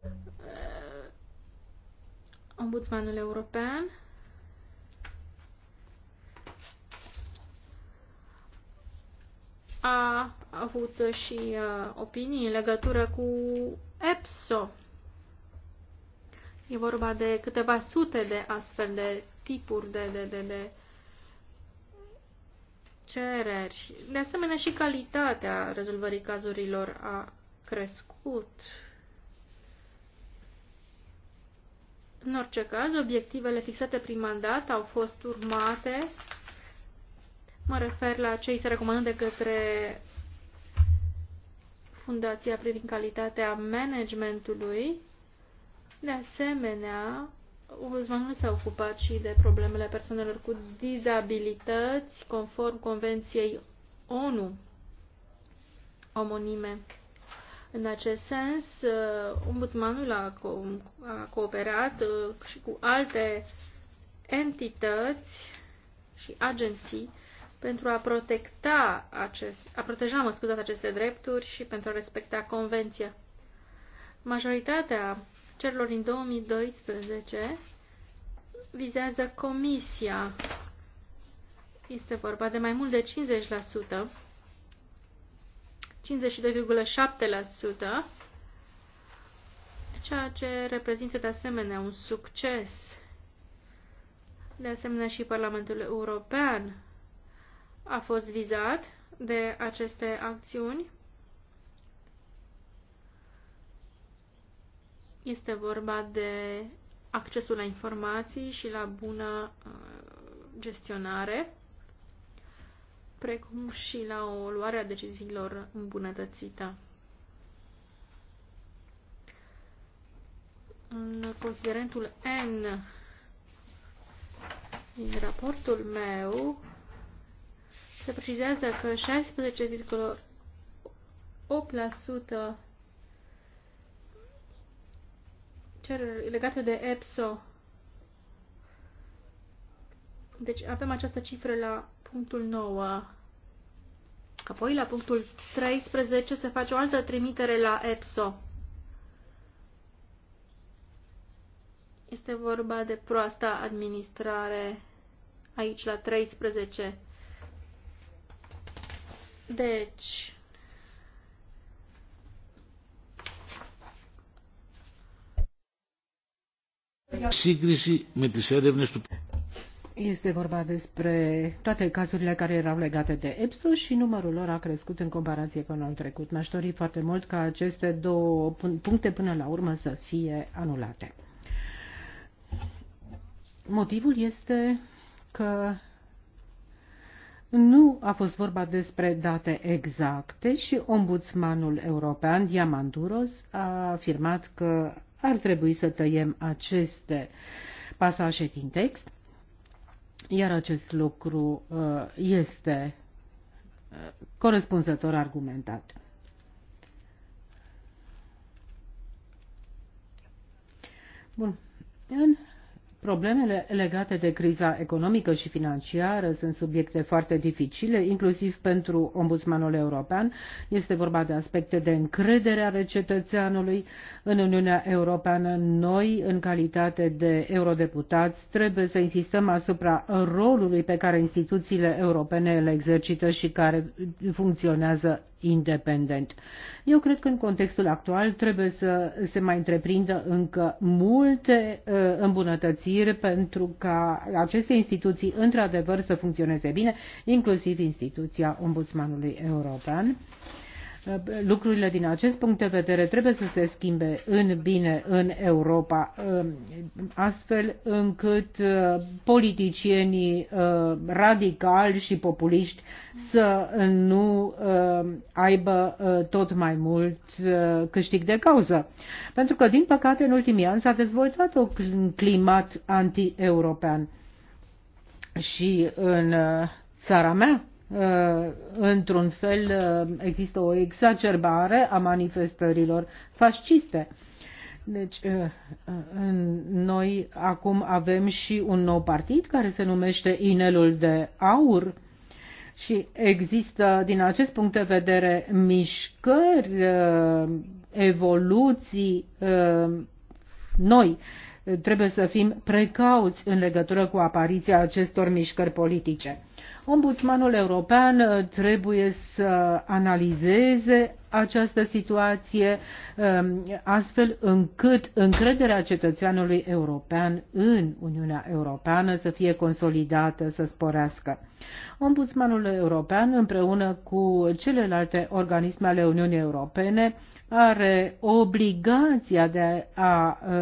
uh, ombudsmanul european a avut și uh, opinii în legătură cu EPSO. E vorba de câteva sute de astfel de tipuri de, de, de, de cereri. De asemenea, și calitatea rezolvării cazurilor a crescut. În orice caz, obiectivele fixate prin mandat au fost urmate Mă refer la cei se recomandă de către Fundația privind calitatea managementului. De asemenea, Ombudsmanul s-a ocupat și de problemele persoanelor cu dizabilități, conform Convenției ONU omonime. În acest sens, ombudsmanul a, co- a cooperat uh, și cu alte entități și agenții pentru a protecta acest, a proteja, mă scuzați, aceste drepturi și pentru a respecta convenția. Majoritatea cerilor din 2012 vizează comisia. Este vorba de mai mult de 50%, 52,7%, ceea ce reprezintă de asemenea un succes. De asemenea și Parlamentul European a fost vizat de aceste acțiuni. Este vorba de accesul la informații și la bună uh, gestionare, precum și la o luare a deciziilor îmbunătățită. În considerentul N din raportul meu se precizează că 16,8% cereri legate de EPSO. Deci avem această cifră la punctul 9. Apoi, la punctul 13, se face o altă trimitere la EPSO. Este vorba de proasta administrare aici la 13. Deci, Σύγκριση με τις έρευνες του...
Este vorba despre toate cazurile care erau legate de EPSO și numărul lor a crescut în comparație cu anul trecut. Mi-aș dori foarte mult ca aceste două puncte până la urmă să fie anulate. Motivul este că nu a fost vorba despre date exacte și ombudsmanul european Diamanduros a afirmat că ar trebui să tăiem aceste pasaje din text, iar acest lucru uh, este uh, corespunzător argumentat. Bun. În Problemele legate de criza economică și financiară sunt subiecte foarte dificile, inclusiv pentru ombudsmanul european. Este vorba de aspecte de încredere ale cetățeanului în Uniunea Europeană. Noi, în calitate de eurodeputați, trebuie să insistăm asupra rolului pe care instituțiile europene le exercită și care funcționează independent. Eu cred că în contextul actual trebuie să se mai întreprindă încă multe uh, îmbunătățiri pentru ca aceste instituții într-adevăr să funcționeze bine, inclusiv instituția Ombudsmanului European lucrurile din acest punct de vedere trebuie să se schimbe în bine în Europa, um, astfel încât uh, politicienii uh, radicali și populiști să nu um, aibă uh, tot mai mult câștig de cauză. Pentru că, din păcate, în ultimii ani s-a dezvoltat un climat anti-european. Și în țara mea, Uh, într-un fel uh, există o exacerbare a manifestărilor fasciste. Deci, uh, noi acum avem și un nou partid care se numește Inelul de Aur și există, din acest punct de vedere, mișcări, evoluții noi. Trebuie să fim precauți în legătură cu apariția acestor mișcări politice. Ombudsmanul european uh, trebuie să analizeze această situație um, astfel încât încrederea cetățeanului european în Uniunea Europeană să fie consolidată, să sporească. Ombudsmanul european împreună cu celelalte organisme ale Uniunii Europene are obligația de a uh,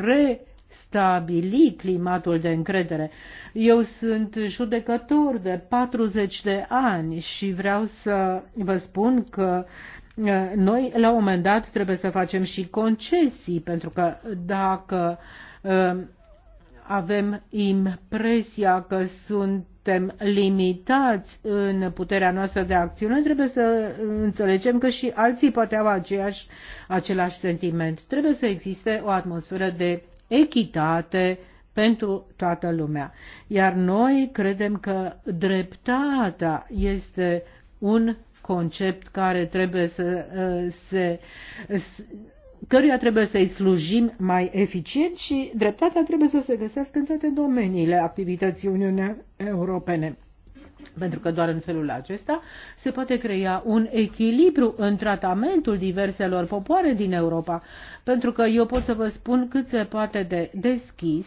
re stabili climatul de încredere. Eu sunt judecător de 40 de ani și vreau să vă spun că uh, noi la un moment dat trebuie să facem și concesii, pentru că dacă uh, avem impresia că suntem limitați în puterea noastră de acțiune, trebuie să înțelegem că și alții poate au aceeași, același sentiment. Trebuie să existe o atmosferă de echitate pentru toată lumea. Iar noi credem că dreptatea este un concept care trebuie să uh, se căruia trebuie să-i slujim mai eficient și dreptatea trebuie să se găsească în toate domeniile activității Uniunii Europene pentru că doar în felul acesta se poate crea un echilibru în tratamentul diverselor popoare din Europa, pentru că eu pot să vă spun cât se poate de deschis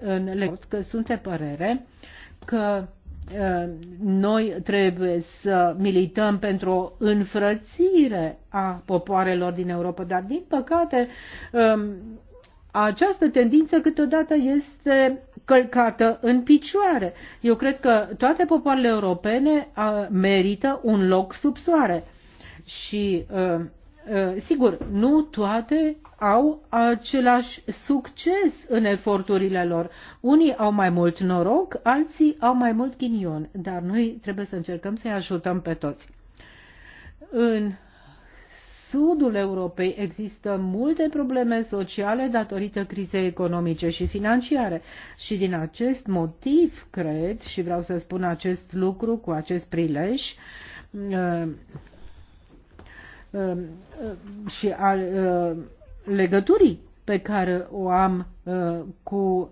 în lecut, că sunt de părere că ă, noi trebuie să milităm pentru o înfrățire a popoarelor din Europa, dar din păcate ă, această tendință câteodată este călcată în picioare. Eu cred că toate popoarele europene merită un loc sub soare. Și sigur, nu toate au același succes în eforturile lor. Unii au mai mult noroc, alții au mai mult ghinion, dar noi trebuie să încercăm să-i ajutăm pe toți. În sudul Europei există multe probleme sociale datorită crizei economice și financiare. Și din acest motiv, cred, și vreau să spun acest lucru cu acest prilej, uh, uh, uh, și a legăturii pe care o am cu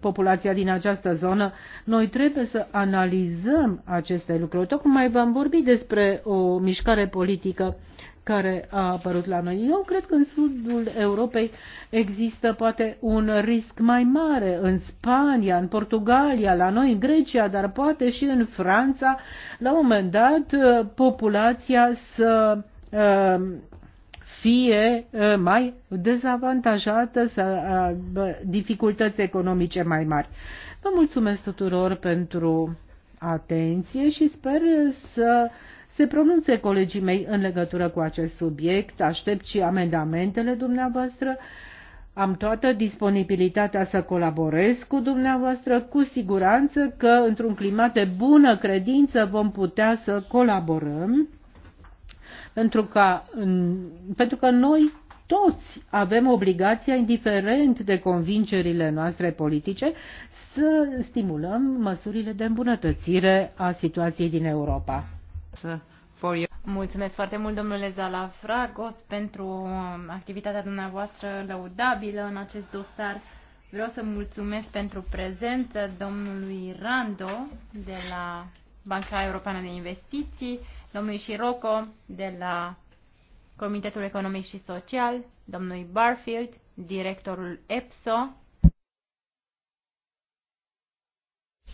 populația din această zonă, noi trebuie să analizăm aceste lucruri. Tocmai v-am vorbit despre o mișcare politică care a apărut la noi. Eu cred că în sudul Europei există poate un risc mai mare în Spania, în Portugalia, la noi în Grecia, dar poate și în Franța, la un moment dat uh, populația să uh, fie uh, mai dezavantajată, să aibă dificultăți economice mai mari. Vă mulțumesc tuturor pentru atenție și sper să se pronunțe colegii mei în legătură cu acest subiect. Aștept și amendamentele dumneavoastră. Am toată disponibilitatea să colaborez cu dumneavoastră, cu siguranță că într-un climat de bună credință vom putea să colaborăm, pentru că, pentru că noi toți avem obligația, indiferent de convingerile noastre politice, să stimulăm măsurile de îmbunătățire a situației din Europa.
Mulțumesc foarte mult, domnule Zalafragos, pentru activitatea dumneavoastră lăudabilă în acest dosar. Vreau să mulțumesc pentru prezență domnului Rando de la Banca Europeană de Investiții, domnului Shiroko de la Comitetul Economic și Social, domnului Barfield, directorul EPSO,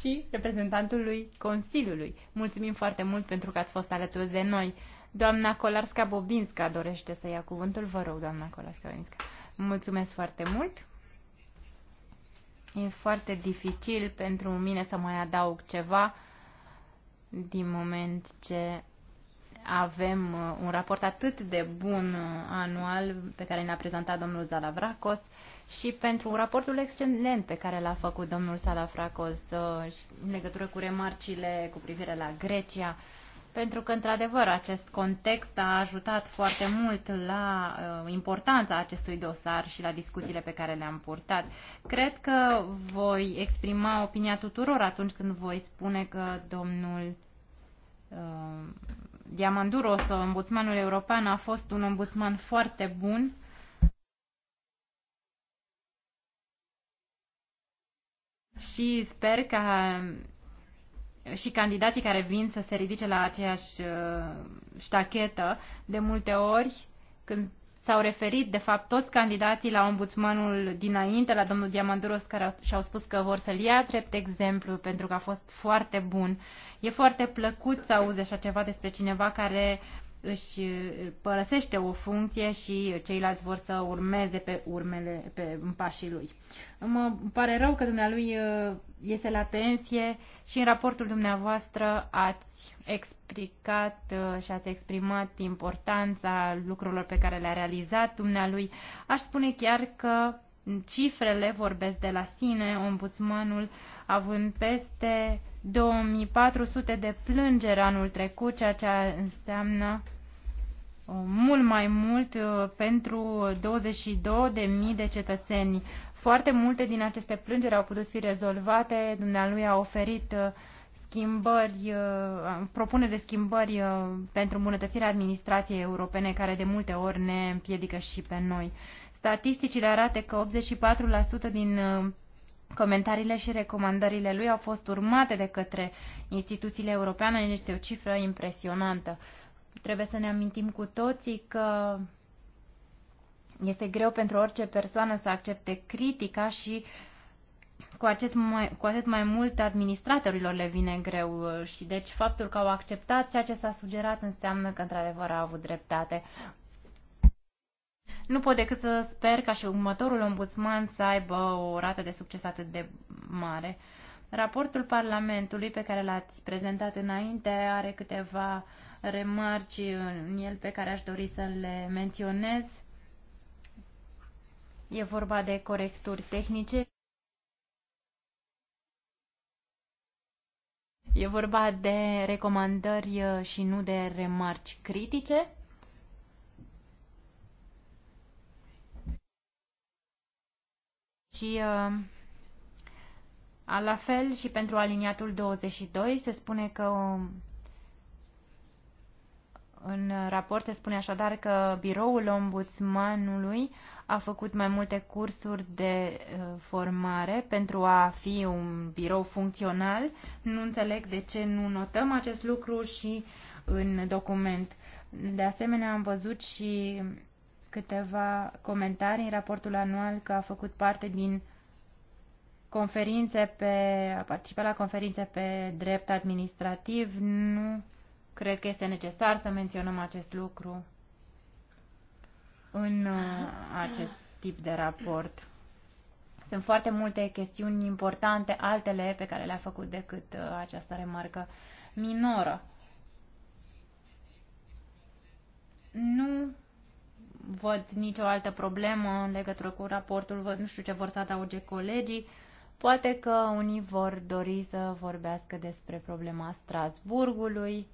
și reprezentantului Consiliului. Mulțumim foarte mult pentru că ați fost alături de noi. Doamna Kolarska-Bobinska dorește să ia cuvântul. Vă rog, doamna Kolarska-Bobinska. Mulțumesc foarte mult. E foarte dificil pentru mine să mai adaug ceva din moment ce avem uh, un raport atât de bun uh, anual pe care ne-a prezentat domnul Zalavracos și pentru raportul excelent pe care l-a făcut domnul Salafracos uh, în legătură cu remarcile cu privire la Grecia, pentru că, într-adevăr, acest context a ajutat foarte mult la uh, importanța acestui dosar și la discuțiile pe care le-am purtat. Cred că voi exprima opinia tuturor atunci când voi spune că domnul uh, Diamanduros, ombudsmanul european, a fost un ombudsman foarte bun și sper că și candidații care vin să se ridice la aceeași uh, ștachetă, de multe ori, când s-au referit, de fapt, toți candidații la ombudsmanul dinainte, la domnul Diamanduros, care și-au spus că vor să-l ia drept exemplu, pentru că a fost foarte bun. E foarte plăcut să auzi așa ceva despre cineva care își uh, părăsește o funcție și ceilalți vor să urmeze pe urmele, pe pașii lui. Mă pare rău că dumnealui uh, iese la pensie și în raportul dumneavoastră ați explicat uh, și ați exprimat importanța lucrurilor pe care le-a realizat dumnealui. Aș spune chiar că cifrele vorbesc de la sine, ombudsmanul având peste 2400 de plângeri anul trecut, ceea ce înseamnă uh, mult mai mult uh, pentru 22.000 de cetățeni. Foarte multe din aceste plângeri au putut fi rezolvate. Dumnealui a oferit uh, schimbări, propune de schimbări pentru îmbunătățirea administrației europene, care de multe ori ne împiedică și pe noi. Statisticile arată că 84% din Comentariile și recomandările lui au fost urmate de către instituțiile europene, este o cifră impresionantă. Trebuie să ne amintim cu toții că este greu pentru orice persoană să accepte critica și cu acest mai, cu atât mai mult administratorilor le vine greu și deci faptul că au acceptat ceea ce s-a sugerat înseamnă că într-adevăr au avut dreptate. Nu pot decât să sper ca și următorul ombudsman să aibă o rată de succes atât de mare. Raportul Parlamentului pe care l-ați prezentat înainte are câteva remarci în el pe care aș dori să le menționez. E vorba de corecturi tehnice. E vorba de recomandări și nu de remarci critice. Și uh, la fel și pentru aliniatul 22 se spune că um, în raport se spune așadar că biroul ombudsmanului a făcut mai multe cursuri de uh, formare pentru a fi un birou funcțional. Nu înțeleg de ce nu notăm acest lucru și în document. De asemenea, am văzut și câteva comentarii în raportul anual că a făcut parte din conferințe pe, a participat la conferințe pe drept administrativ. Nu cred că este necesar să menționăm acest lucru în uh, acest tip de raport. Sunt foarte multe chestiuni importante, altele pe care le-a făcut decât uh, această remarcă minoră. Nu văd nicio altă problemă în legătură cu raportul, nu știu ce vor să adauge colegii. Poate că unii vor dori să vorbească despre problema Strasburgului,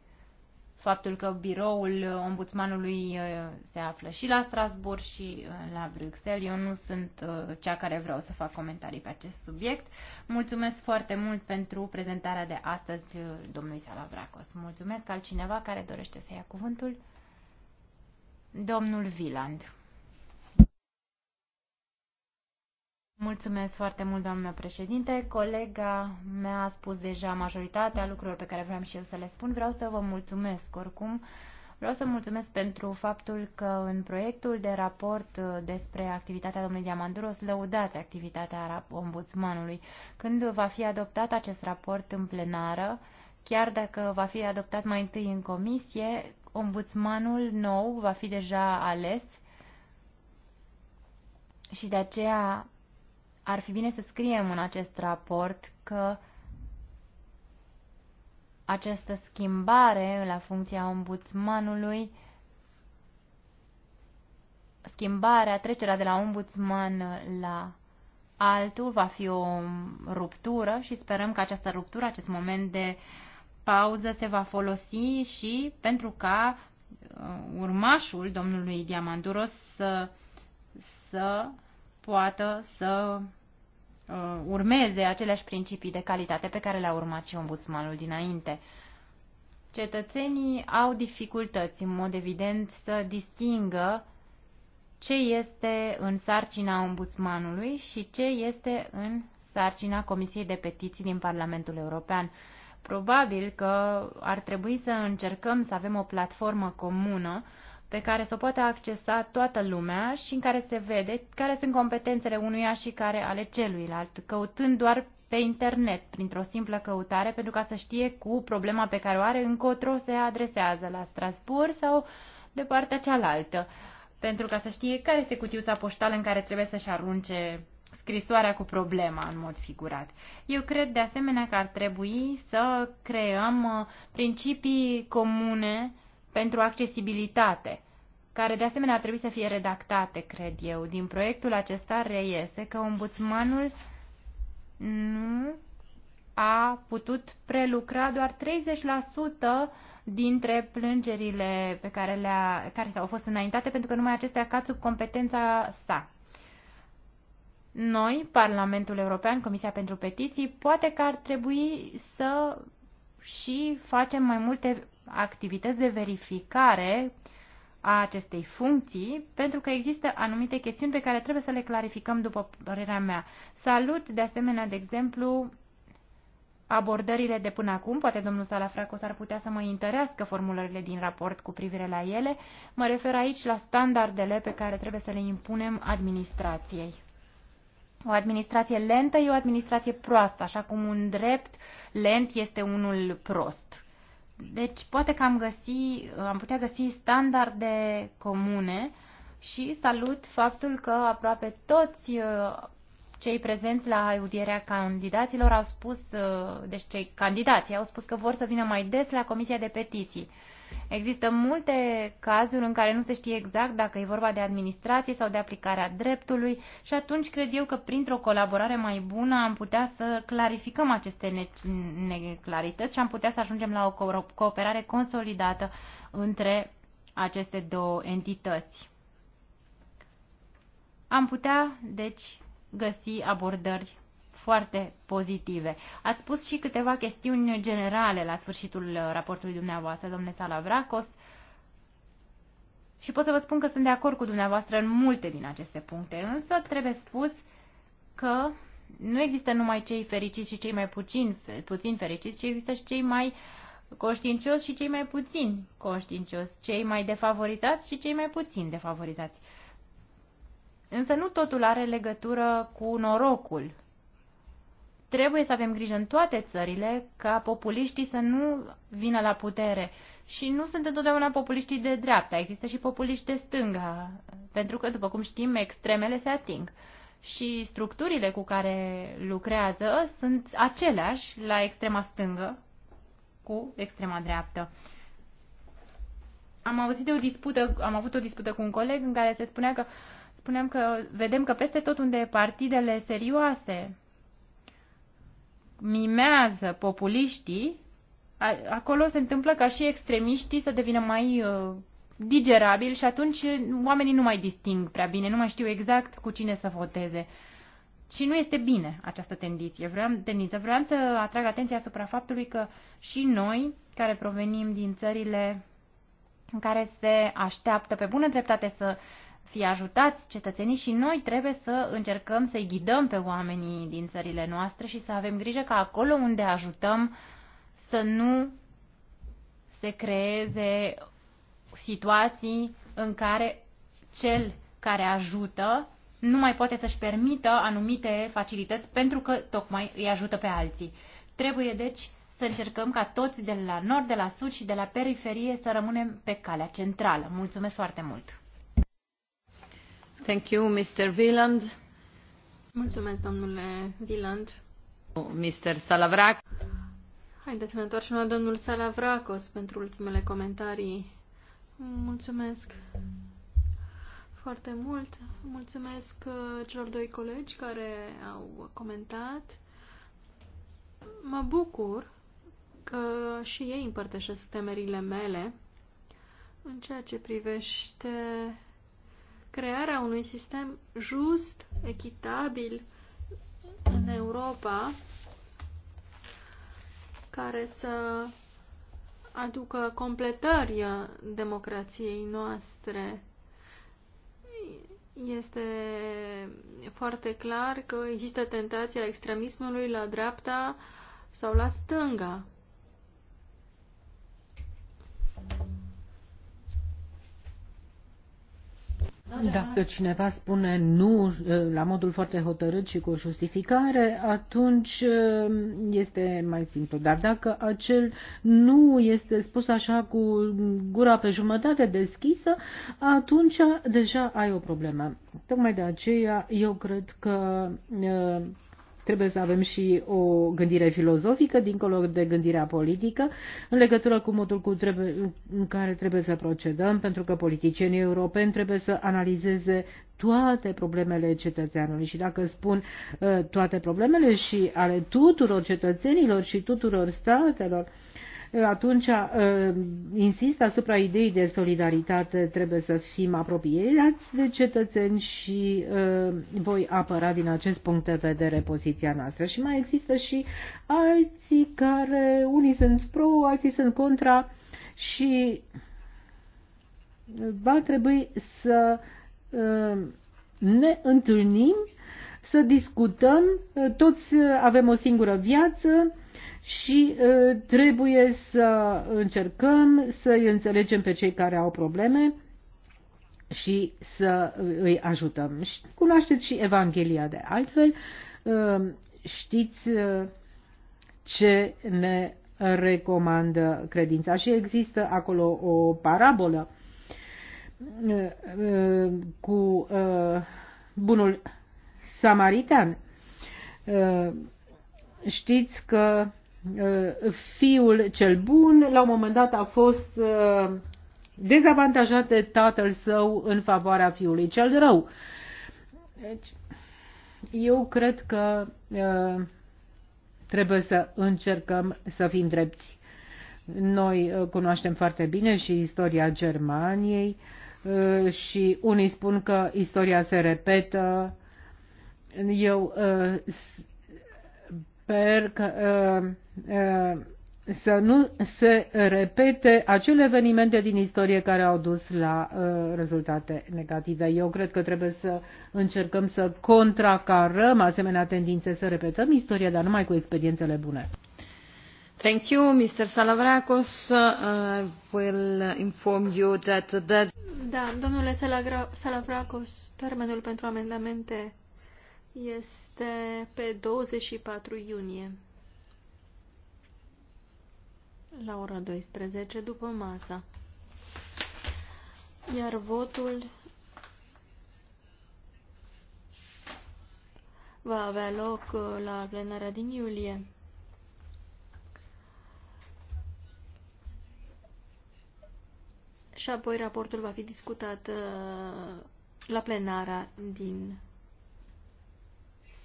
faptul că biroul ombudsmanului uh, se află și la Strasburg și uh, la Bruxelles. Eu nu sunt uh, cea care vreau să fac comentarii pe acest subiect. Mulțumesc foarte mult pentru prezentarea de astăzi domnului Salavracos. Mulțumesc altcineva care dorește să ia cuvântul. Domnul Viland. Mulțumesc foarte mult, doamnă președinte. Colega mea a spus deja majoritatea lucrurilor pe care vreau și eu să le spun. Vreau să vă mulțumesc oricum. Vreau să mulțumesc pentru faptul că în proiectul de raport despre activitatea domnului Diamanduros lăudați activitatea ombudsmanului. Când va fi adoptat acest raport în plenară, chiar dacă va fi adoptat mai întâi în comisie, Ombudsmanul nou va fi deja ales și de aceea ar fi bine să scriem în acest raport că această schimbare la funcția ombudsmanului, schimbarea, trecerea de la ombudsman la altul va fi o ruptură și sperăm că această ruptură, acest moment de uh, pauză se va folosi și pentru ca uh, urmașul domnului Diamanduros să, să poată să uh, urmeze aceleași principii de calitate pe care le-a urmat și ombudsmanul dinainte. Cetățenii au dificultăți, în mod evident, să distingă ce este în sarcina ombudsmanului și ce este în sarcina Comisiei de Petiții din Parlamentul European. Probabil că ar trebui să încercăm să avem o platformă comună pe care să o poată accesa toată lumea și în care se vede care sunt competențele unuia și care ale celuilalt, căutând doar pe internet, printr-o simplă căutare, pentru ca să știe cu problema pe care o are încotro se adresează, la Strasbourg sau de partea cealaltă, pentru ca să știe care este cutiuța poștală în care trebuie să-și arunce scrisoarea cu problema în mod figurat. Eu cred de asemenea că ar trebui să creăm uh, principii comune pentru accesibilitate, care de asemenea ar trebui să fie redactate, cred eu. Din proiectul acesta reiese că ombudsmanul nu a putut prelucra doar 30% dintre plângerile pe care, le-a, care s-au fost înaintate, pentru că numai acestea cad sub competența sa noi, Parlamentul European, Comisia pentru Petiții, poate că ar trebui să și facem mai multe activități de verificare a acestei funcții, pentru că există anumite chestiuni pe care trebuie să le clarificăm după părerea mea. Salut, de asemenea, de exemplu, abordările de până acum, poate domnul Salafracos ar putea să mă întărească formulările din raport cu privire la ele, mă refer aici la standardele pe care trebuie să le impunem administrației. O administrație lentă e o administrație proastă, așa cum un drept lent este unul prost. Deci poate că am, găsi, am putea găsi standarde comune și salut faptul că aproape toți uh, cei prezenți la audierea candidaților au spus, uh, deci cei candidați au spus că vor să vină mai des la Comisia de Petiții. Există multe cazuri în care nu se știe exact dacă e vorba de administrație sau de aplicarea dreptului și atunci cred eu că printr-o colaborare mai bună am putea să clarificăm aceste neclarități și am putea să ajungem la o cooperare consolidată între aceste două entități. Am putea, deci, găsi abordări foarte pozitive. Ați spus și câteva chestiuni generale la sfârșitul uh, raportului dumneavoastră, domnule Salavracos, și pot să vă spun că sunt de acord cu dumneavoastră în multe din aceste puncte, însă trebuie spus că nu există numai cei fericiți și cei mai puțin, puțin fericiți, ci există și cei mai conștiincioși și cei mai puțin conștiincioși, cei mai defavorizați și cei mai puțin defavorizați. Însă nu totul are legătură cu norocul. Trebuie să avem grijă în toate țările ca populiștii să nu vină la putere. Și nu sunt întotdeauna populiștii de dreapta, există și populiști de stânga, pentru că, după cum știm, extremele se ating. Și structurile cu care lucrează sunt aceleași la extrema stângă cu extrema dreaptă. Am auzit de o dispută, am avut o dispută cu un coleg în care se spunea că spuneam că vedem că peste tot unde partidele serioase mimează populiștii, acolo se întâmplă ca și extremiștii să devină mai uh, digerabili și atunci oamenii nu mai disting prea bine, nu mai știu exact cu cine să voteze. Și nu este bine această tendiție. Vreau, tendință. Vreau să atrag atenția asupra faptului că și noi, care provenim din țările în care se așteaptă pe bună dreptate să fie ajutați cetățenii și noi trebuie să încercăm să-i ghidăm pe oamenii din țările noastre și să avem grijă ca acolo unde ajutăm să nu se creeze situații în care cel care ajută nu mai poate să-și permită anumite facilități pentru că tocmai îi ajută pe alții. Trebuie deci să încercăm ca toți de la nord, de la sud și de la periferie să rămânem pe calea centrală. Mulțumesc foarte mult!
Mulțumesc, domnule Wieland. Haideți să ne întoarcem la domnul Salavracos pentru ultimele comentarii. Mulțumesc foarte mult. Mulțumesc uh, celor doi colegi care au comentat. Mă bucur că și ei împărtășesc temerile mele în ceea ce privește crearea unui sistem just, echitabil în Europa, care să aducă completări democrației noastre. Este foarte clar că există tentația extremismului la dreapta sau la stânga.
Da. Dacă cineva spune nu la modul foarte hotărât și cu o justificare, atunci este mai simplu. Dar dacă acel nu este spus așa cu gura pe jumătate deschisă, atunci deja ai o problemă. Tocmai de aceea eu cred că Trebuie să avem și o gândire filozofică, dincolo de gândirea politică, în legătură cu modul cu trebuie, în care trebuie să procedăm, pentru că politicienii europeni trebuie să analizeze toate problemele cetățeanului. Și dacă spun uh, toate problemele și ale tuturor cetățenilor și tuturor statelor, atunci uh, insist asupra ideii de solidaritate, trebuie să fim apropiați de cetățeni și uh, voi apăra din acest punct de vedere poziția noastră. Și mai există și alții care, unii sunt pro, alții sunt contra și uh, va trebui să ne întâlnim, să discutăm, toți avem o singură viață, și trebuie să încercăm să îi înțelegem pe cei care au probleme și să îi ajutăm. Cunoașteți și Evanghelia de altfel, știți ce ne recomandă credința și există acolo o parabolă cu bunul samaritan. Știți că Uh, fiul cel bun, la un moment dat a fost uh, dezavantajat de tatăl său în favoarea fiului cel rău. Deci, eu cred că uh, trebuie să încercăm să fim drepți. Noi cunoaștem foarte bine și istoria Germaniei și unii spun că istoria se repetă. Eu sper că uh, uh, să nu se repete acele evenimente din istorie care au dus la uh, rezultate negative. Eu cred că trebuie să încercăm să contracarăm asemenea tendințe, să repetăm istoria, dar numai cu experiențele bune.
Thank you, Mr. Salavrakos. Uh, I will
inform you that the...
Da, domnule Salavrakos, termenul pentru amendamente este pe 24 iunie la ora 12 după masa. Iar votul va avea loc uh, la plenarea din iulie. Și apoi raportul va fi discutat uh, la plenara din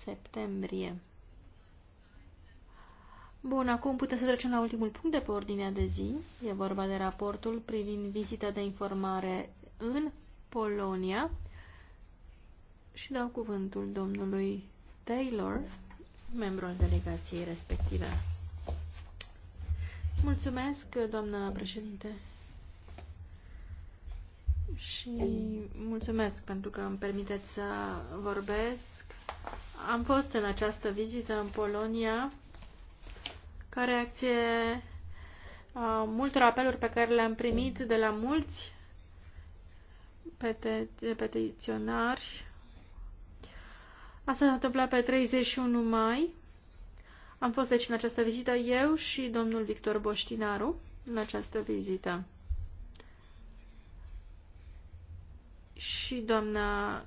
septembrie. Bun, acum putem să trecem la ultimul punct de pe ordinea de zi. E vorba de raportul privind vizita de informare în Polonia. Și dau cuvântul domnului Taylor, membru al delegației respective. Mulțumesc, doamna președinte. Și mulțumesc pentru că îmi permiteți să vorbesc am fost în această vizită în Polonia ca reacție a multor apeluri pe care le-am primit de la mulți pete petiționari. Asta s-a întâmplat pe 31 mai. Am fost deci în această vizită eu și domnul Victor Boștinaru în această vizită. Și doamna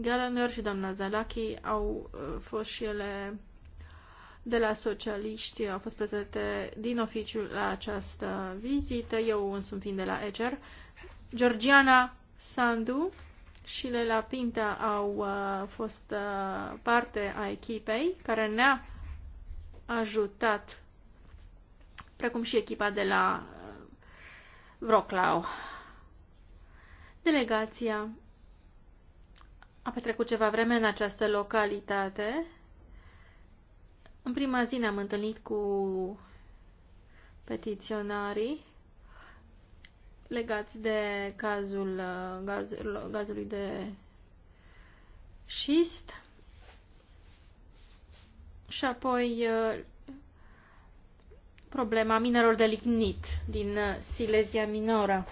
Gallagher și doamna Zalachi au uh, fost și ele de la socialiști, au fost prezente din oficiul la această vizită, eu însumi fiind de la ECER. Georgiana Sandu și Lela Pinta au uh, fost uh, parte a echipei care ne-a ajutat, precum și echipa de la uh, Vroclau. Delegația a petrecut ceva vreme în această localitate. În prima zi ne-am întâlnit cu petiționarii legați de cazul uh, gaz, gazului de șist și apoi uh, problema minerilor de lignit din uh, Silesia Minoră.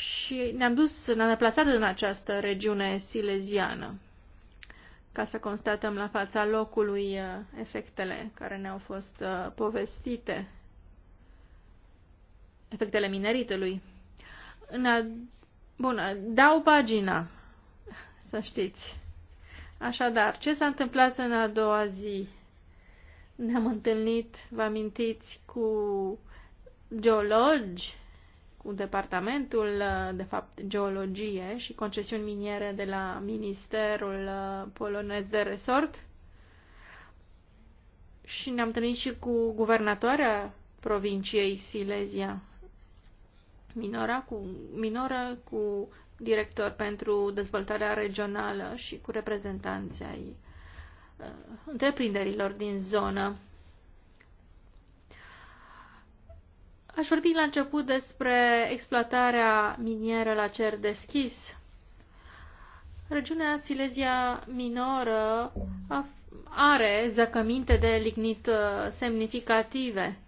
și ne-am dus, ne-am deplasat în această regiune sileziană ca să constatăm la fața locului uh, efectele care ne-au fost uh, povestite, efectele mineritului. În a... Bun, dau pagina, să știți. Așadar, ce s-a întâmplat în a doua zi? Ne-am întâlnit, vă amintiți, cu geologi cu departamentul, de fapt, geologie și concesiuni miniere de la Ministerul uh, Polonez de Resort și ne-am întâlnit și cu guvernatoarea provinciei Silesia Minora, cu, minora cu director pentru dezvoltarea regională și cu reprezentanții ai uh, întreprinderilor din zonă. Aș vorbi la început despre exploatarea minieră la cer deschis. Regiunea Silesia Minoră are zăcăminte de lignit uh, semnificative.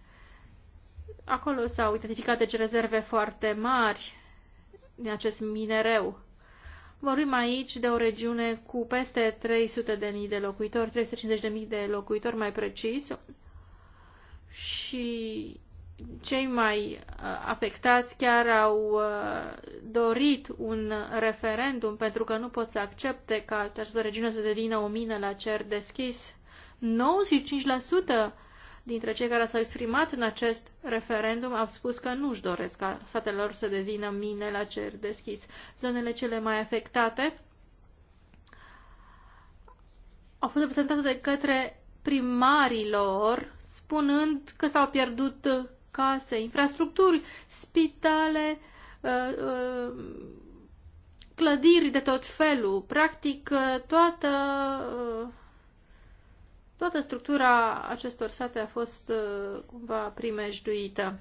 Acolo s-au identificat deci rezerve foarte mari din acest minereu. Vorbim aici de o regiune cu peste 300.000 de locuitori, 350.000 de locuitori mai precis, și cei mai uh, afectați chiar au uh, dorit un referendum pentru că nu pot să accepte ca această regiune să devină o mină la cer deschis. 95% dintre cei care s-au exprimat în acest referendum au spus că nu-și doresc ca lor să devină mine la cer deschis. Zonele cele mai afectate au fost reprezentate de către primarilor, spunând că s-au pierdut case, infrastructuri, spitale, uh, uh, clădiri de tot felul, practic uh, toată, toată structura acestor sate a fost cumva primejduită.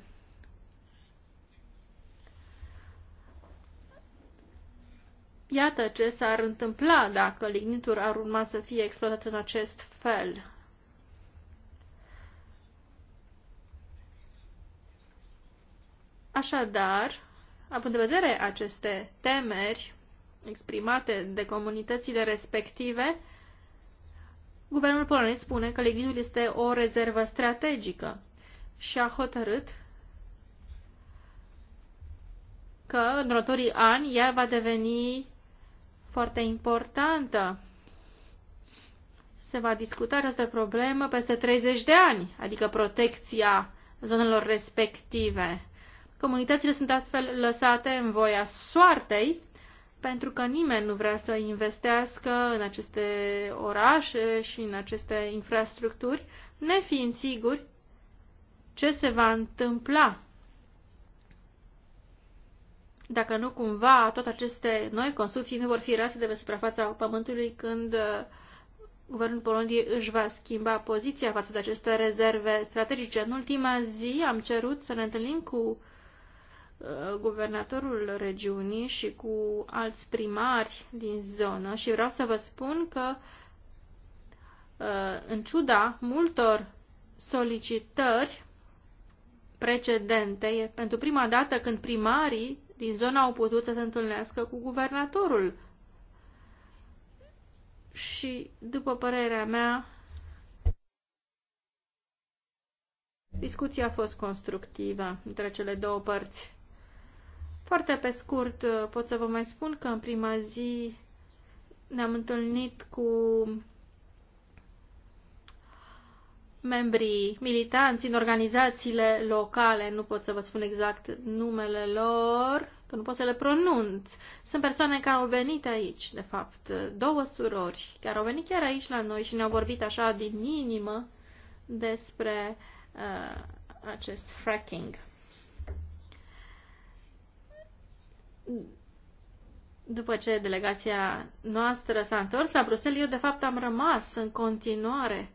Iată ce s-ar întâmpla dacă lignitul ar urma să fie exploatat în acest fel. Așadar, având în vedere aceste temeri exprimate de comunitățile respective, guvernul polonez spune că Leghinul este o rezervă strategică și a hotărât că în următorii ani ea va deveni foarte importantă. Se va discuta această problemă peste 30 de ani, adică protecția zonelor respective. Comunitățile sunt astfel lăsate în voia soartei, pentru că nimeni nu vrea să investească în aceste orașe și în aceste infrastructuri, nefiind siguri ce se va întâmpla dacă nu cumva toate aceste noi construcții nu vor fi rase de pe suprafața pământului când uh, guvernul Poloniei își va schimba poziția față de aceste rezerve strategice. În ultima zi am cerut să ne întâlnim cu guvernatorul regiunii și cu alți primari din zonă și vreau să vă spun că uh, în ciuda multor solicitări precedente, pentru prima dată când primarii din zona au putut să se întâlnească cu guvernatorul. Și, după părerea mea, discuția a fost constructivă între cele două părți. Foarte pe scurt uh, pot să vă mai spun că în prima zi ne-am întâlnit cu membrii militanți în organizațiile locale, nu pot să vă spun exact numele lor, că nu pot să le pronunț. Sunt persoane care au venit aici, de fapt, două surori, care au venit chiar aici la noi și ne-au vorbit așa din inimă despre uh, acest fracking. după ce delegația noastră s-a întors la Bruxelles, eu de fapt am rămas în continuare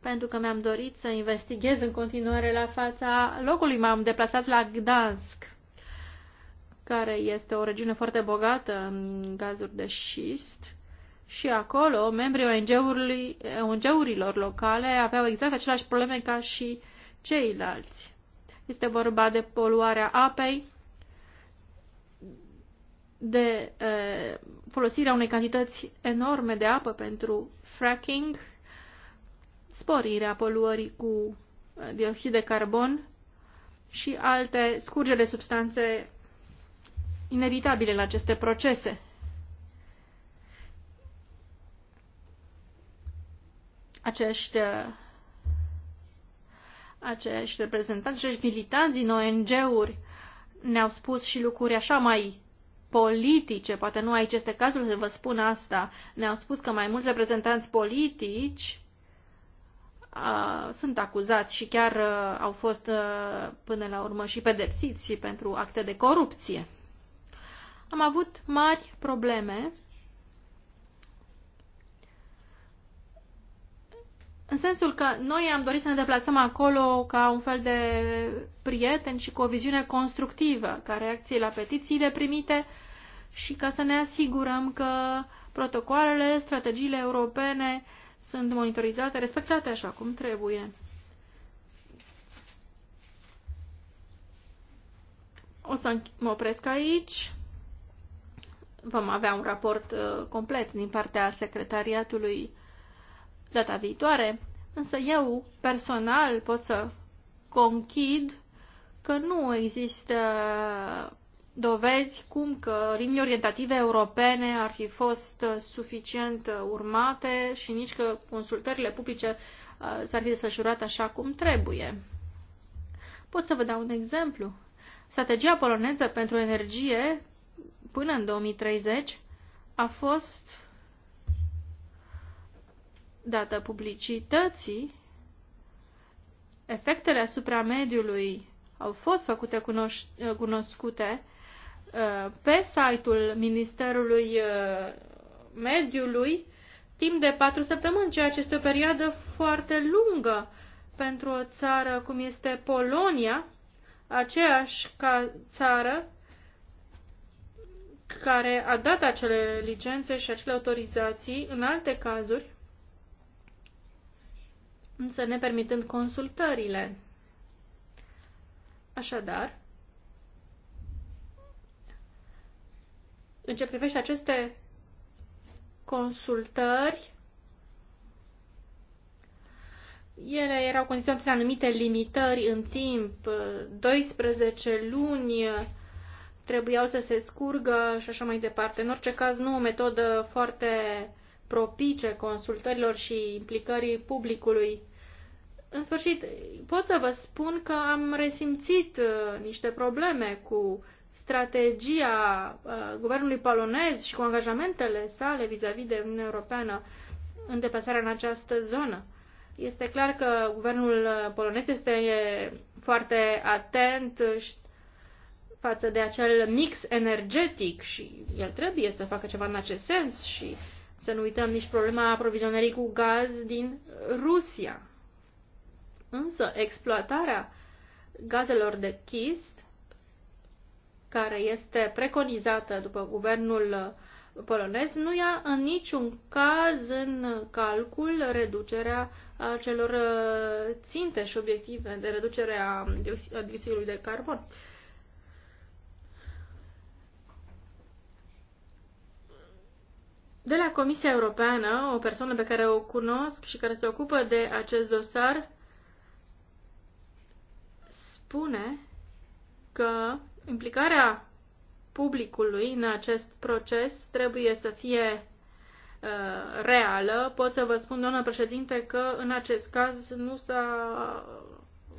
pentru că mi-am dorit să investighez în continuare la fața locului. M-am deplasat la Gdansk, care este o regiune foarte bogată în gazuri de șist. Și acolo, membrii ONG-urilor locale aveau exact aceleași probleme ca și ceilalți. Este vorba de poluarea apei, de uh, folosirea unei cantități enorme de apă pentru fracking, sporirea poluării cu dioxid de carbon și alte scurgeri de substanțe inevitabile la aceste procese. Acești, acești reprezentanți, acești militanți din ONG-uri ne-au spus și lucruri așa mai politice, poate nu aici este cazul să vă spun asta, ne-au spus că mai mulți reprezentanți politici uh, sunt acuzați și chiar uh, au fost uh, până la urmă și pedepsiți pentru acte de corupție. Am avut mari probleme în sensul că noi am dorit să ne deplasăm acolo ca un fel de prieteni și cu o viziune constructivă ca reacție la petițiile primite și ca să ne asigurăm că protocoalele, strategiile europene sunt monitorizate, respectate așa cum trebuie. O să mă opresc aici. Vom avea un raport uh, complet din partea secretariatului data viitoare, însă eu personal pot să conchid că nu există dovezi cum că linii orientative europene ar fi fost suficient urmate și nici că consultările publice uh, s-ar fi desfășurat așa cum trebuie. Pot să vă dau un exemplu. Strategia poloneză pentru energie până în 2030 a fost dată publicității, efectele asupra mediului au fost făcute cunoscute uh, pe site-ul Ministerului uh, Mediului timp de patru săptămâni, ceea ce este o perioadă foarte lungă pentru o țară cum este Polonia, aceeași ca țară care a dat acele licențe și acele autorizații în alte cazuri însă ne permitând consultările. Așadar, în ce privește aceste consultări, ele erau condiționate de anumite limitări în timp, 12 luni trebuiau să se scurgă și așa mai departe. În orice caz, nu o metodă foarte propice consultărilor și implicării publicului. În sfârșit, pot să vă spun că am resimțit uh, niște probleme cu strategia uh, guvernului polonez și cu angajamentele sale vis-a-vis -vis de Uniunea Europeană în deplasarea în această zonă. Este clar că guvernul uh, polonez este foarte atent față de acel mix energetic și el trebuie să facă ceva în acest sens și uh, să nu uităm nici problema aprovizionării cu gaz din Rusia. Însă, exploatarea gazelor de chist, care este preconizată după guvernul polonez, nu ia în niciun caz în calcul reducerea acelor uh, ținte și obiective de reducere a dioxidului de carbon. de la Comisia Europeană, o persoană pe care o cunosc și care se ocupă de acest dosar, spune că implicarea publicului în acest proces trebuie să fie uh, reală. Pot să vă spun, doamnă președinte, că în acest caz nu s-a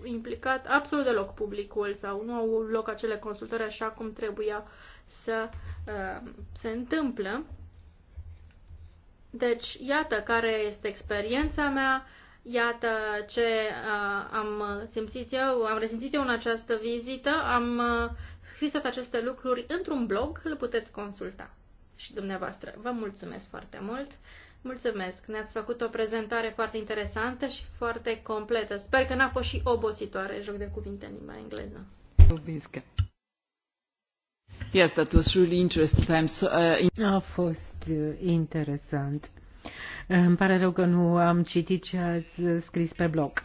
implicat absolut deloc publicul sau nu au loc acele consultări așa cum trebuia să uh, se întâmplă. Deci, iată care este experiența mea, iată ce uh, am simțit eu, am resimțit eu în această vizită, am uh, scris toate aceste lucruri într-un blog, îl puteți consulta și dumneavoastră. Vă mulțumesc foarte mult! Mulțumesc! Ne-ați făcut o prezentare foarte interesantă și foarte completă. Sper că n-a fost și obositoare, joc de cuvinte în limba engleză.
Obisca. Yes, that was really interesting. so, uh, A fost uh, interesant. Îmi pare rău că nu am citit ce ați uh, scris pe blog.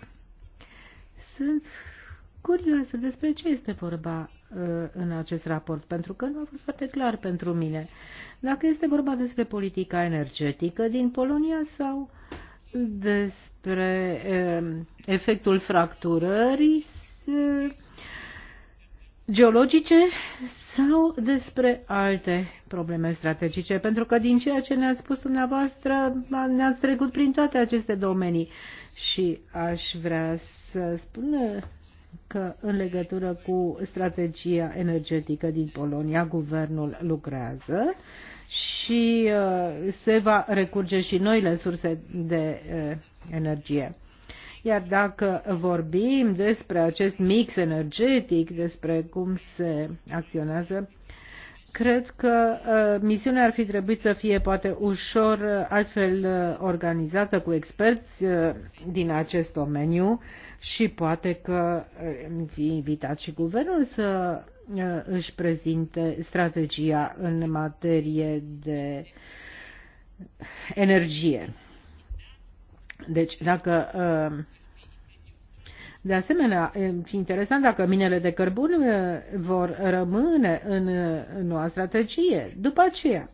Sunt curioasă despre ce este vorba uh, în acest raport, pentru că nu a fost foarte clar pentru mine. Dacă este vorba despre politica energetică din Polonia sau despre efectul fracturării geologice sau despre alte probleme strategice, pentru că din ceea ce ne-ați spus dumneavoastră ne-ați trecut prin toate aceste domenii și aș vrea să spun că în legătură cu strategia energetică din Polonia, guvernul lucrează și uh, se va recurge și noile surse de uh, energie. Iar dacă vorbim despre acest mix energetic, despre cum se acționează, cred că uh, misiunea ar fi trebuit să fie poate ușor uh, altfel uh, organizată cu experți din acest domeniu și poate că fi invitat și guvernul să își prezinte strategia în materie de energie. Deci, dacă uh, de asemenea, e interesant dacă minele de cărbun uh, vor rămâne în uh, noua strategie. După aceea,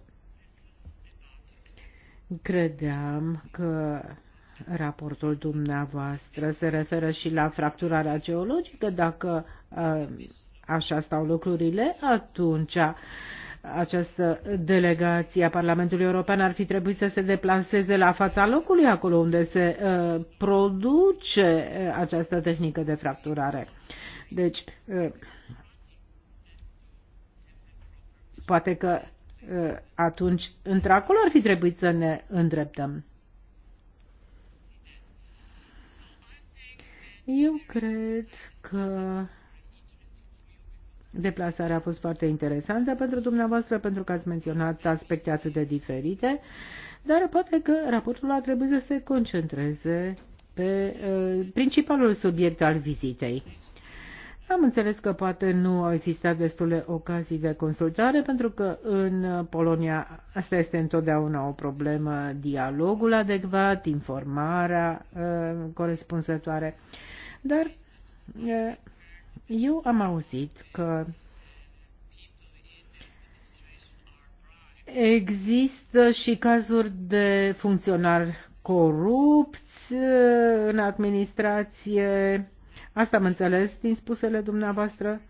credeam că raportul dumneavoastră se referă și la fracturarea geologică. Dacă așa stau lucrurile, atunci această delegație a Parlamentului European ar fi trebuit să se deplaseze la fața locului, acolo unde se uh, produce uh, această tehnică de fracturare. Deci, uh, poate că atunci, într-acolo ar fi trebuit să ne îndreptăm. Eu cred că Deplasarea a fost foarte interesantă pentru dumneavoastră, pentru că ați menționat aspecte atât de diferite, dar poate că raportul a trebuit să se concentreze pe uh, principalul subiect al vizitei. Am înțeles că poate nu au existat destule ocazii de consultare, pentru că în Polonia asta este întotdeauna o problemă, dialogul adecvat, informarea uh, corespunzătoare, dar uh, eu am auzit că există și cazuri de funcționari corupți uh, în administrație. Asta am înțeles din spusele dumneavoastră.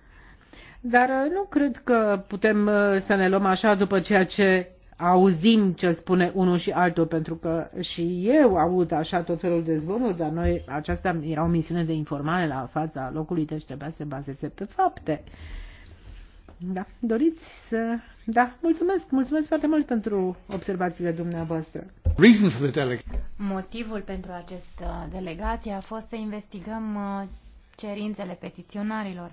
Dar uh, nu cred că putem uh, să ne luăm așa după ceea ce auzim ce spune unul și altul, pentru că și eu aud așa tot felul de zvonuri, dar noi, aceasta era o misiune de informare la fața locului, deci trebuia să se bazeze pe fapte. Da, doriți să... Da, mulțumesc, mulțumesc foarte mult pentru observațiile dumneavoastră.
Reason for the
Motivul pentru această delegație a fost să investigăm uh, cerințele petiționarilor.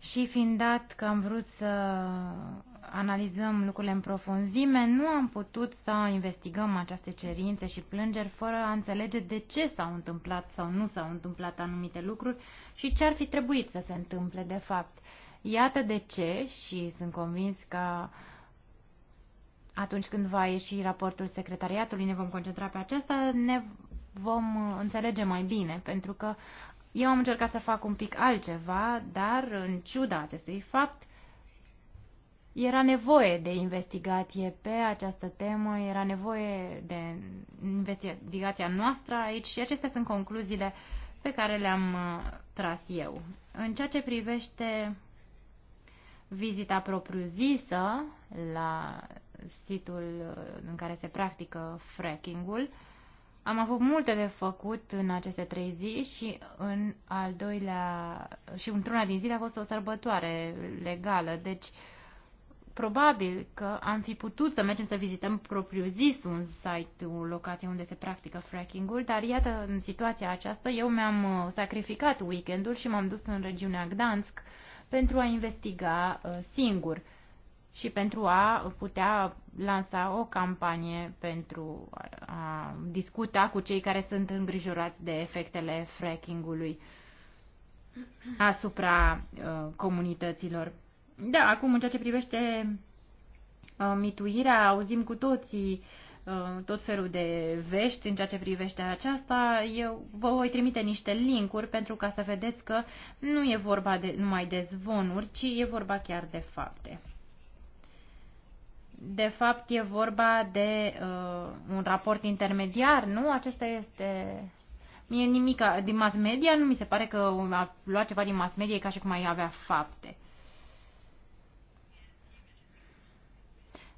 Și fiind dat că am vrut să analizăm lucrurile în profunzime, nu am putut să investigăm aceste cerințe și plângeri fără a înțelege de ce s-au întâmplat sau nu s-au întâmplat anumite lucruri și ce ar fi trebuit să se întâmple de fapt. Iată de ce și sunt convins că atunci când va ieși raportul secretariatului, ne vom concentra pe aceasta, ne vom înțelege mai bine, pentru că eu am încercat să fac un pic altceva, dar în ciuda acestui fapt, era nevoie de investigație pe această temă, era nevoie de investigația noastră aici și acestea sunt concluziile pe care le-am uh, tras eu. În ceea ce privește vizita propriu-zisă la situl uh, în care se practică fracking-ul, am avut multe de făcut în aceste trei zile și în al doilea și într-una din zile a fost o sărbătoare legală, deci uh, Probabil că am fi putut să mergem să vizităm propriu-zis un site, o locație unde se practică fracking-ul, dar iată, în situația aceasta, eu mi-am uh, sacrificat weekendul și m-am dus în regiunea Gdansk pentru a investiga uh, singur și pentru a putea lansa o campanie pentru a discuta cu cei care sunt îngrijorați de efectele fracking-ului asupra uh, comunităților da, acum în ceea ce privește uh, mituirea, auzim cu toții uh, tot felul de vești în ceea ce privește aceasta. Eu vă voi trimite niște linkuri pentru ca să vedeți că nu e vorba de, numai de zvonuri, ci e vorba chiar de fapte. De fapt, e vorba de uh, un raport intermediar, nu? Acesta este Mie nimic din mass media nu mi se pare că a luat ceva din mass media ca și cum ai avea fapte.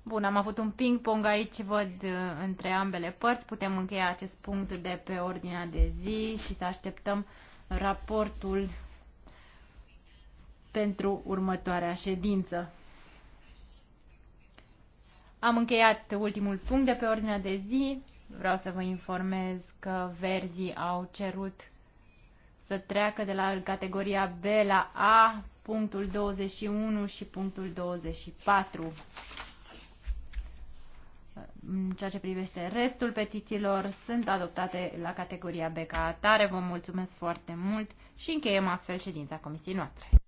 Bun, am avut un ping-pong aici, văd uh, între ambele părți. Putem încheia acest punct de pe ordinea de zi și să așteptăm raportul pentru următoarea ședință. Am încheiat ultimul punct de pe ordinea de zi. Vreau să vă informez că verzii au cerut să treacă de la categoria B la A, punctul 21 și punctul 24 în ceea ce privește restul petițiilor, sunt adoptate la categoria B ca atare. Vă mulțumesc foarte mult și încheiem astfel ședința comisiei noastre.